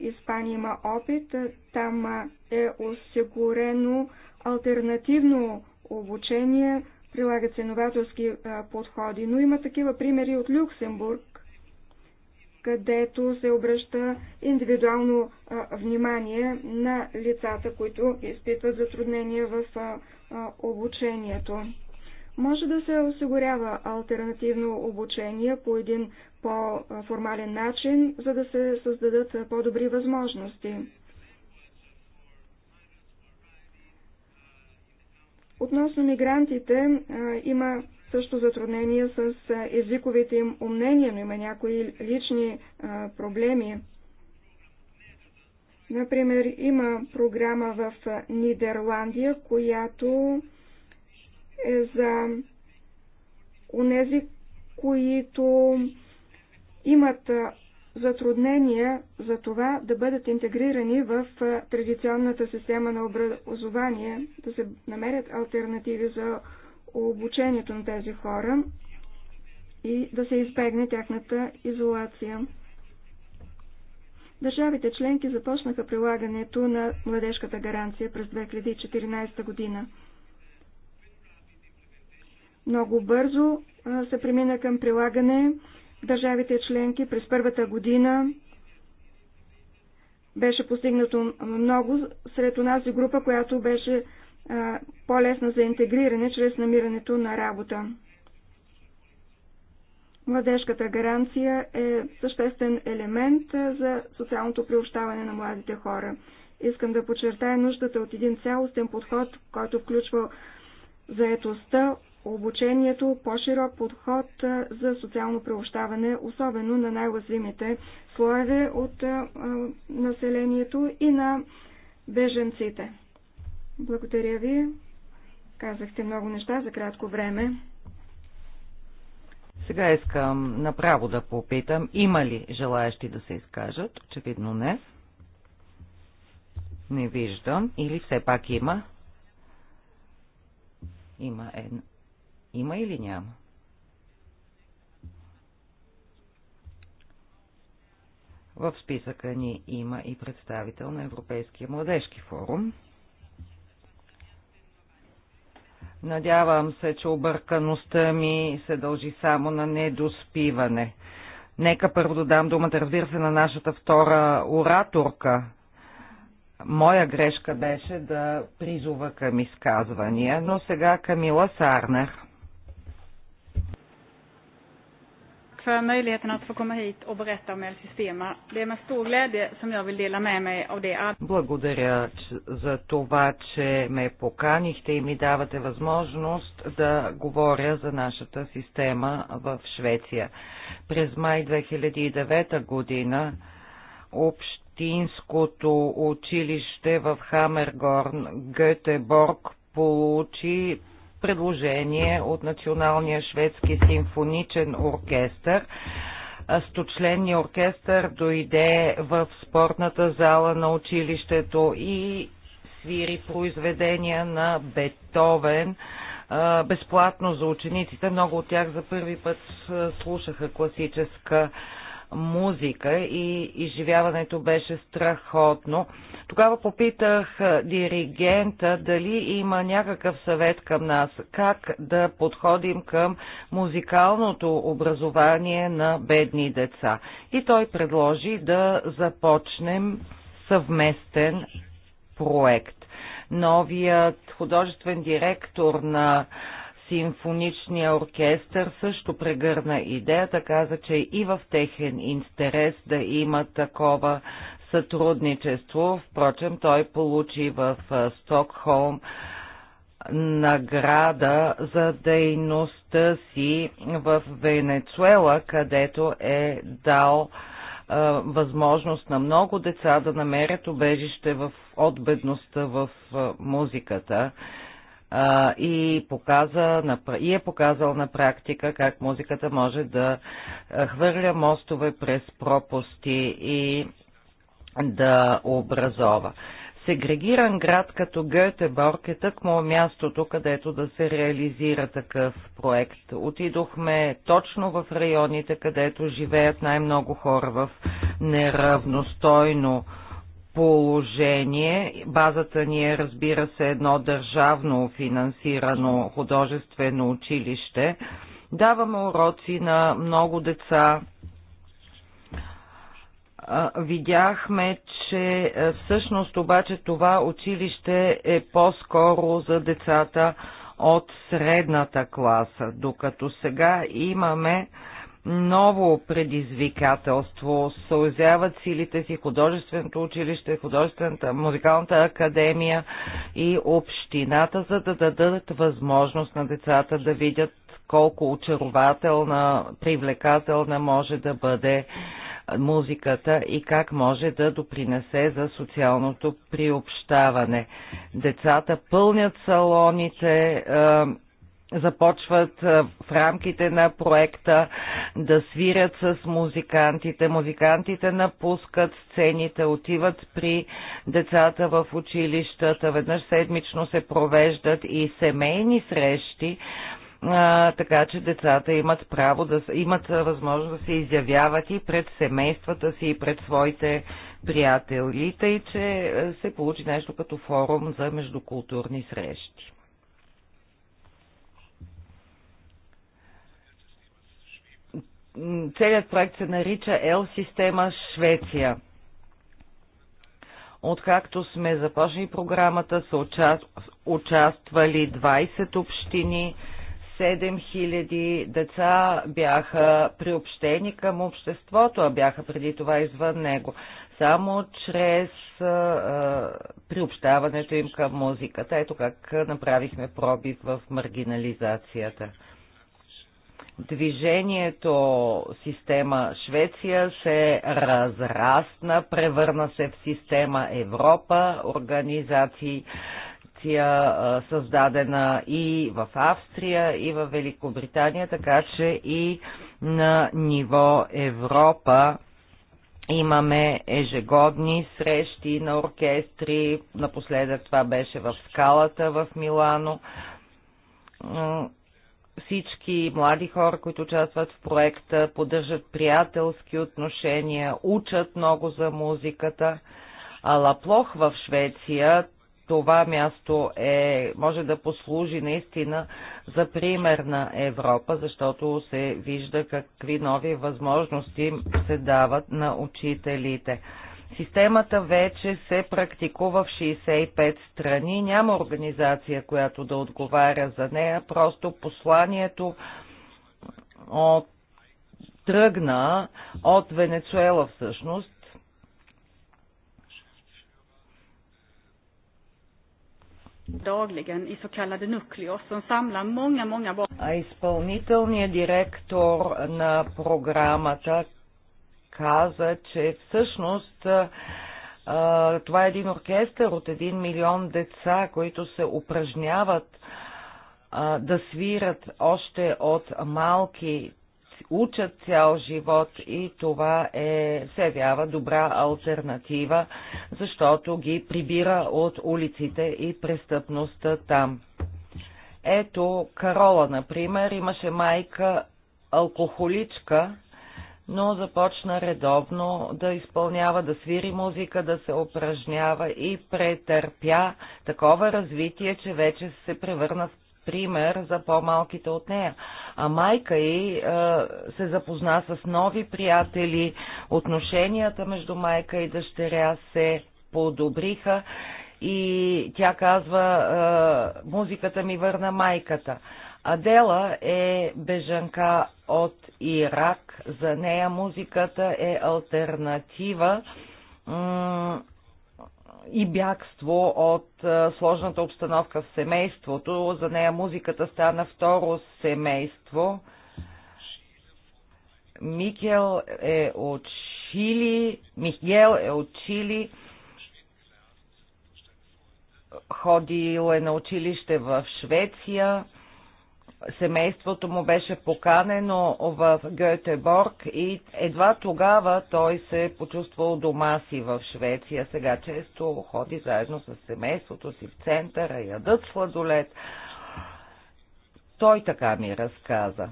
Испания има опит, там е осигурено альтернативно обучение, прилагат се новаторски подходи, но има такива примери от Люксембург, където се обръща индивидуално внимание на лицата, които изпитват затруднения в обучението. Може да се осигурява альтернативно обучение по един по-формален начин, за да се създадат по-добри възможности. Относно мигрантите, има също затруднения с езиковите им умения, но има някои лични проблеми. Например, има програма в Нидерландия, която е за унези, които имат затруднения за това да бъдат интегрирани в традиционната система на образование, да се намерят альтернативи за обучението на тези хора и да се избегне тяхната изолация. Държавите членки започнаха прилагането на младежката гаранция през 2014 година. Много бързо се премина към прилагане. Държавите членки през първата година беше постигнато много сред унази група, която беше по-лесна за интегриране чрез намирането на работа. Младежката гаранция е съществен елемент за социалното приобщаване на младите хора. Искам да подчертая нуждата от един цялостен подход, който включва заетостта, обучението, по-широк подход за социално приобщаване, особено на най-уязвимите слоеве от населението и на беженците. Благодаря ви. Казахте много неща за кратко време. Сега искам направо да попитам, има ли желаящи да се изкажат? Очевидно не. Не виждам. Или все пак има? Има една. Има или няма? В списъка ни има и представител на Европейския младежки форум. Надявам се, че объркаността ми се дължи само на недоспиване. Нека първо дам думата, разбира се, на нашата втора ораторка. Моя грешка беше да призова към изказвания, но сега Камила Сарнер. för möjligheten att få komma hit och berätta om El Sistema. Det är med stor glädje som jag vill dela med mig av det Благодаря за това, че ме поканихте и ми давате възможност да говоря за нашата система в Швеция. През май 2009 година Общинското училище в Хамергорн, Гетеборг, получи предложение от Националния шведски симфоничен оркестър. Сточленния оркестър дойде в спортната зала на училището и свири произведения на Бетовен безплатно за учениците. Много от тях за първи път слушаха класическа музика и изживяването беше страхотно. Тогава попитах диригента дали има някакъв съвет към нас, как да подходим към музикалното образование на бедни деца. И той предложи да започнем съвместен проект. Новият художествен директор на симфоничния оркестър също прегърна идеята, каза, че и в техен интерес да има такова сътрудничество. Впрочем, той получи в Стокхолм награда за дейността си в Венецуела, където е дал възможност на много деца да намерят убежище в, от бедността в музиката а, и, показа, и е показал на практика как музиката може да хвърля мостове през пропусти и да образова. Сегрегиран град като Гетеборг е тъкмо мястото, където да се реализира такъв проект. Отидохме точно в районите, където живеят най-много хора в неравностойно положение. Базата ни е, разбира се, едно държавно финансирано художествено училище. Даваме уроци на много деца. Видяхме, че всъщност обаче това училище е по-скоро за децата от средната класа, докато сега имаме ново предизвикателство. Съузяват силите си художественото училище, художествената, музикалната академия и общината, за да дадат възможност на децата да видят колко очарователна, привлекателна може да бъде музиката и как може да допринесе за социалното приобщаване. Децата пълнят салоните, започват в рамките на проекта да свирят с музикантите. Музикантите напускат сцените, отиват при децата в училищата. Веднъж седмично се провеждат и семейни срещи, така че децата имат право да имат възможност да се изявяват и пред семействата си, и пред своите приятели, тъй че се получи нещо като форум за междукултурни срещи. целият проект се нарича Ел система Швеция. Откакто сме започнали програмата, са участвали 20 общини, 7000 деца бяха приобщени към обществото, а бяха преди това извън него. Само чрез а, а, приобщаването им към музиката. Ето как направихме пробив в маргинализацията. Движението система Швеция се разрасна, превърна се в система Европа, организации създадена и в Австрия, и в Великобритания, така че и на ниво Европа имаме ежегодни срещи на оркестри. Напоследък това беше в скалата в Милано всички млади хора, които участват в проекта, поддържат приятелски отношения, учат много за музиката. А Лаплох в Швеция, това място е, може да послужи наистина за пример на Европа, защото се вижда какви нови възможности се дават на учителите. Системата вече се практикува в 65 страни. Няма организация, която да отговаря за нея. Просто посланието от, тръгна от Венецуела всъщност. dagligen i så kallade nukleos som samlar många, många barn. Изпълнителният директор на програмата каза, че всъщност това е един оркестър от един милион деца, които се упражняват да свират още от малки, учат цял живот и това е, се явява добра альтернатива, защото ги прибира от улиците и престъпността там. Ето Карола, например, имаше майка алкохоличка, но започна редовно да изпълнява, да свири музика, да се упражнява и претърпя такова развитие, че вече се превърна в пример за по-малките от нея. А майка й е, се запозна с нови приятели, отношенията между майка и дъщеря се подобриха и тя казва, е, музиката ми върна майката. Адела е бежанка от Ирак. За нея музиката е альтернатива и бягство от сложната обстановка в семейството. За нея музиката стана второ семейство. Микел е от Чили, Михел е от Чили, ходил е на училище в Швеция семейството му беше поканено в Гетеборг и едва тогава той се е почувствал дома си в Швеция. Сега често ходи заедно с семейството си в центъра, ядат сладолет. Той така ми разказа.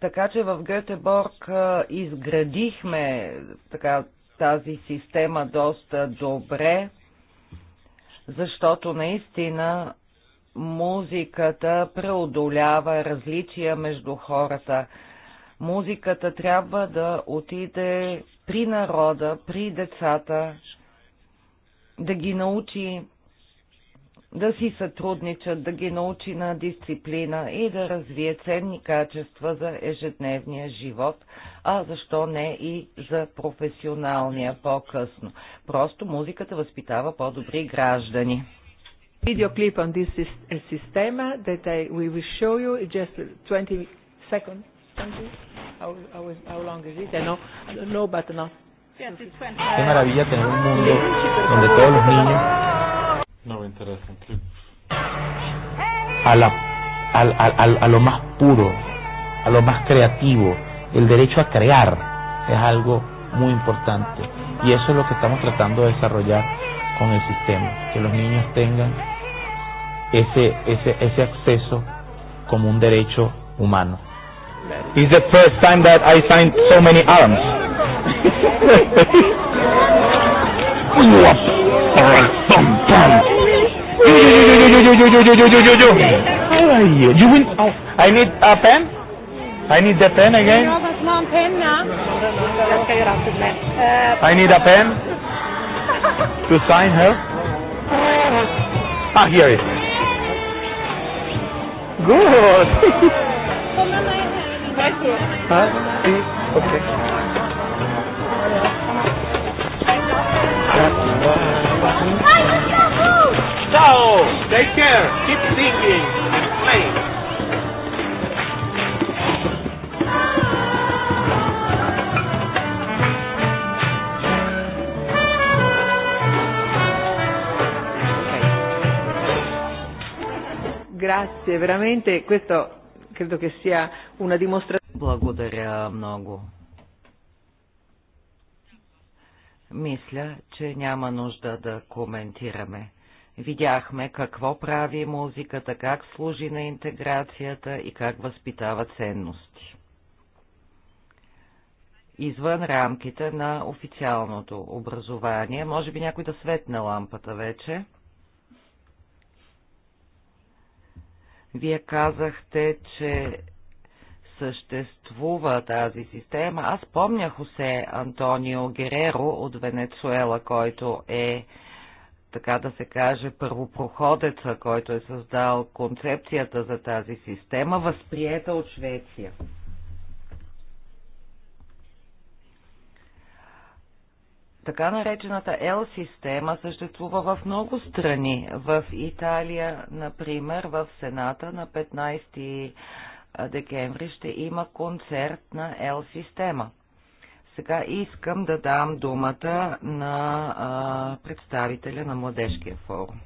Така че в Гетеборг изградихме така, тази система доста добре, защото наистина музиката преодолява различия между хората. Музиката трябва да отиде при народа, при децата, да ги научи да си сътрудничат, да ги научи на дисциплина и да развие ценни качества за ежедневния живот, а защо не и за професионалния по-късно. Просто музиката възпитава по-добри граждани video clip on this system that I, we will show you in just 20 seconds. How, how, how long is it? I, know, I don't know, but not. Qué maravilla tener un mundo donde todos los niños. No, interesante clip. A, la, a, a, a, a lo más puro, a lo más creativo, el derecho a crear es algo muy importante y eso es lo que estamos tratando de desarrollar con el sistema, que los niños tengan ese, ese, ese acceso como un derecho humano. It's the first time that I signed so many arms. you win. Oh, I need a pen. I need the pen again. I need a pen to sign her? Ah, here it is. Good. huh? See? Okay. Ciao! Take care! Keep thinking and Grazie, veramente questo credo che sia una dimostrazione. Благодаря много. Мисля, че няма нужда да коментираме. Видяхме какво прави музиката, как служи на интеграцията и как възпитава ценности. Извън рамките на официалното образование, може би някой да светне лампата вече. Вие казахте, че съществува тази система. Аз помня Хосе Антонио Гереро от Венецуела, който е така да се каже, първопроходеца, който е създал концепцията за тази система, възприета от Швеция. така наречената L-система съществува в много страни. В Италия, например, в Сената на 15 декември ще има концерт на L-система. Сега искам да дам думата на а, представителя на Младежкия форум.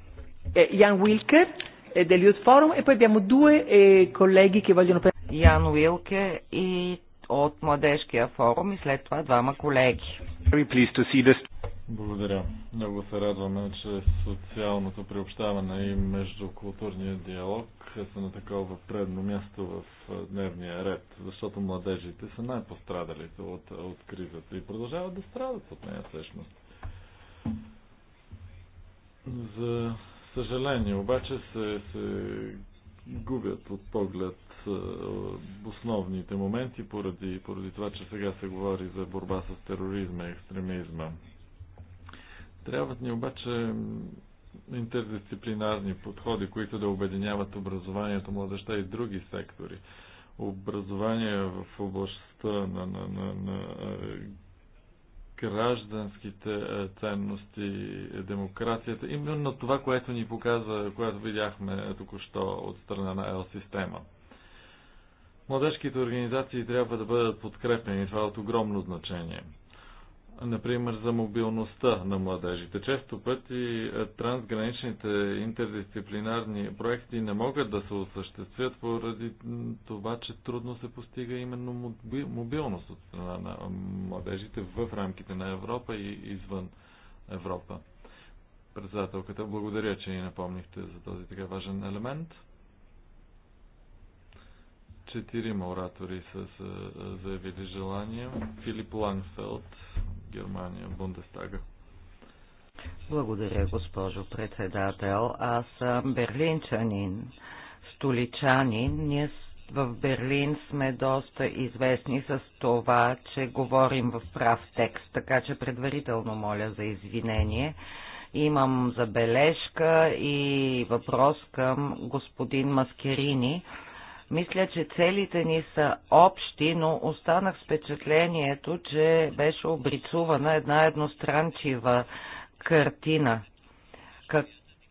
Е, Ян Уилкер е Делиот форум. e poi abbiamo due eh, colleghi che Ян Уилке и от Младежкия форум и след това двама колеги. Благодаря. Много се радваме, че социалното приобщаване и междукултурния диалог са на такова предно място в дневния ред, защото младежите са най-пострадалите от, от кризата и продължават да страдат от нея всъщност. За съжаление, обаче се, се губят от поглед е, основните моменти, поради, поради това, че сега се говори за борба с тероризма и екстремизма. Трябват ни обаче интердисциплинарни подходи, които да обединяват образованието, младеща и други сектори. Образование в областта на, на, на, на е, гражданските е, ценности, демокрацията, именно това, което ни показва, което видяхме току-що от страна на ел система Младежките организации трябва да бъдат подкрепени. Това е от огромно значение. Например, за мобилността на младежите. Често пъти е, трансграничните интердисциплинарни проекти не могат да се осъществят поради това, че трудно се постига именно мобилност от страна на младежите в рамките на Европа и извън Европа. Председателката, благодаря, че ни напомнихте за този така важен елемент четирима оратори са заявили желание. Филип Лангфелд, Германия, Бундестага. Благодаря, госпожо председател. Аз съм берлинчанин, столичанин. Ние в Берлин сме доста известни с това, че говорим в прав текст, така че предварително моля за извинение. Имам забележка и въпрос към господин Маскерини мисля, че целите ни са общи, но останах с впечатлението, че беше обрисувана една едностранчива картина.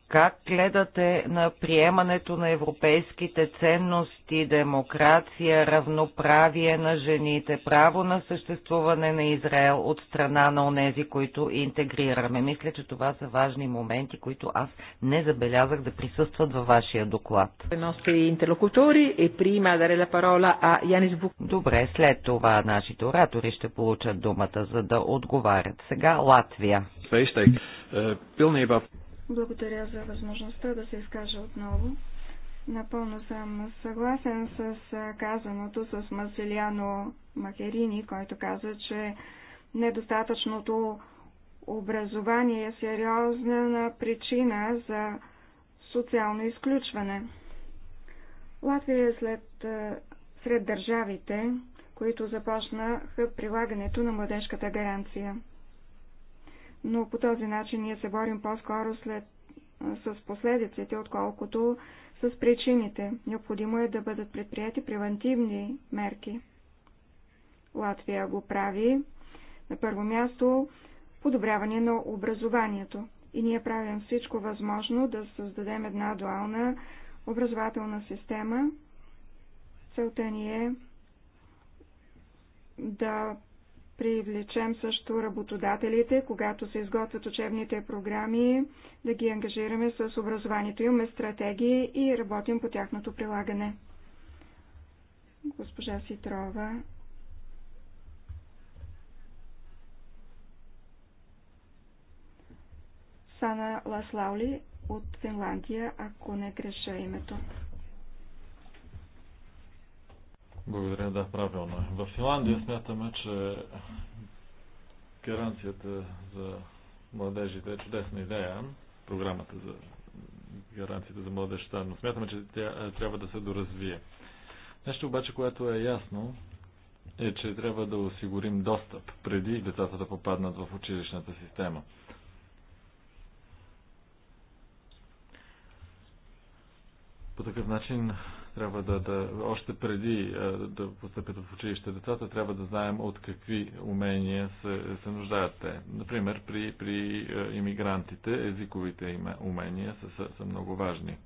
Как гледате на приемането на европейските ценности, демокрация, равноправие на жените, право на съществуване на Израел от страна на онези, които интегрираме? Мисля, че това са важни моменти, които аз не забелязах да присъстват във вашия доклад. Е, Добре, след това нашите оратори ще получат думата, за да отговарят. Сега Латвия. Е, благодаря за възможността да се изкажа отново. Напълно съм съгласен с казаното с Масилиано Макерини, който каза, че недостатъчното образование е сериозна причина за социално изключване. Латвия е след, сред държавите, които започнаха прилагането на младежката гаранция но по този начин ние се борим по-скоро след, с последиците, отколкото с причините. Необходимо е да бъдат предприяти превентивни мерки. Латвия го прави. На първо място подобряване на образованието. И ние правим всичко възможно да създадем една дуална образователна система. Целта ни е да привлечем също работодателите, когато се изготвят учебните програми, да ги ангажираме с образованието. Имаме стратегии и работим по тяхното прилагане. Госпожа Ситрова. Сана Ласлаули от Финландия, ако не греша името. Благодаря, да, правилно. Е. В Финландия смятаме, че гаранцията за младежите е чудесна идея. Програмата за гаранцията за младежта, но смятаме, че тя е, трябва да се доразвие. Нещо обаче, което е ясно, е, че трябва да осигурим достъп преди децата да попаднат в училищната система. По такъв начин трябва да, да още преди да постъпят в училище децата, трябва да знаем от какви умения се, се нуждаят те. Например, при, при иммигрантите езиковите им умения са, са, са много важни.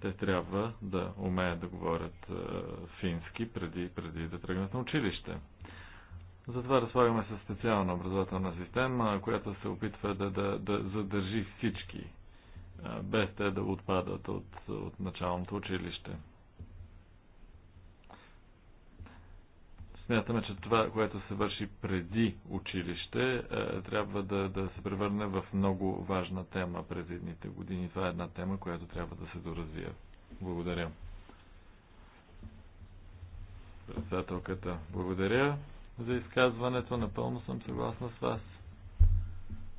Те трябва да умеят да говорят фински преди, преди да тръгнат на училище. Затова разполагаме с специална образователна система, която се опитва да, да, да задържи всички без те да отпадат от, от началното училище. Смятаме, че това, което се върши преди училище, е, трябва да, да се превърне в много важна тема през едните години. Това е една тема, която трябва да се доразвие. Благодаря. Председателката, благодаря за изказването. Напълно съм съгласна с вас.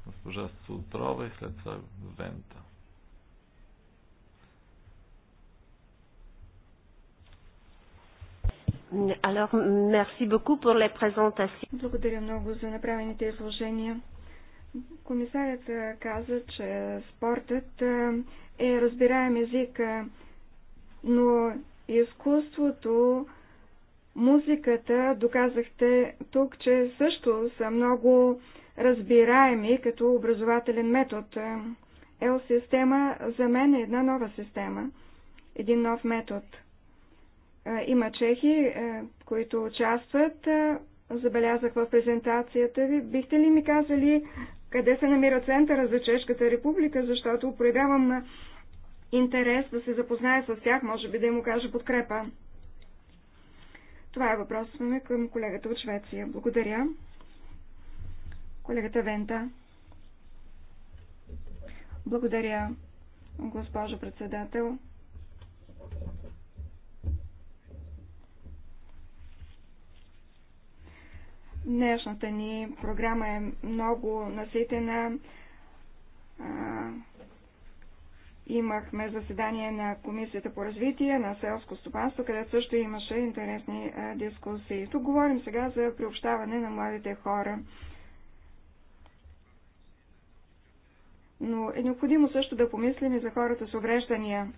Госпожа Сутрова и след това Вента. Alors, merci beaucoup pour les présentations. Благодаря много за направените изложения. Комисарят каза, че спортът е разбираем език, но изкуството, музиката, доказахте тук, че също са много разбираеми като образователен метод. Ел система за мен е една нова система, един нов метод – има чехи, които участват. Забелязах в презентацията ви. Бихте ли ми казали къде се намира центъра за Чешката република, защото проявявам интерес да се запозная с тях, може би да им окажа подкрепа. Това е въпросът ми към колегата от Швеция. Благодаря. Колегата Вента. Благодаря, госпожо председател. Днешната ни програма е много наситена. Имахме заседание на Комисията по развитие на селско стопанство, където също имаше интересни дискусии. Тук говорим сега за приобщаване на младите хора. Но е необходимо също да помислим и за хората с увреждания.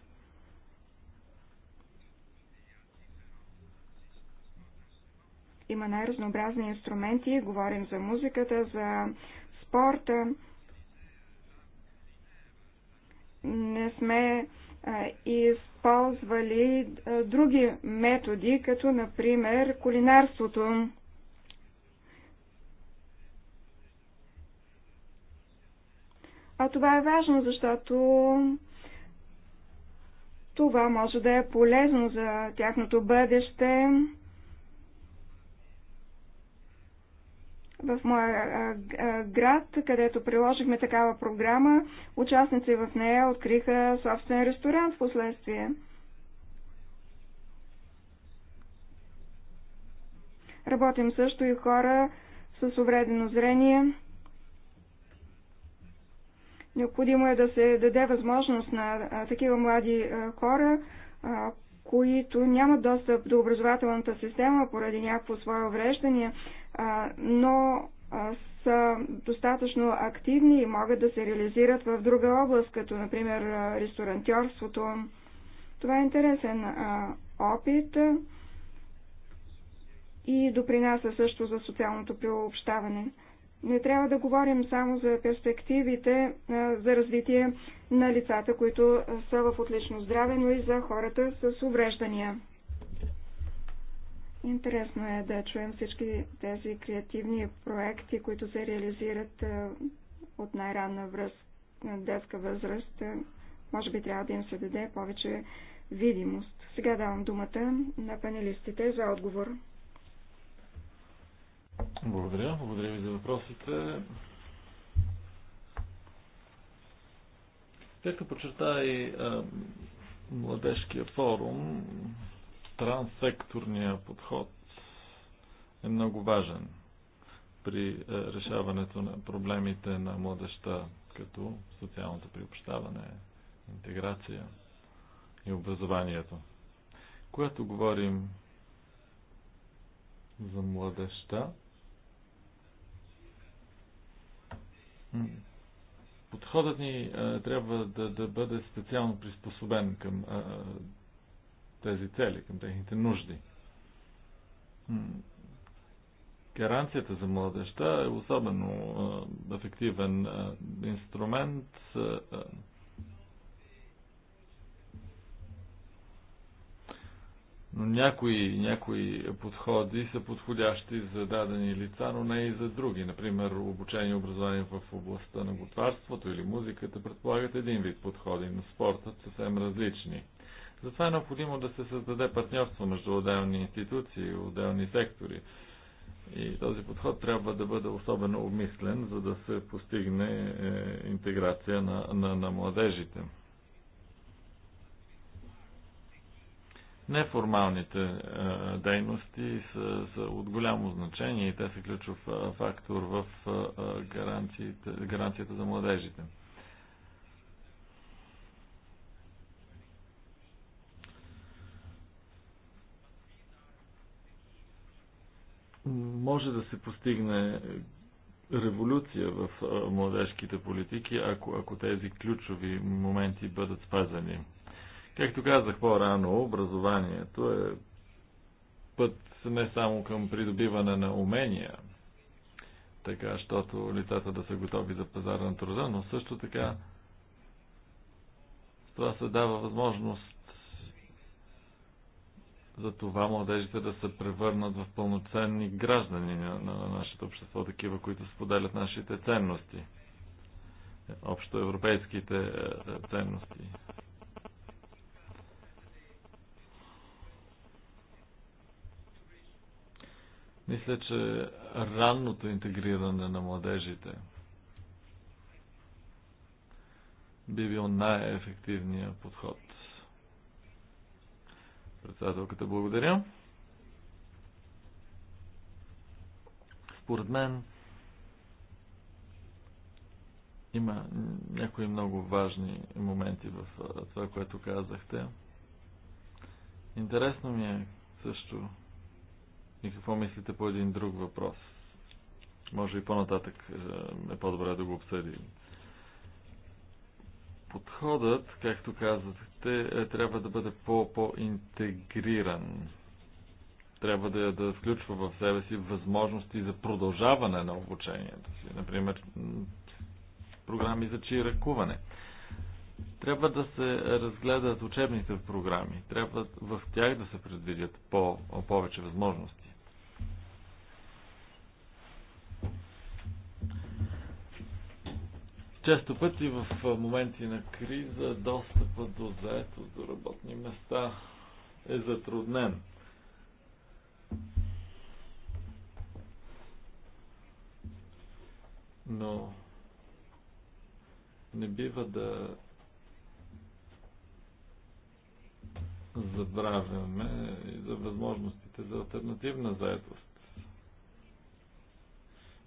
Има най-разнообразни инструменти. Говорим за музиката, за спорта. Не сме използвали други методи, като например кулинарството. А това е важно, защото това може да е полезно за тяхното бъдеще. в моя град, където приложихме такава програма. Участници в нея откриха собствен ресторант в последствие. Работим също и хора с увредено зрение. Необходимо е да се даде възможност на такива млади хора, които нямат достъп до образователната система поради някакво свое увреждане, но са достатъчно активни и могат да се реализират в друга област, като например ресторантьорството. Това е интересен опит и допринася също за социалното приобщаване. Не трябва да говорим само за перспективите за развитие на лицата, които са в отлично здраве, но и за хората с увреждания. Интересно е да чуем всички тези креативни проекти, които се реализират е, от най-ранна връз... детска възраст. Е, може би трябва да им се даде повече видимост. Сега давам думата на панелистите за отговор. Благодаря. Благодаря ви за въпросите. Както подчерта и е, младежкия форум, транссекторния подход е много важен при е, решаването на проблемите на младеща, като социалното приобщаване, интеграция и образованието. Когато говорим за младеща, подходът ни е, трябва да, да бъде специално приспособен към е, тези цели, към техните нужди. Гаранцията за младеща е особено ефективен инструмент. Но някои, някои подходи са подходящи за дадени лица, но не и за други. Например, обучение и образование в областта на готварството или музиката предполагат един вид подходи, но спортът съвсем различни – затова е необходимо да се създаде партньорство между отделни институции, отделни сектори. И този подход трябва да бъде особено обмислен, за да се постигне е, интеграция на, на, на младежите. Неформалните е, дейности са, са от голямо значение и те са ключов е, фактор в е, гаранцията за младежите. може да се постигне революция в младежките политики, ако, ако тези ключови моменти бъдат спазени. Както казах по-рано, образованието е път не само към придобиване на умения, така, защото лицата да са готови за пазар на труда, но също така това се дава възможност за това младежите да се превърнат в пълноценни граждани на, на нашето общество, такива, които споделят нашите ценности, общо европейските е, е, ценности. Мисля, че ранното интегриране на младежите би бил най-ефективният подход. Председателката, благодаря. Според мен има някои много важни моменти в това, което казахте. Интересно ми е също и какво мислите по един друг въпрос. Може и по-нататък е, е по-добре да го обсъдим подходът, както казахте, е, трябва да бъде по-интегриран. трябва да, да включва в себе си възможности за продължаване на обучението си. Например, програми за чиракуване. Трябва да се разгледат учебните програми. Трябва в тях да се предвидят по, повече възможности. Често пъти в моменти на криза достъпа до заетост, до работни места е затруднен. Но не бива да забравяме и за възможностите за альтернативна заетост.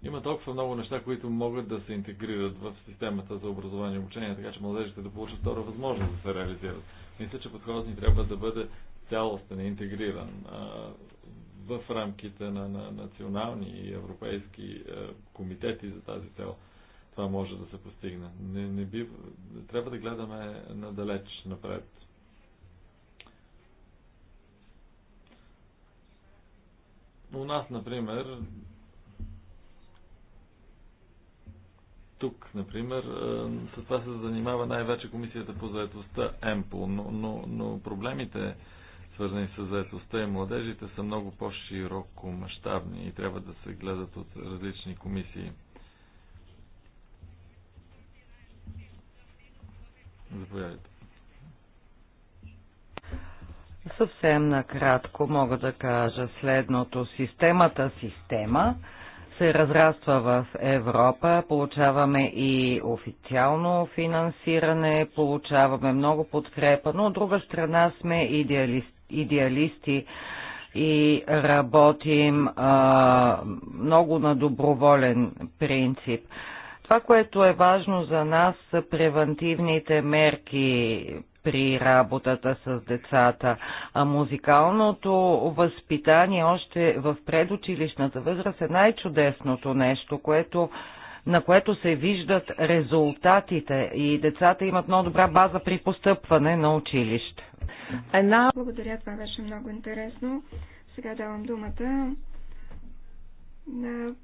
Има толкова много неща, които могат да се интегрират в системата за образование и обучение, така че младежите да получат втора възможност да се реализират. Мисля, че подходът ни трябва да бъде цялостен и интегриран в рамките на, на национални и европейски комитети за тази цел. Това може да се постигне. Не, не би, трябва да гледаме надалеч напред. У нас, например, тук, например, е, с това се занимава най-вече комисията по заедостта ЕМПО, но, но, но проблемите свързани с заедостта и младежите са много по-широко мащабни и трябва да се гледат от различни комисии. Заповядайте. Съвсем накратко мога да кажа следното. Системата система се разраства в Европа. Получаваме и официално финансиране, получаваме много подкрепа, но от друга страна сме идеалисти, идеалисти и работим а, много на доброволен принцип. Това, което е важно за нас са превентивните мерки, при работата с децата. А музикалното възпитание още в предучилищната възраст е най-чудесното нещо, което на което се виждат резултатите и децата имат много добра база при постъпване на училище. Една... Благодаря, това беше много интересно. Сега давам думата на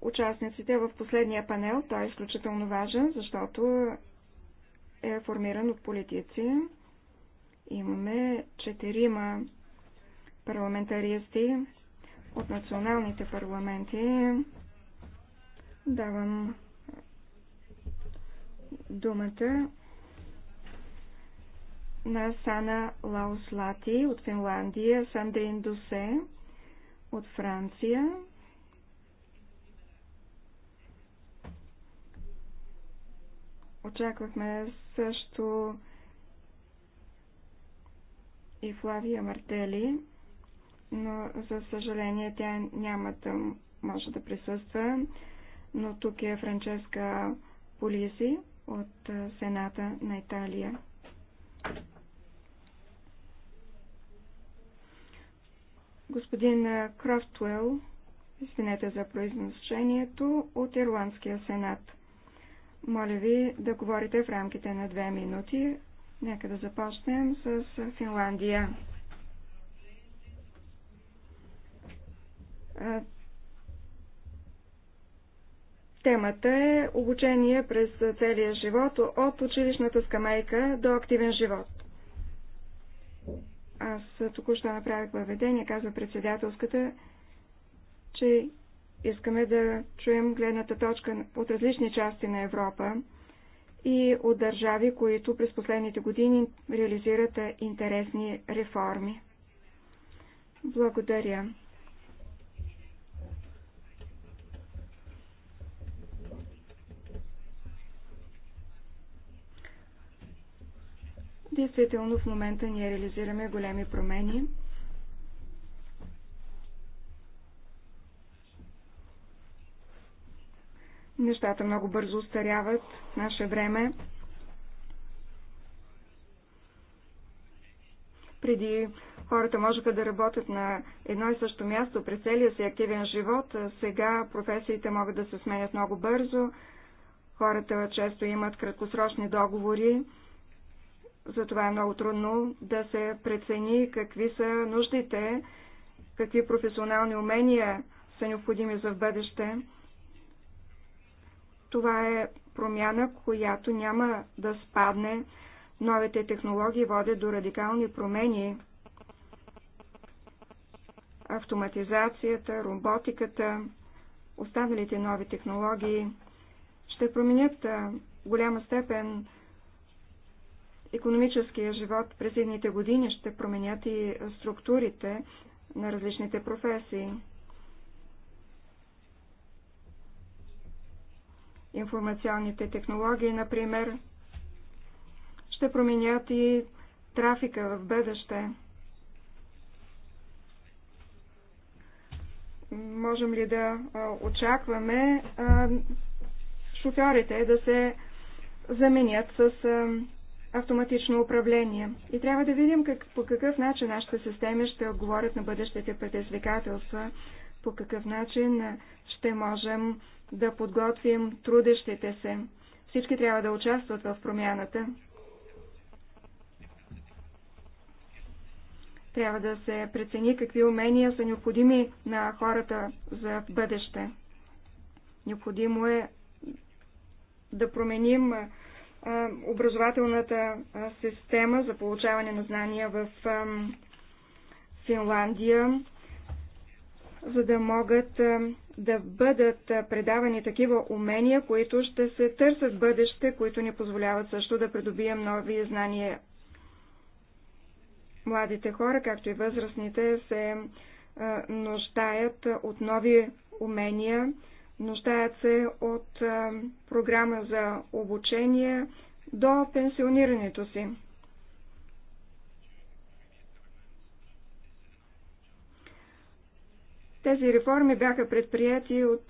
участниците в последния панел. Той е изключително важен, защото е формиран от политици. Имаме четирима парламентаристи от националните парламенти. Давам думата на Сана Лауслати от Финландия, Сандрин Дусе от Франция, очаквахме също и Флавия Мартели, но за съжаление тя няма да може да присъства, но тук е Франческа Полиси от Сената на Италия. Господин Крафтуел, извинете за произношението, от Ирландския сенат. Моля ви да говорите в рамките на две минути. Нека да започнем с Финландия. Темата е обучение през целия живот, от училищната скамейка до активен живот. Аз току-що направих въведение, казва председателската, че Искаме да чуем гледната точка от различни части на Европа и от държави, които през последните години реализират интересни реформи. Благодаря. Действително в момента ние реализираме големи промени. Нещата много бързо устаряват в наше време. Преди хората можеха да работят на едно и също място през целия си активен живот. Сега професиите могат да се сменят много бързо. Хората често имат краткосрочни договори. Затова е много трудно да се прецени какви са нуждите, какви професионални умения са необходими за в бъдеще. Това е промяна, която няма да спадне. Новите технологии водят до радикални промени. Автоматизацията, роботиката, останалите нови технологии ще променят в голяма степен економическия живот през едните години, ще променят и структурите на различните професии. информационните технологии, например, ще променят и трафика в бъдеще. Можем ли да очакваме шофьорите да се заменят с автоматично управление. И трябва да видим как, по какъв начин нашите системи ще отговорят на бъдещите предизвикателства, по какъв начин ще можем да подготвим трудещите се. Всички трябва да участват в промяната. Трябва да се прецени какви умения са необходими на хората за бъдеще. Необходимо е да променим образователната система за получаване на знания в Финландия за да могат да бъдат предавани такива умения, които ще се търсят бъдеще, които ни позволяват също да придобием нови знания. Младите хора, както и възрастните, се нуждаят от нови умения, нуждаят се от програма за обучение до пенсионирането си. Тези реформи бяха предприяти от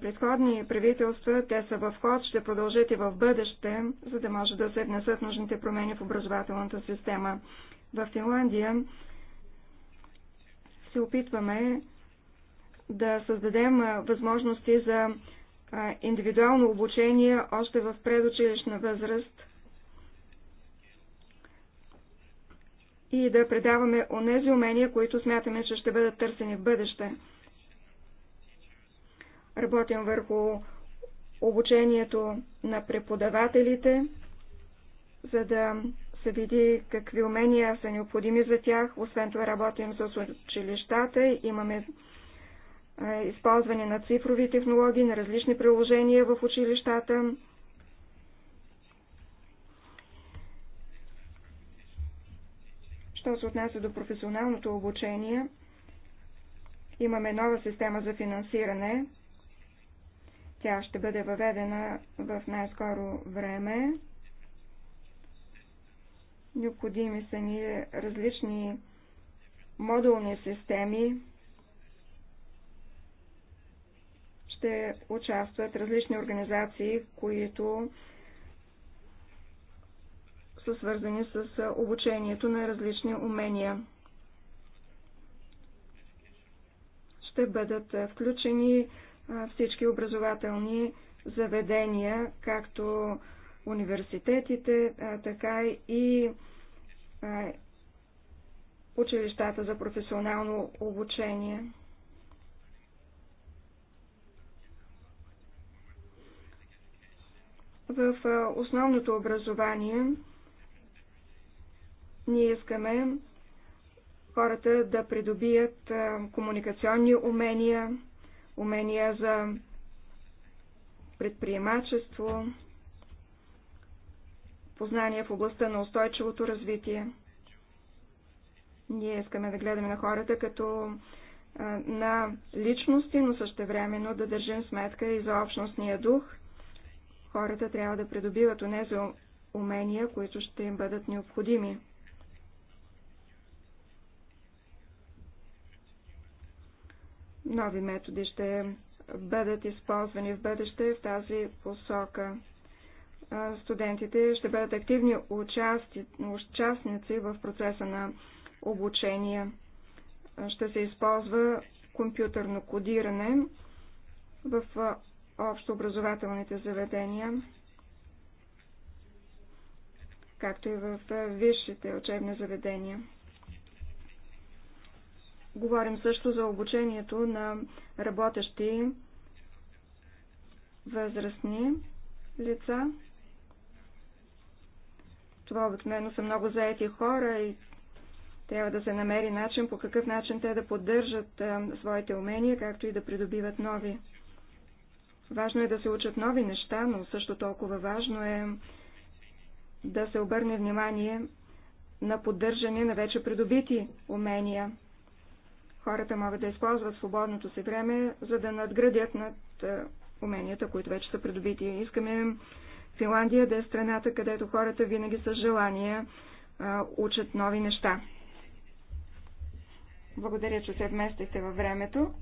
предходни правителства. Те са в ход, ще продължат и в бъдеще, за да може да се внесат нужните промени в образователната система. В Финландия се опитваме да създадем възможности за индивидуално обучение още в предучилищна възраст – и да предаваме онези умения, които смятаме, че ще бъдат търсени в бъдеще. Работим върху обучението на преподавателите, за да се види какви умения са необходими за тях. Освен това работим с училищата, имаме използване на цифрови технологии, на различни приложения в училищата. Що се отнася до професионалното обучение, имаме нова система за финансиране. Тя ще бъде въведена в най-скоро време. Необходими са ни различни модулни системи. Ще участват различни организации, които са свързани с обучението на различни умения. Ще бъдат включени всички образователни заведения, както университетите, така и училищата за професионално обучение. В основното образование ние искаме хората да придобият комуникационни умения, умения за предприемачество, познания в областта на устойчивото развитие. Ние искаме да гледаме на хората като на личности, но същевременно да държим сметка и за общностния дух. Хората трябва да придобиват онези умения, които ще им бъдат необходими. нови методи ще бъдат използвани в бъдеще в тази посока. Студентите ще бъдат активни участи, участници в процеса на обучение. Ще се използва компютърно кодиране в общообразователните заведения, както и в висшите учебни заведения. Говорим също за обучението на работещи възрастни лица. Това обикновено са много заети хора и трябва да се намери начин по какъв начин те да поддържат своите умения, както и да придобиват нови. Важно е да се учат нови неща, но също толкова важно е да се обърне внимание на поддържане на вече придобити умения. Хората могат да използват свободното си време, за да надградят над е, уменията, които вече са придобити. Искаме Финландия да е страната, където хората винаги с желание е, учат нови неща. Благодаря, че се вместихте във времето.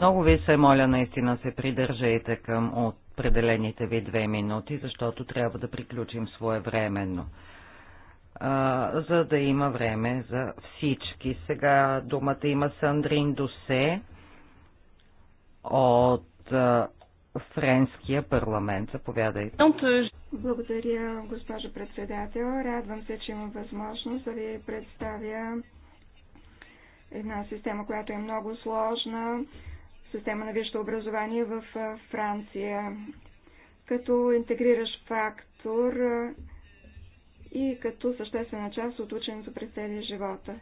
Много ви се моля, наистина се придържайте към определените ви две минути, защото трябва да приключим своевременно за да има време за всички. Сега думата има Сандрин Досе от Френския парламент. Заповядайте. Благодаря, госпожо председател. Радвам се, че имам възможност да ви представя една система, която е много сложна, система на висшето образование в Франция. Като интегрираш фактор, и като съществена част от ученето през целия живота.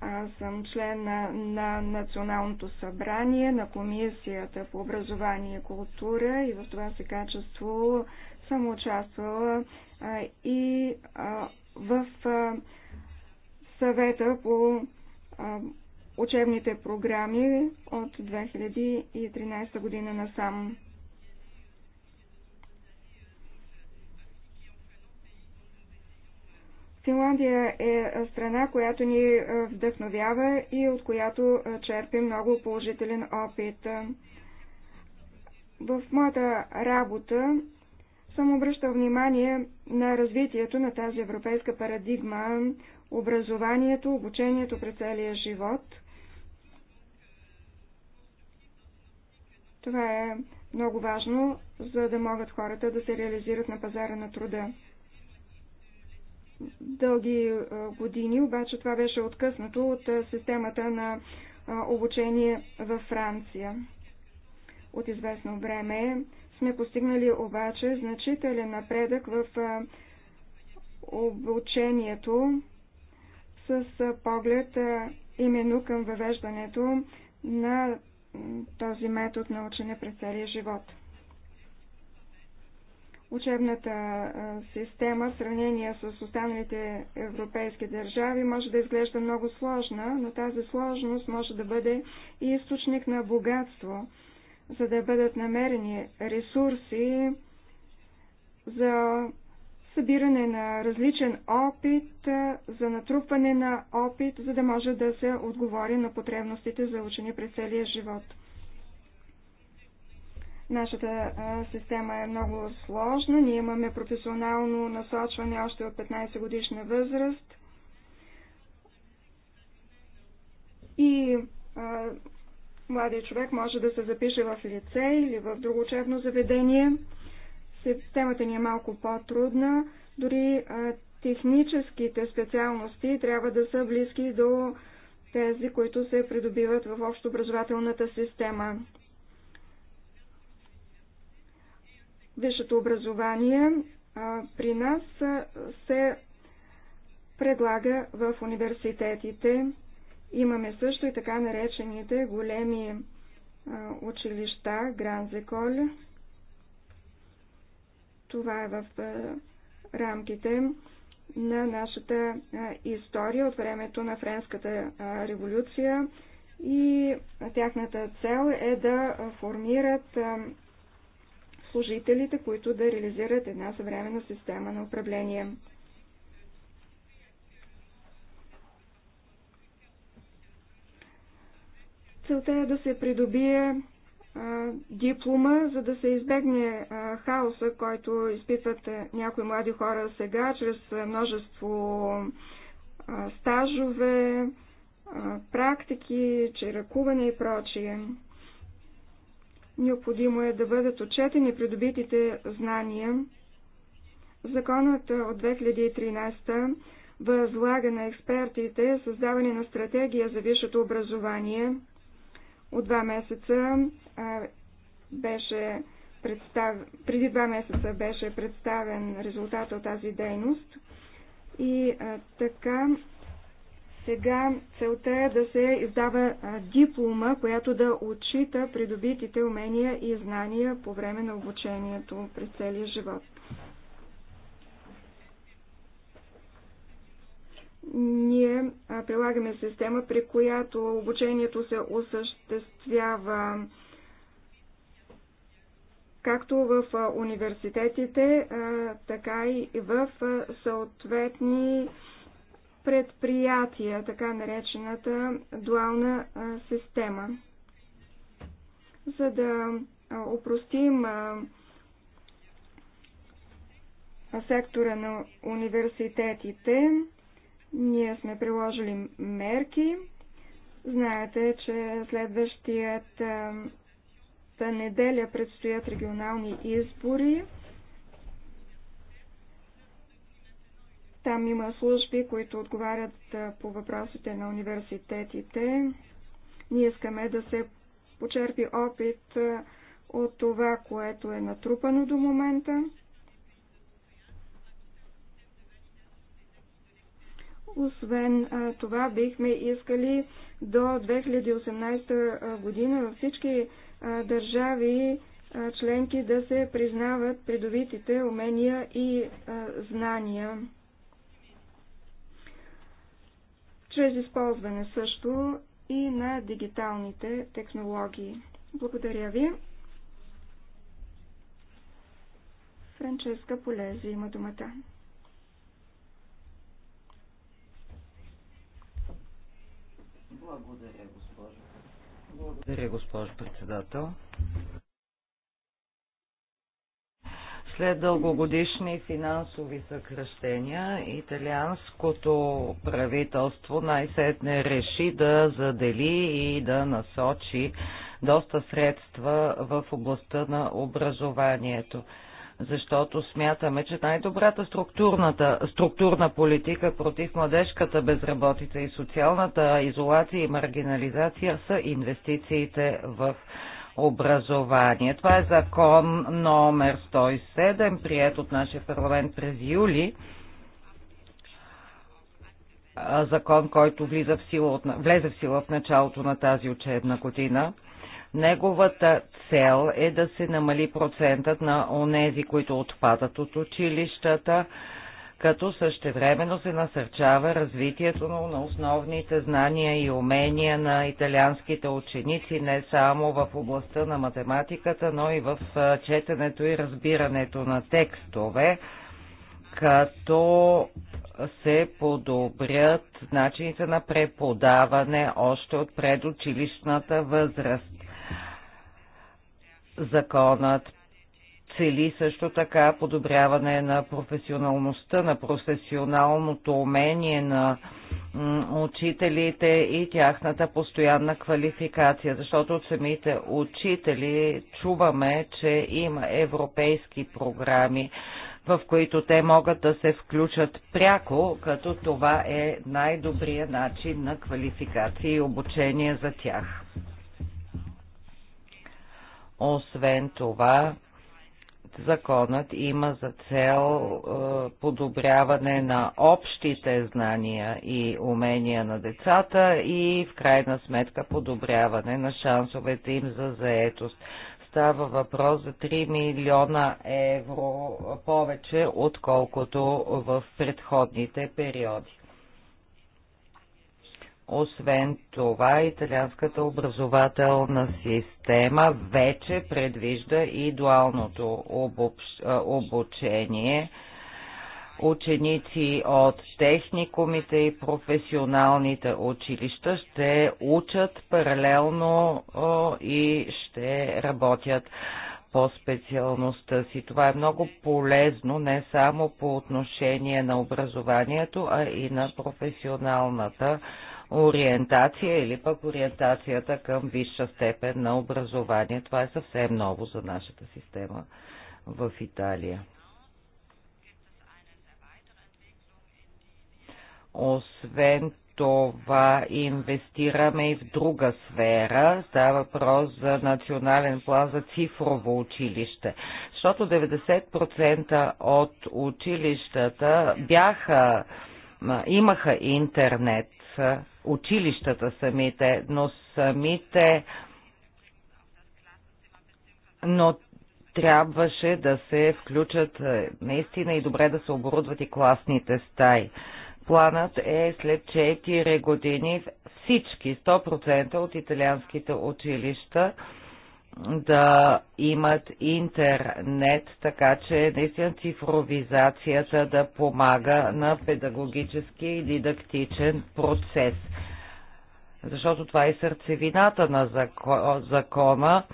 Аз съм член на, на Националното събрание, на Комисията по образование и култура и в това се качество съм участвала а, и а, в а, съвета по а, учебните програми от 2013 година насам. Финландия е страна, която ни е, вдъхновява и от която е, черпи много положителен опит. В моята работа съм обръщал внимание на развитието на тази европейска парадигма, образованието, обучението през целия живот. Това е много важно, за да могат хората да се реализират на пазара на труда дълги години, обаче това беше откъснато от системата на обучение във Франция. От известно време сме постигнали обаче значителен напредък в обучението с поглед именно към въвеждането на този метод на учене през целия живот учебната система в сравнение с останалите европейски държави може да изглежда много сложна, но тази сложност може да бъде и източник на богатство, за да бъдат намерени ресурси за събиране на различен опит, за натрупване на опит, за да може да се отговори на потребностите за учени през целия живот. Нашата система е много сложна. Ние имаме професионално насочване още от 15 годишна възраст. И а, младият човек може да се запише в лице или в друго учебно заведение. Системата ни е малко по-трудна. Дори а, техническите специалности трябва да са близки до тези, които се придобиват в общообразователната система. Висшето образование при нас се предлага в университетите. Имаме също и така наречените големи училища, Гранзеколь. Това е в рамките на нашата история от времето на Френската революция и тяхната цел е да формират служителите, които да реализират една съвременна система на управление. Целта е да се придобие а, диплома, за да се избегне а, хаоса, който изпитват някои млади хора сега, чрез множество а, стажове, а, практики, чиракуване и прочие. Необходимо е да бъдат отчетени придобитите знания. Законът от 2013 възлага на експертите създаване на стратегия за висшето образование. От два месеца беше представ... преди два месеца беше представен резултат от тази дейност. И а, така сега целта е да се издава диплома, която да отчита придобитите умения и знания по време на обучението през целия живот. Ние прилагаме система, при която обучението се осъществява както в университетите, така и в съответни предприятия, така наречената дуална система. За да опростим сектора на университетите, ние сме приложили мерки. Знаете, че следващият неделя предстоят регионални избори. Там има служби, които отговарят по въпросите на университетите. Ние искаме да се почерпи опит от това, което е натрупано до момента. Освен това, бихме искали до 2018 година във всички държави членки да се признават придобитите умения и знания. чрез използване също и на дигиталните технологии. Благодаря ви. Франческа Полези има думата. Благодаря, госпожо. Благодаря, госпожо председател. След дългогодишни финансови съкръщения, италианското правителство най-сетне реши да задели и да насочи доста средства в областта на образованието защото смятаме, че най-добрата структурна политика против младежката безработица и социалната изолация и маргинализация са инвестициите в образование. Това е закон номер 107, прият от нашия парламент през юли. Закон, който влиза в сила от, влезе в сила в началото на тази учебна година. Неговата цел е да се намали процентът на онези, които отпадат от училищата, като същевременно се насърчава развитието на основните знания и умения на италианските ученици не само в областта на математиката, но и в четенето и разбирането на текстове, като се подобрят начините на преподаване още от предучилищната възраст. Законът цели също така подобряване на професионалността, на професионалното умение на учителите и тяхната постоянна квалификация, защото от самите учители чуваме, че има европейски програми, в които те могат да се включат пряко, като това е най-добрият начин на квалификация и обучение за тях. Освен това, Законът има за цел е, подобряване на общите знания и умения на децата и в крайна сметка подобряване на шансовете им за заетост. Става въпрос за 3 милиона евро повече, отколкото в предходните периоди. Освен това, италианската образователна система вече предвижда и дуалното обучение. Ученици от техникумите и професионалните училища ще учат паралелно и ще работят по специалността си. Това е много полезно не само по отношение на образованието, а и на професионалната ориентация или пък ориентацията към висша степен на образование. Това е съвсем ново за нашата система в Италия. Освен това инвестираме и в друга сфера. Става въпрос за национален план за цифрово училище. Защото 90% от училищата бяха, имаха интернет са училищата самите, но самите но трябваше да се включат наистина и добре да се оборудват и класните стаи. Планът е след 4 години всички 100% от италианските училища да имат интернет, така че наистина цифровизацията да помага на педагогическия и дидактичен процес. Защото това е сърцевината на закона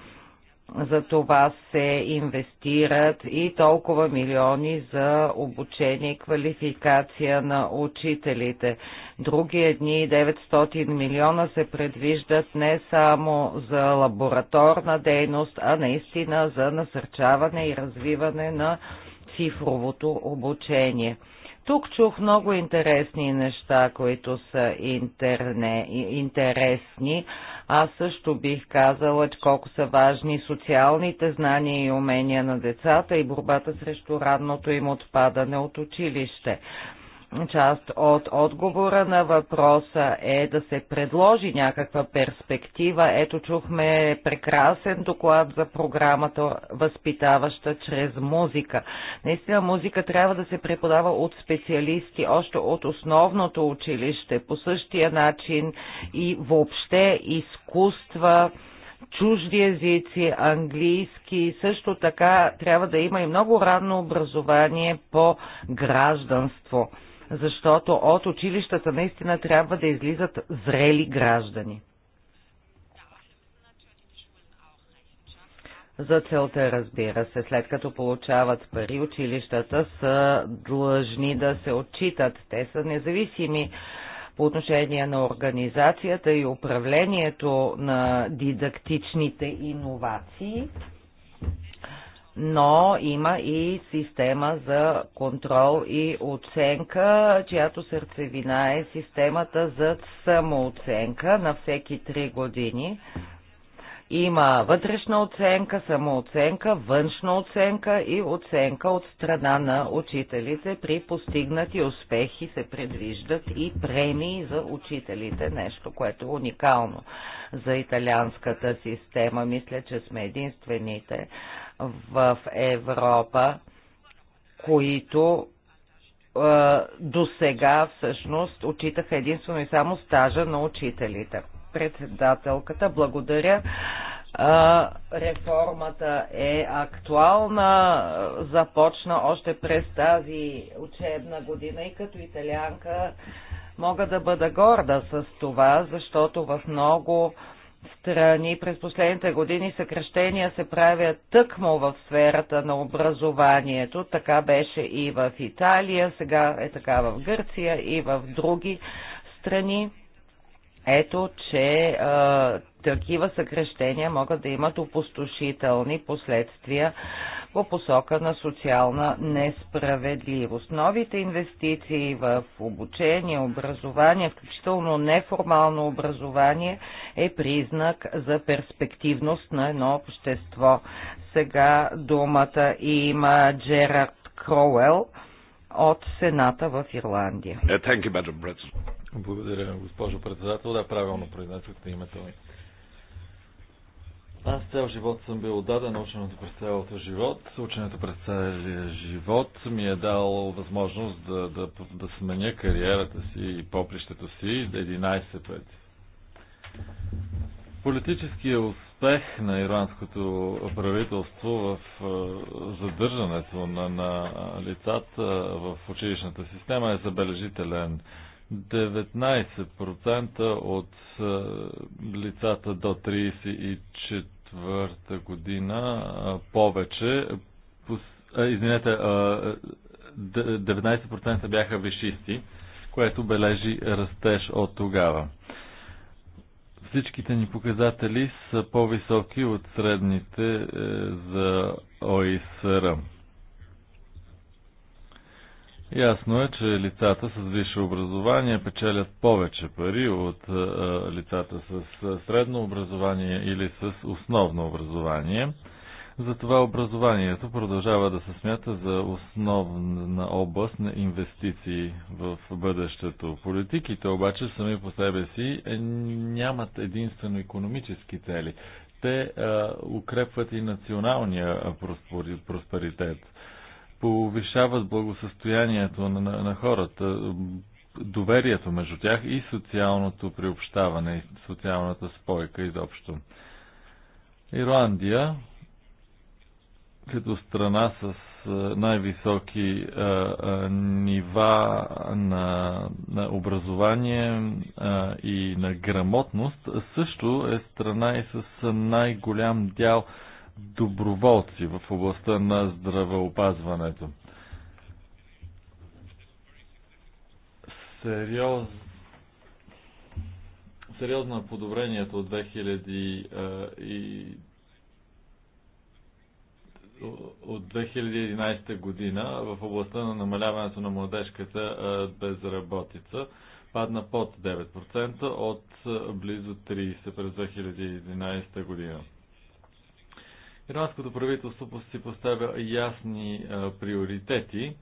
за това се инвестират и толкова милиони за обучение и квалификация на учителите. Други дни 900 милиона се предвиждат не само за лабораторна дейност, а наистина за насърчаване и развиване на цифровото обучение. Тук чух много интересни неща, които са интерне, интересни. Аз също бих казала, че колко са важни социалните знания и умения на децата и борбата срещу радното им отпадане от училище част от отговора на въпроса е да се предложи някаква перспектива. Ето чухме прекрасен доклад за програмата Възпитаваща чрез музика. Наистина музика трябва да се преподава от специалисти, още от основното училище. По същия начин и въобще изкуства, чужди езици, английски. Също така трябва да има и много ранно образование по гражданство защото от училищата наистина трябва да излизат зрели граждани. За целта, разбира се, след като получават пари, училищата са длъжни да се отчитат. Те са независими по отношение на организацията и управлението на дидактичните иновации но има и система за контрол и оценка, чиято сърцевина е системата за самооценка на всеки 3 години. Има вътрешна оценка, самооценка, външна оценка и оценка от страна на учителите. При постигнати успехи се предвиждат и премии за учителите, нещо, което е уникално за италианската система. Мисля, че сме единствените в Европа, които до сега всъщност отчитаха единствено и само стажа на учителите. Председателката, благодаря. Реформата е актуална, започна още през тази учебна година и като италианка мога да бъда горда с това, защото в много страни през последните години съкръщения се правят тъкмо в сферата на образованието. Така беше и в Италия, сега е така в Гърция и в други страни. Ето, че а, такива съкрещения могат да имат опустошителни последствия по посока на социална несправедливост. Новите инвестиции в обучение, образование, включително неформално образование е признак за перспективност на едно общество. Сега думата има Джерард Кроуел от Сената в Ирландия. Благодаря, госпожо председател. Да, правилно произнесохте името ми. Аз цял живот съм бил отдаден ученето през цялото живот. Ученето през целия живот ми е дал възможност да, да, да сменя кариерата си и попрището си 11 пъти. Политическият успех на иранското правителство в задържането на, на лицата в училищната система е забележителен. 19% от лицата до 34 Четвърта година повече, извинете, 19% бяха вишисти, което бележи растеж от тогава. Всичките ни показатели са по-високи от средните е, за ОИСР. Ясно е, че лицата с висше образование печелят повече пари от лицата с средно образование или с основно образование. Затова образованието продължава да се смята за основна област на инвестиции в бъдещето. Политиките обаче сами по себе си е, нямат единствено економически цели. Те а, укрепват и националния проспоритет повишават благосъстоянието на, на, на хората, доверието между тях и социалното приобщаване, и социалната спойка изобщо. Ирландия, като страна с най-високи нива на, на образование а, и на грамотност, също е страна и с най-голям дял а, доброволци в областта на здравеопазването. Сериоз... Сериозно е подобрението от 2000 и от 2011 година в областта на намаляването на младежката безработица падна под 9% от близо 30 през 2011 година. Иранското правителство си поставя ясни а, приоритети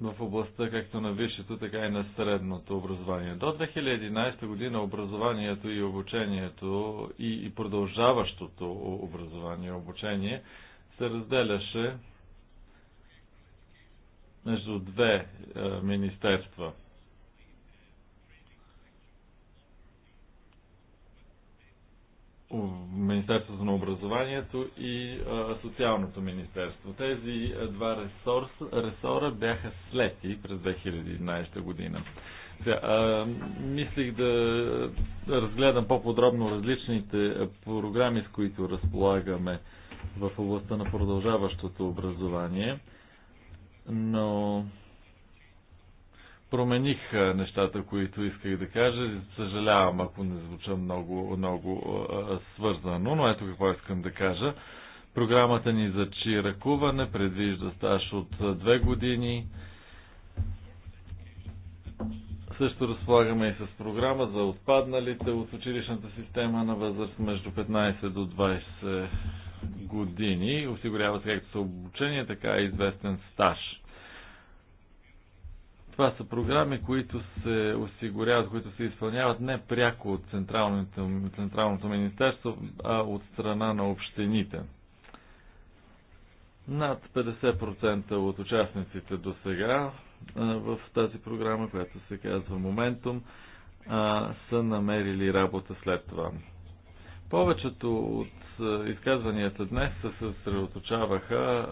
в областта както на висшето, така и на средното образование. До 2011 година образованието и обучението и, и продължаващото образование и обучение се разделяше между две а, министерства – Министерството на образованието и а, Социалното министерство. Тези два ресурс, ресора бяха слети през 2011 година. Сега, а, мислих да разгледам по-подробно различните програми, с които разполагаме в областта на продължаващото образование, но промених е, нещата, които исках да кажа. Съжалявам, ако не звуча много, много е, свързано, но ето какво искам да кажа. Програмата ни за чиракуване предвижда стаж от е, две години. Също разполагаме и с програма за отпадналите от училищната система на възраст между 15 до 20 години. Осигурява се както са обучение, така и известен стаж. Това са програми, които се осигуряват, които се изпълняват не пряко от Централното, Централното министерство, а от страна на общините. Над 50% от участниците до сега в тази програма, която се казва Моментум, са намерили работа след това. Повечето от изказванията днес се съсредоточаваха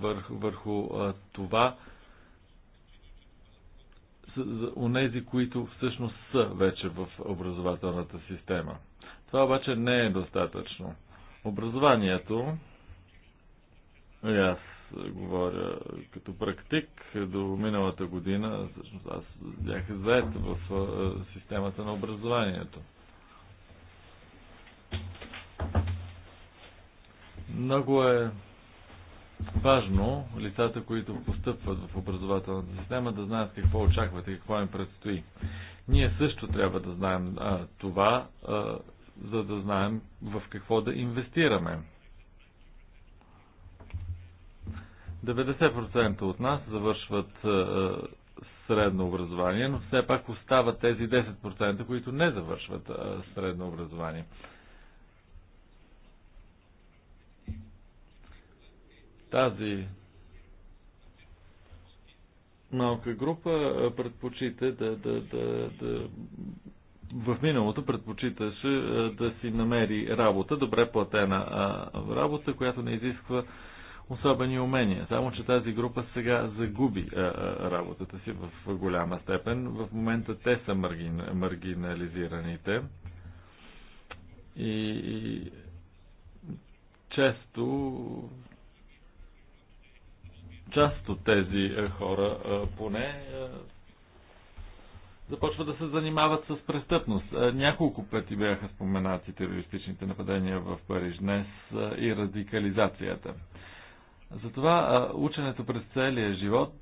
върху, върху това, за онези, които всъщност са вече в образователната система. Това обаче не е достатъчно. Образованието, и аз говоря като практик, до миналата година, всъщност аз бях заед в системата на образованието. Много е важно лицата, които постъпват в образователната система, да знаят какво очакват и какво им предстои. Ние също трябва да знаем а, това, а, за да знаем в какво да инвестираме. 90% от нас завършват а, средно образование, но все пак остават тези 10%, които не завършват а, средно образование. А, Тази малка група предпочита да, да, да, да в миналото предпочиташе да си намери работа, добре платена работа, която не изисква особени умения. Само, че тази група сега загуби работата си в голяма степен. В момента те са маргин, маргинализираните. И, и често част от тези е, хора е, поне е, започват да се занимават с престъпност. Няколко пъти бяха споменати терористичните нападения в Париж днес и радикализацията. Затова ученето през целия живот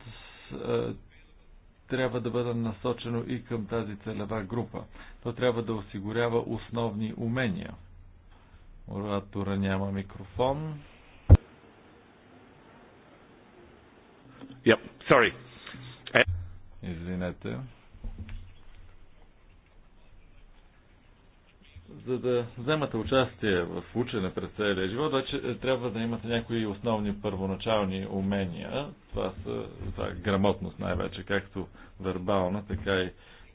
трябва да бъде насочено и към тази целева група. То трябва да осигурява основни умения. Оратора няма микрофон. Yep, sorry. Eh. Извинете. За да вземате участие в учене през целия живот, че, е, трябва да имате някои основни първоначални умения. Това са това е грамотност най-вече, както вербална, така и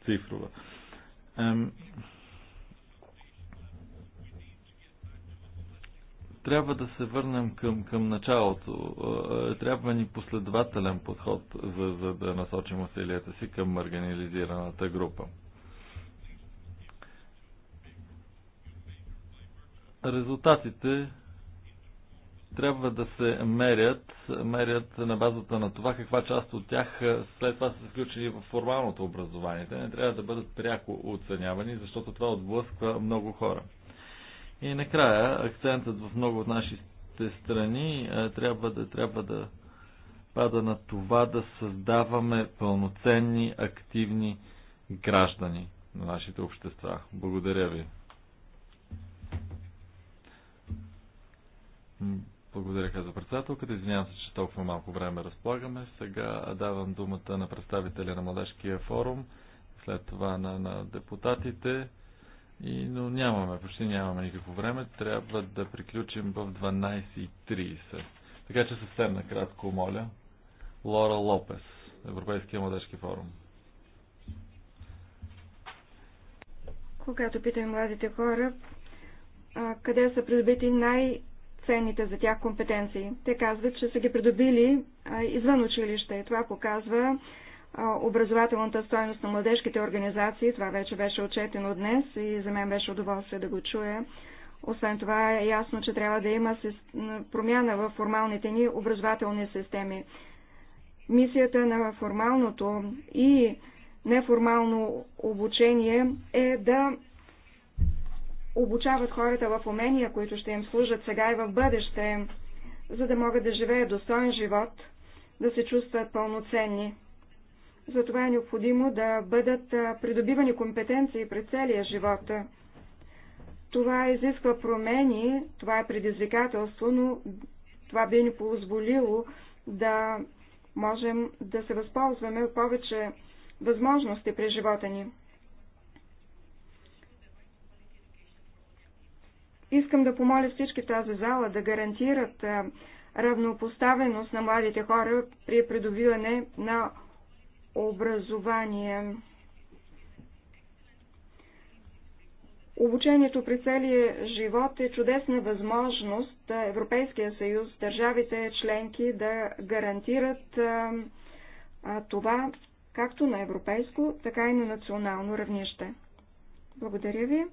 цифрова. трябва да се върнем към, към началото. Е, е, трябва ни последователен подход, за, за да насочим усилията си към марганилизираната група. Резултатите трябва да се мерят, мерят на базата на това каква част от тях е, след това са включени в формалното образование. Те не трябва да бъдат пряко оценявани, защото това отблъсква много хора. И накрая, акцентът в много от нашите страни е, трябва да, трябва да пада на това да създаваме пълноценни, активни граждани на нашите общества. Благодаря ви. Благодаря, каза председателката. Извинявам се, че толкова малко време разполагаме. Сега давам думата на представителя на Младежкия форум, след това на, на депутатите. И, но нямаме, почти нямаме никакво време. Трябва да приключим в 12.30. Така че съвсем накратко, моля. Лора Лопес, Европейския младежки форум. Когато питам младите хора, къде са придобити най-ценните за тях компетенции. Те казват, че са ги придобили извън училище. И това показва образователната стоеност на младежките организации. Това вече беше отчетено днес и за мен беше удоволствие да го чуя. Освен това е ясно, че трябва да има промяна в формалните ни образователни системи. Мисията на формалното и неформално обучение е да обучават хората в умения, които ще им служат сега и в бъдеще, за да могат да живеят достоен живот, да се чувстват пълноценни. Затова е необходимо да бъдат придобивани компетенции през целия живот. Това изисква промени, това е предизвикателство, но това би ни позволило да можем да се възползваме от повече възможности при живота ни. Искам да помоля всички в тази зала да гарантират равнопоставеност на младите хора при придобиване на образование. Обучението при целия живот е чудесна възможност Европейския съюз, държавите членки да гарантират а, а, това както на европейско, така и на национално равнище. Благодаря ви.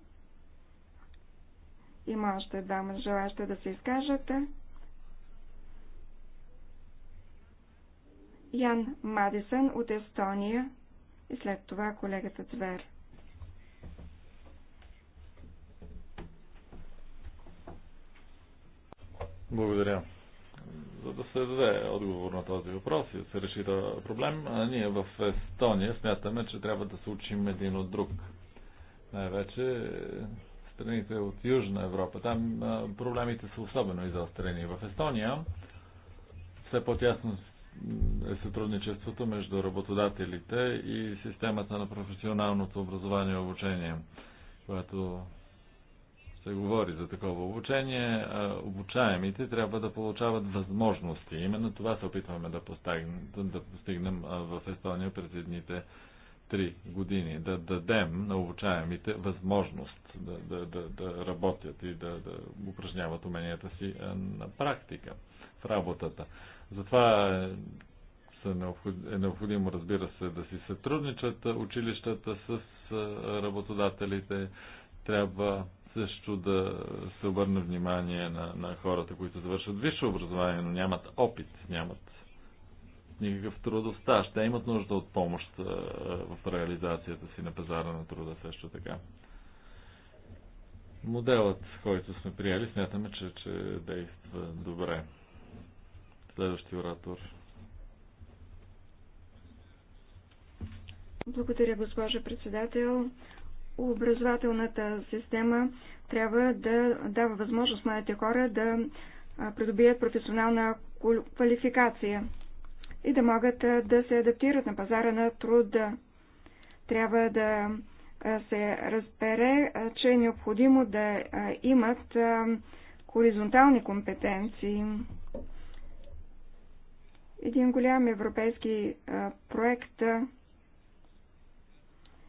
Има още двама желаща да се изкажете. Ян Мадисън от Естония и след това колегата Цвер. Благодаря. За да се даде отговор на този въпрос и да се реши да проблем, ние в Естония смятаме, че трябва да се учим един от друг. Най-вече страните от Южна Европа. Там проблемите са особено изострени. В Естония все по-тясно е сътрудничеството между работодателите и системата на професионалното образование и обучение, което се говори за такова обучение, обучаемите трябва да получават възможности. Именно това се опитваме да постигнем, да постигнем в Естония през едните три години. Да дадем на обучаемите възможност да, да, да, да работят и да, да упражняват уменията си на практика в работата. Затова е, е необходимо, разбира се, да си сътрудничат училищата с работодателите. Трябва също да се обърне внимание на, на хората, които завършат висше образование, но нямат опит, нямат никакъв трудов стаж. Те имат нужда от помощ в реализацията си на пазара на труда също така. Моделът, който сме приели, смятаме, че, че действа добре. Следващия оратор. Благодаря, госпожа председател. Образователната система трябва да дава възможност младите хора да придобият професионална квалификация и да могат да се адаптират на пазара на труда. Трябва да се разбере, че е необходимо да имат хоризонтални компетенции. Един голям европейски проект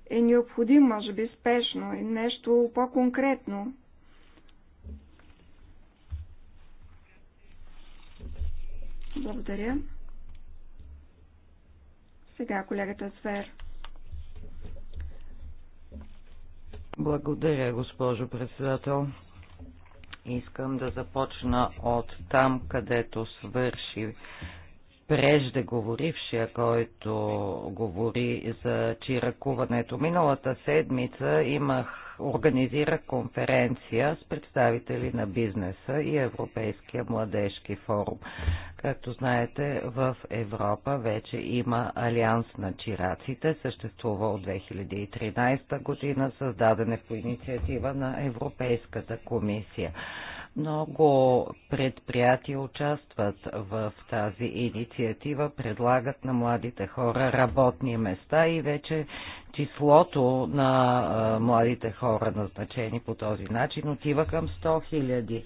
е необходим, може би спешно, и нещо по-конкретно. Благодаря. Сега колегата Сфер. Благодаря, госпожо председател. Искам да започна от там, където свърши преждеговорившия, който говори за чиракуването. Миналата седмица имах, организирах конференция с представители на бизнеса и Европейския младежки форум. Както знаете, в Европа вече има Алианс на чираците, съществува от 2013 година, създадене по инициатива на Европейската комисия. Много предприятия участват в тази инициатива, предлагат на младите хора работни места и вече числото на младите хора, назначени по този начин, отива към 100 000.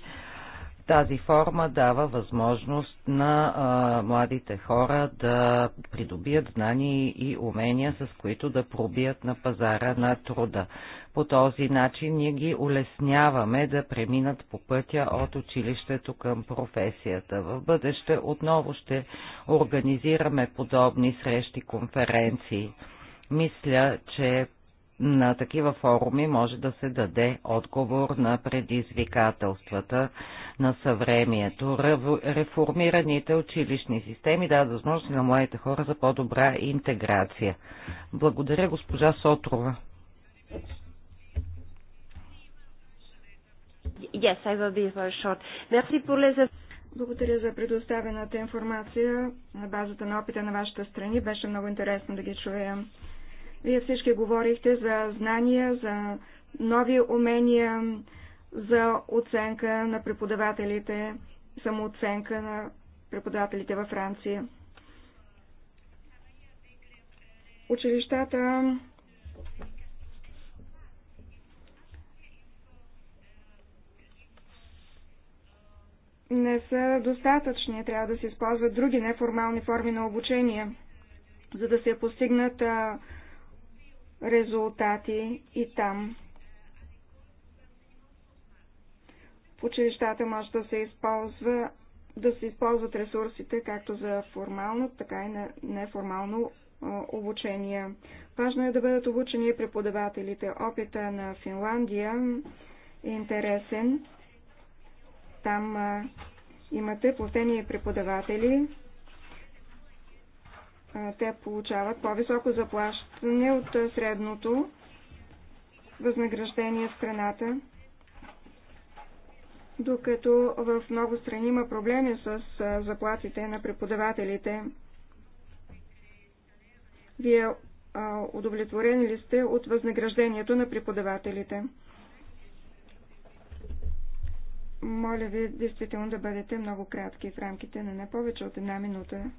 Тази форма дава възможност на а, младите хора да придобият знания и умения, с които да пробият на пазара на труда. По този начин ние ги улесняваме да преминат по пътя от училището към професията. В бъдеще отново ще организираме подобни срещи, конференции. Мисля, че на такива форуми може да се даде отговор на предизвикателствата на съвремието. Реформираните училищни системи дадат възможност на младите хора за по-добра интеграция. Благодаря, госпожа Сотрова. Yes, I will be very short. Merci pour les... Благодаря за предоставената информация на базата на опита на вашата страни. Беше много интересно да ги чуя. Вие всички говорихте за знания, за нови умения, за оценка на преподавателите, самооценка на преподавателите във Франция. Училищата не са достатъчни. Трябва да се използват други неформални форми на обучение, за да се постигнат резултати и там. В училищата може да се използва да се използват ресурсите както за формално, така и на неформално обучение. Важно е да бъдат обучени преподавателите. Опита на Финландия е интересен. Там имате платени преподаватели, те получават по-високо заплащане от средното възнаграждение в страната, докато в много страни има проблеми с заплатите на преподавателите. Вие удовлетворени ли сте от възнаграждението на преподавателите? Моля ви действително да бъдете много кратки в рамките на не повече от една минута.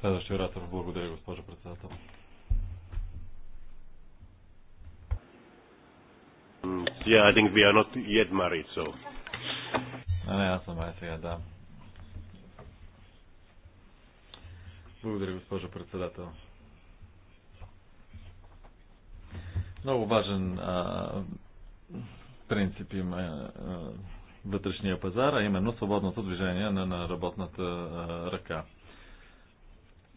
Следващия оратор. Благодаря, госпожо председател. Yeah, I think we are not yet married, so. А, не, аз съм сега, да. Благодаря, госпожо председател. Много важен а, принцип има а, вътрешния пазар, а именно свободното движение на, на работната а, ръка.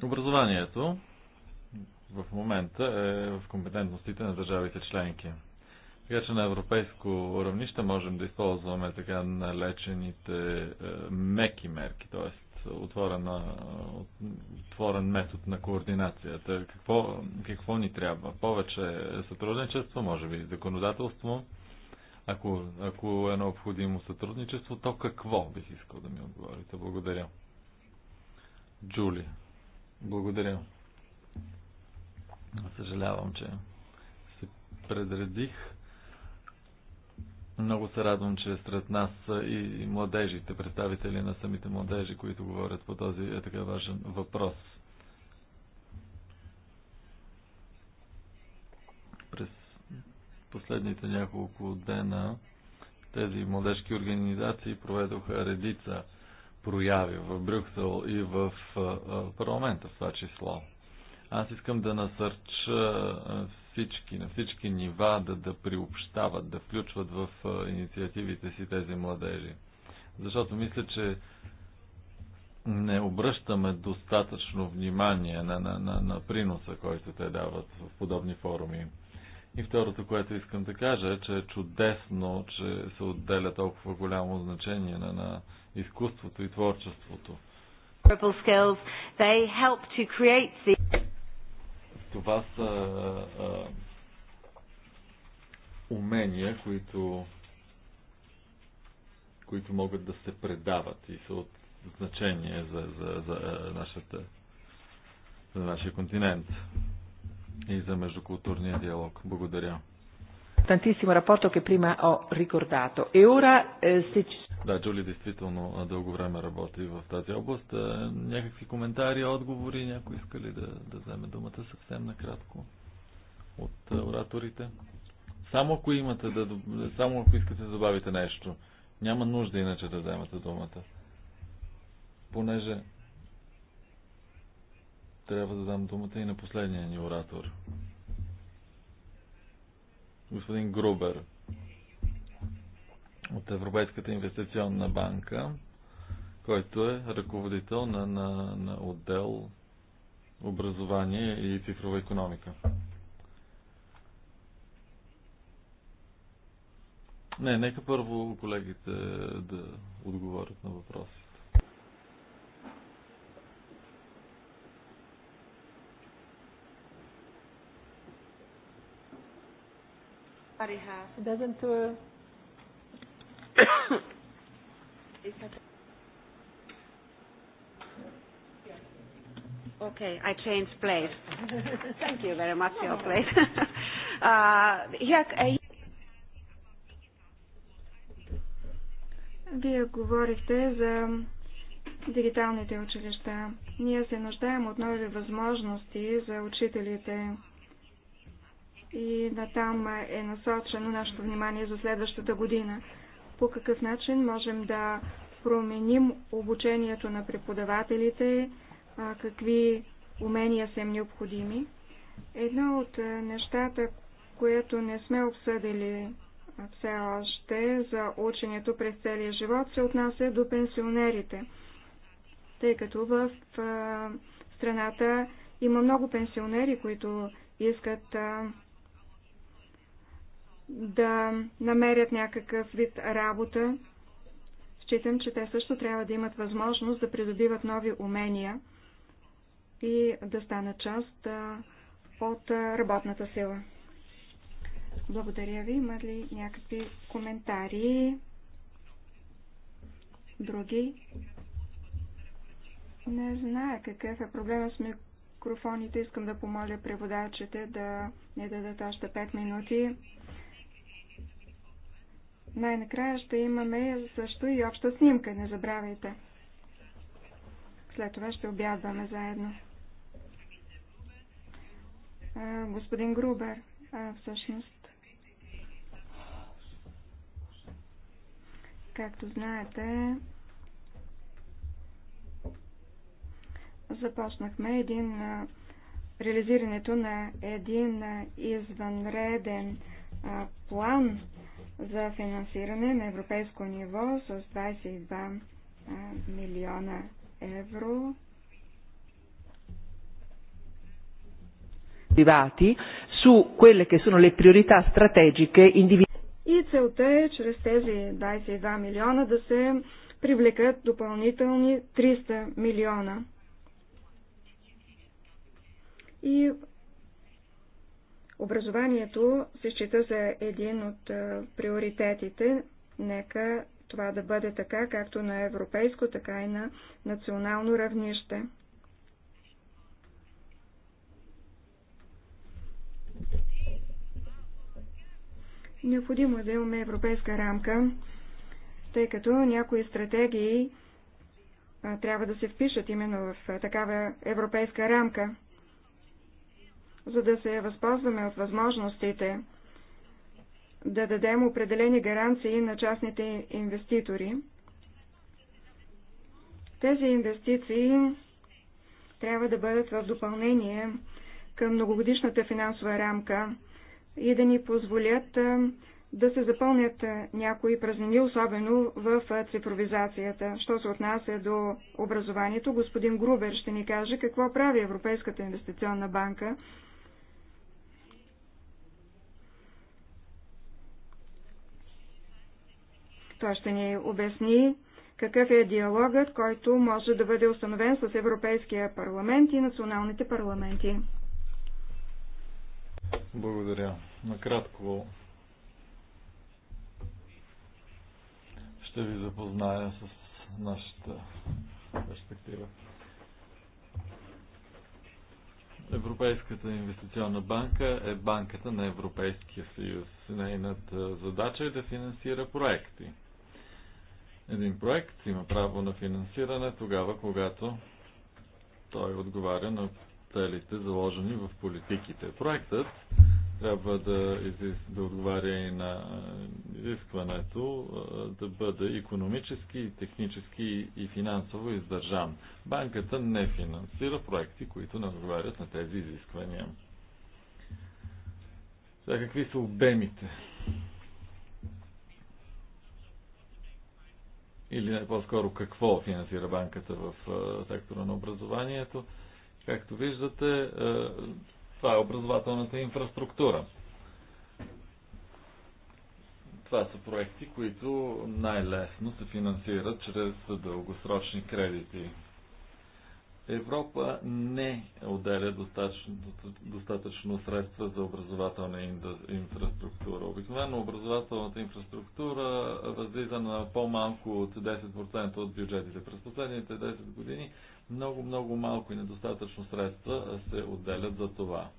Образованието в момента е в компетентностите на държавите членки. Така че на европейско равнище можем да използваме така налечените е, меки мерки, т.е. отворен метод на координацията. Какво, какво ни трябва? Повече сътрудничество, може би законодателство. Ако, ако е необходимо сътрудничество, то какво бих искал да ми отговорите? Благодаря. Джулия, благодаря. Съжалявам, че се предредих. Много се радвам, че е сред нас са и младежите, представители на самите младежи, които говорят по този е така важен въпрос. През последните няколко дена тези младежки организации проведоха редица прояви в Брюксел и в парламента в това число. Аз искам да насърча всички, на всички нива да, да приобщават, да включват в инициативите си тези младежи. Защото мисля, че не обръщаме достатъчно внимание на, на, на, на приноса, който те дават в подобни форуми. И второто, което искам да кажа, е, че е чудесно, че се отделя толкова голямо значение на, на изкуството и творчеството. Това са умения, които, които могат да се предават и са от значение за, за, за, нашата, за нашия континент и за междукултурния диалог. Благодаря. Тантисимо рапорто, ке прима о рикордато. И ора се... Да, Джули действително дълго време работи в тази област. Е, някакви коментари, отговори, някой иска ли да, да вземе думата съвсем накратко от е, ораторите? Само ако имате да, само ако искате да добавите нещо. Няма нужда иначе да вземате думата. Понеже трябва да дам думата и на последния ни оратор господин Грубер от Европейската инвестиционна банка, който е ръководител на, на, на отдел образование и цифрова економика. Не, нека първо колегите да отговорят на въпроси. Everybody has. It doesn't. Uh, it's a okay, I changed place. Thank you very much for your place. uh, yeah, uh, Вие говорихте за дигиталните училища. Ние се нуждаем от нови възможности за учителите и на там е насочено нашето внимание за следващата година. По какъв начин можем да променим обучението на преподавателите, какви умения са им необходими. Едно от нещата, което не сме обсъдили все още за ученето през целия живот, се отнася до пенсионерите, тъй като в страната има много пенсионери, които искат да намерят някакъв вид работа. Считам, че те също трябва да имат възможност да придобиват нови умения и да станат част от работната сила. Благодаря ви. Има ли някакви коментари? Други? Не зная какъв е проблема с микрофоните. Искам да помоля преводачите да не дадат още 5 минути. Най-накрая ще имаме също и обща снимка, не забравяйте. След това ще обядваме заедно. А, господин Грубер, а, всъщност. Както знаете, започнахме един а, реализирането на един а, извънреден а, план за финансиране на европейско ниво с 22 милиона евро. Privati su quelle che sono le priorità strategiche individuali. И целта е чрез тези 22 милиона да се привлекат допълнителни 300 милиона. И Образованието се счита за един от приоритетите. Нека това да бъде така, както на европейско, така и на национално равнище. Необходимо е да имаме европейска рамка, тъй като някои стратегии трябва да се впишат именно в такава европейска рамка за да се възползваме от възможностите да дадем определени гаранции на частните инвеститори. Тези инвестиции трябва да бъдат в допълнение към многогодишната финансова рамка и да ни позволят да се запълнят някои празнини, особено в цифровизацията. Що се отнася до образованието, господин Грубер ще ни каже какво прави Европейската инвестиционна банка Той ще ни обясни какъв е диалогът, който може да бъде установен с Европейския парламент и националните парламенти. Благодаря. Накратко ще ви запозная с нашата перспектива. Европейската инвестиционна банка е банката на Европейския съюз. Нейната задача е да финансира проекти един проект има право на финансиране тогава, когато той отговаря на целите, заложени в политиките. Проектът трябва да, изис... да отговаря и на изискването да бъде економически, технически и финансово издържан. Банката не финансира проекти, които не отговарят на тези изисквания. Сега какви са обемите или по-скоро какво финансира банката в сектора на образованието. Както виждате, това е образователната инфраструктура. Това са проекти, които най-лесно се финансират чрез дългосрочни кредити. Европа не отделя достатъчно, достатъчно средства за образователна инфраструктура. Обикновено образователната инфраструктура възлиза на по-малко от 10% от бюджетите. През последните 10 години много, много малко и недостатъчно средства се отделят за това.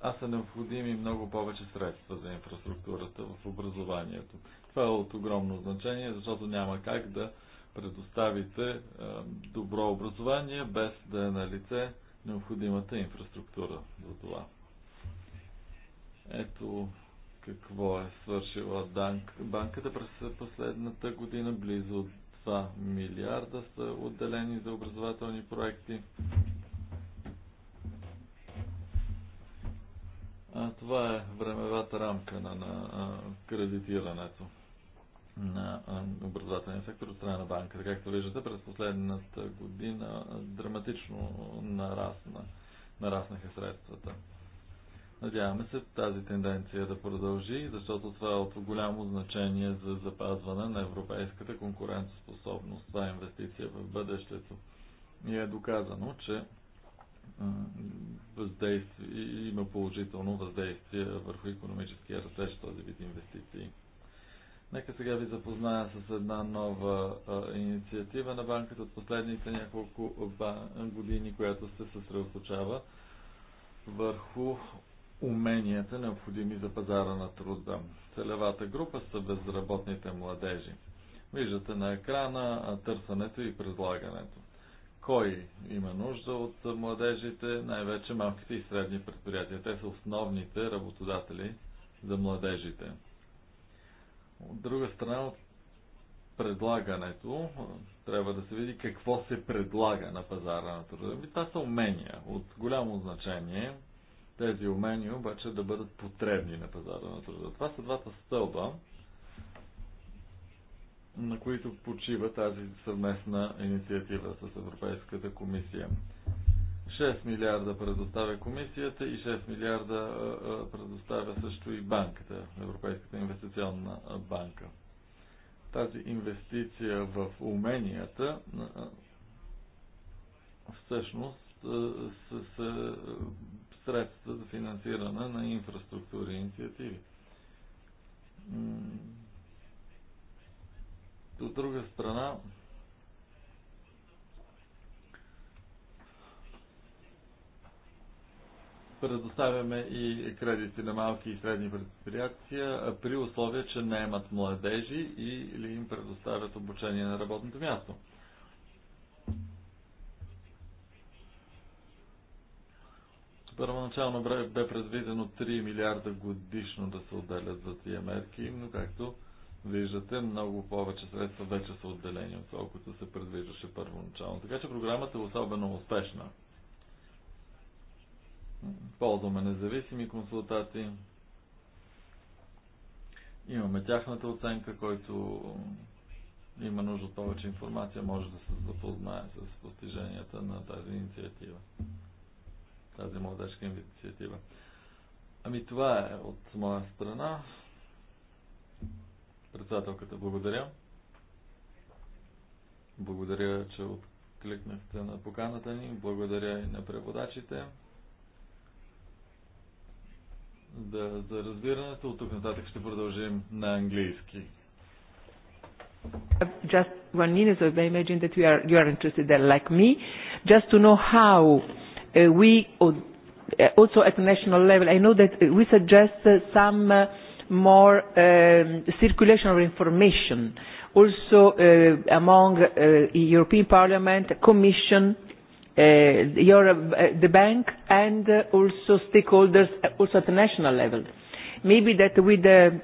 а са необходими много повече средства за инфраструктурата в образованието. Това е от огромно значение, защото няма как да предоставите е, добро образование без да е на лице необходимата инфраструктура за това. Ето какво е свършила банката през последната година. Близо 2 милиарда са отделени за образователни проекти. А това е времевата рамка на, на, на кредитирането на образователния сектор от страна на банката. Както виждате, през последната година драматично нарасна, нараснаха средствата. Надяваме се тази тенденция да продължи, защото това е от голямо значение за запазване на европейската конкурентоспособност. Това е инвестиция в бъдещето. И е доказано, че въздействие, има положително въздействие върху економическия растеж този вид инвестиции. Нека сега ви запозная с една нова а, инициатива на банката от последните няколко години, която се съсредоточава върху уменията, необходими за пазара на труда. Целевата група са безработните младежи. Виждате на екрана търсенето и предлагането. Кой има нужда от младежите? Най-вече малките и средни предприятия. Те са основните работодатели за младежите. От друга страна, от предлагането трябва да се види какво се предлага на пазара на труда. Ами, това са умения от голямо значение. Тези умения обаче да бъдат потребни на пазара на труда. Това са двата стълба, на които почива тази съвместна инициатива с Европейската комисия. 6 милиарда предоставя комисията и 6 милиарда предоставя също и банката, Европейската инвестиционна банка. Тази инвестиция в уменията всъщност с средства за финансиране на инфраструктури и инициативи. От друга страна, Предоставяме и кредити на малки и средни предприятия при условие, че не имат младежи или им предоставят обучение на работното място. Първоначално бе предвидено 3 милиарда годишно да се отделят за тия мерки, но както виждате, много повече средства вече са отделени, отколкото се предвиждаше първоначално. Така че програмата е особено успешна ползваме независими консултации. имаме тяхната оценка, който има нужда от повече информация, може да се запознае с постиженията на тази инициатива, тази младежка инициатива. Ами това е от моя страна. Председателката, благодаря. Благодаря, че откликнахте на поканата ни. Благодаря и на преводачите да, за разбирането. От тук нататък ще продължим на английски. Just one minute, so I imagine that you are, you are interested there like me, just to know how uh, we, uh, also at national level, I know that we suggest uh, some uh, more um, circulation of information, also uh, among uh, European Parliament, Commission, your, the bank and also stakeholders also at the national level. Maybe that with the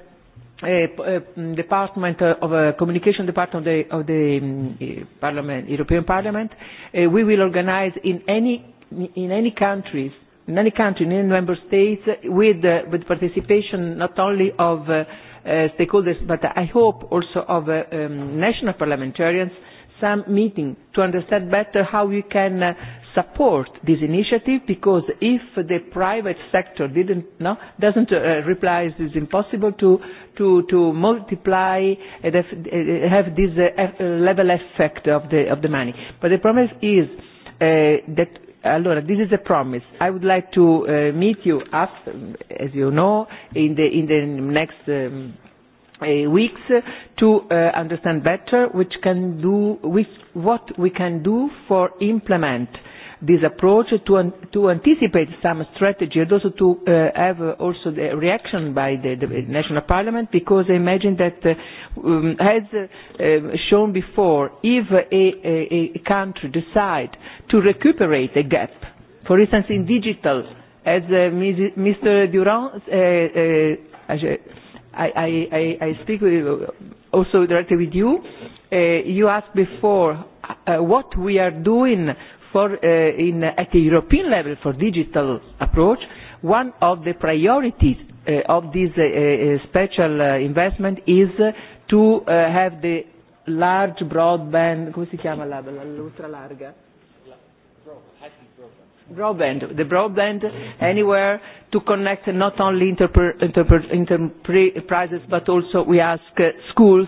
uh department of uh, communication department of the, of the um, parliament, European Parliament, uh, we will organize in any in any countries in any country, in any member states, with, uh, with participation not only of uh, uh, stakeholders, but I hope also of uh, um, national parliamentarians, uh, some meeting to understand better how we can uh, support this initiative because if the private sector didn't no doesn't uh, reply it's impossible to to to multiply and have this uh, level effect of the of the money but the promise is uh, that Allora, this is a promise. I would like to uh, meet you, after, as you know, in the, in the next um, weeks to uh, understand better which can do, with what we can do for implement this approach to, an, to anticipate some strategy and also to uh, have also the reaction by the, the national parliament because I imagine that uh, um, as uh, shown before, if a, a, a country decide to recuperate a gap, for instance in digital, as uh, Mr. Durand uh, uh, I, I, I, I speak with, also directly with you. Uh, you asked before uh, what we are doing for, uh, in, at the European level for digital approach. One of the priorities uh, of this uh, uh, special uh, investment is uh, to uh, have the large broadband, come si chiama la, l'ultralarga? broadband, the broadband anywhere to connect not only enterprises but also we ask schools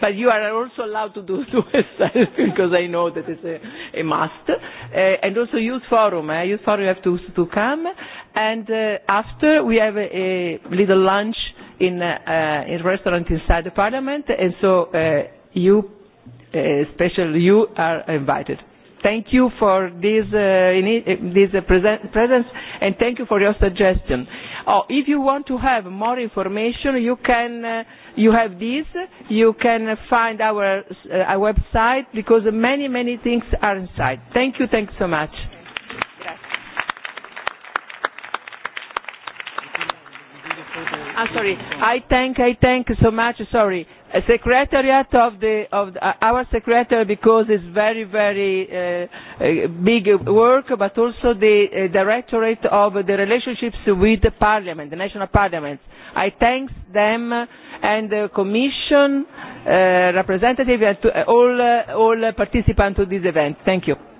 but you are also allowed to do to yourself because I know that it's a, a must. Uh, and also youth forum, eh? youth forum you have to, to come. And uh, after we have a, a little lunch in uh, in restaurant inside the parliament, and so uh, you, uh, especially you, are invited. Thank you for this, uh, this uh, present, presence and thank you for your suggestion. Oh, if you want to have more information, you can uh, You have this. You can find our, uh, our website because many, many things are inside. Thank you. Thanks so much. Ah, sorry. I thank, I thank so much. Sorry secretariat of the of the, our secretary because it's very very uh, big work but also the uh, directorate of the relationships with the parliament the national parliaments i thank them and the commission uh, representative and to all uh, all participants to this event thank you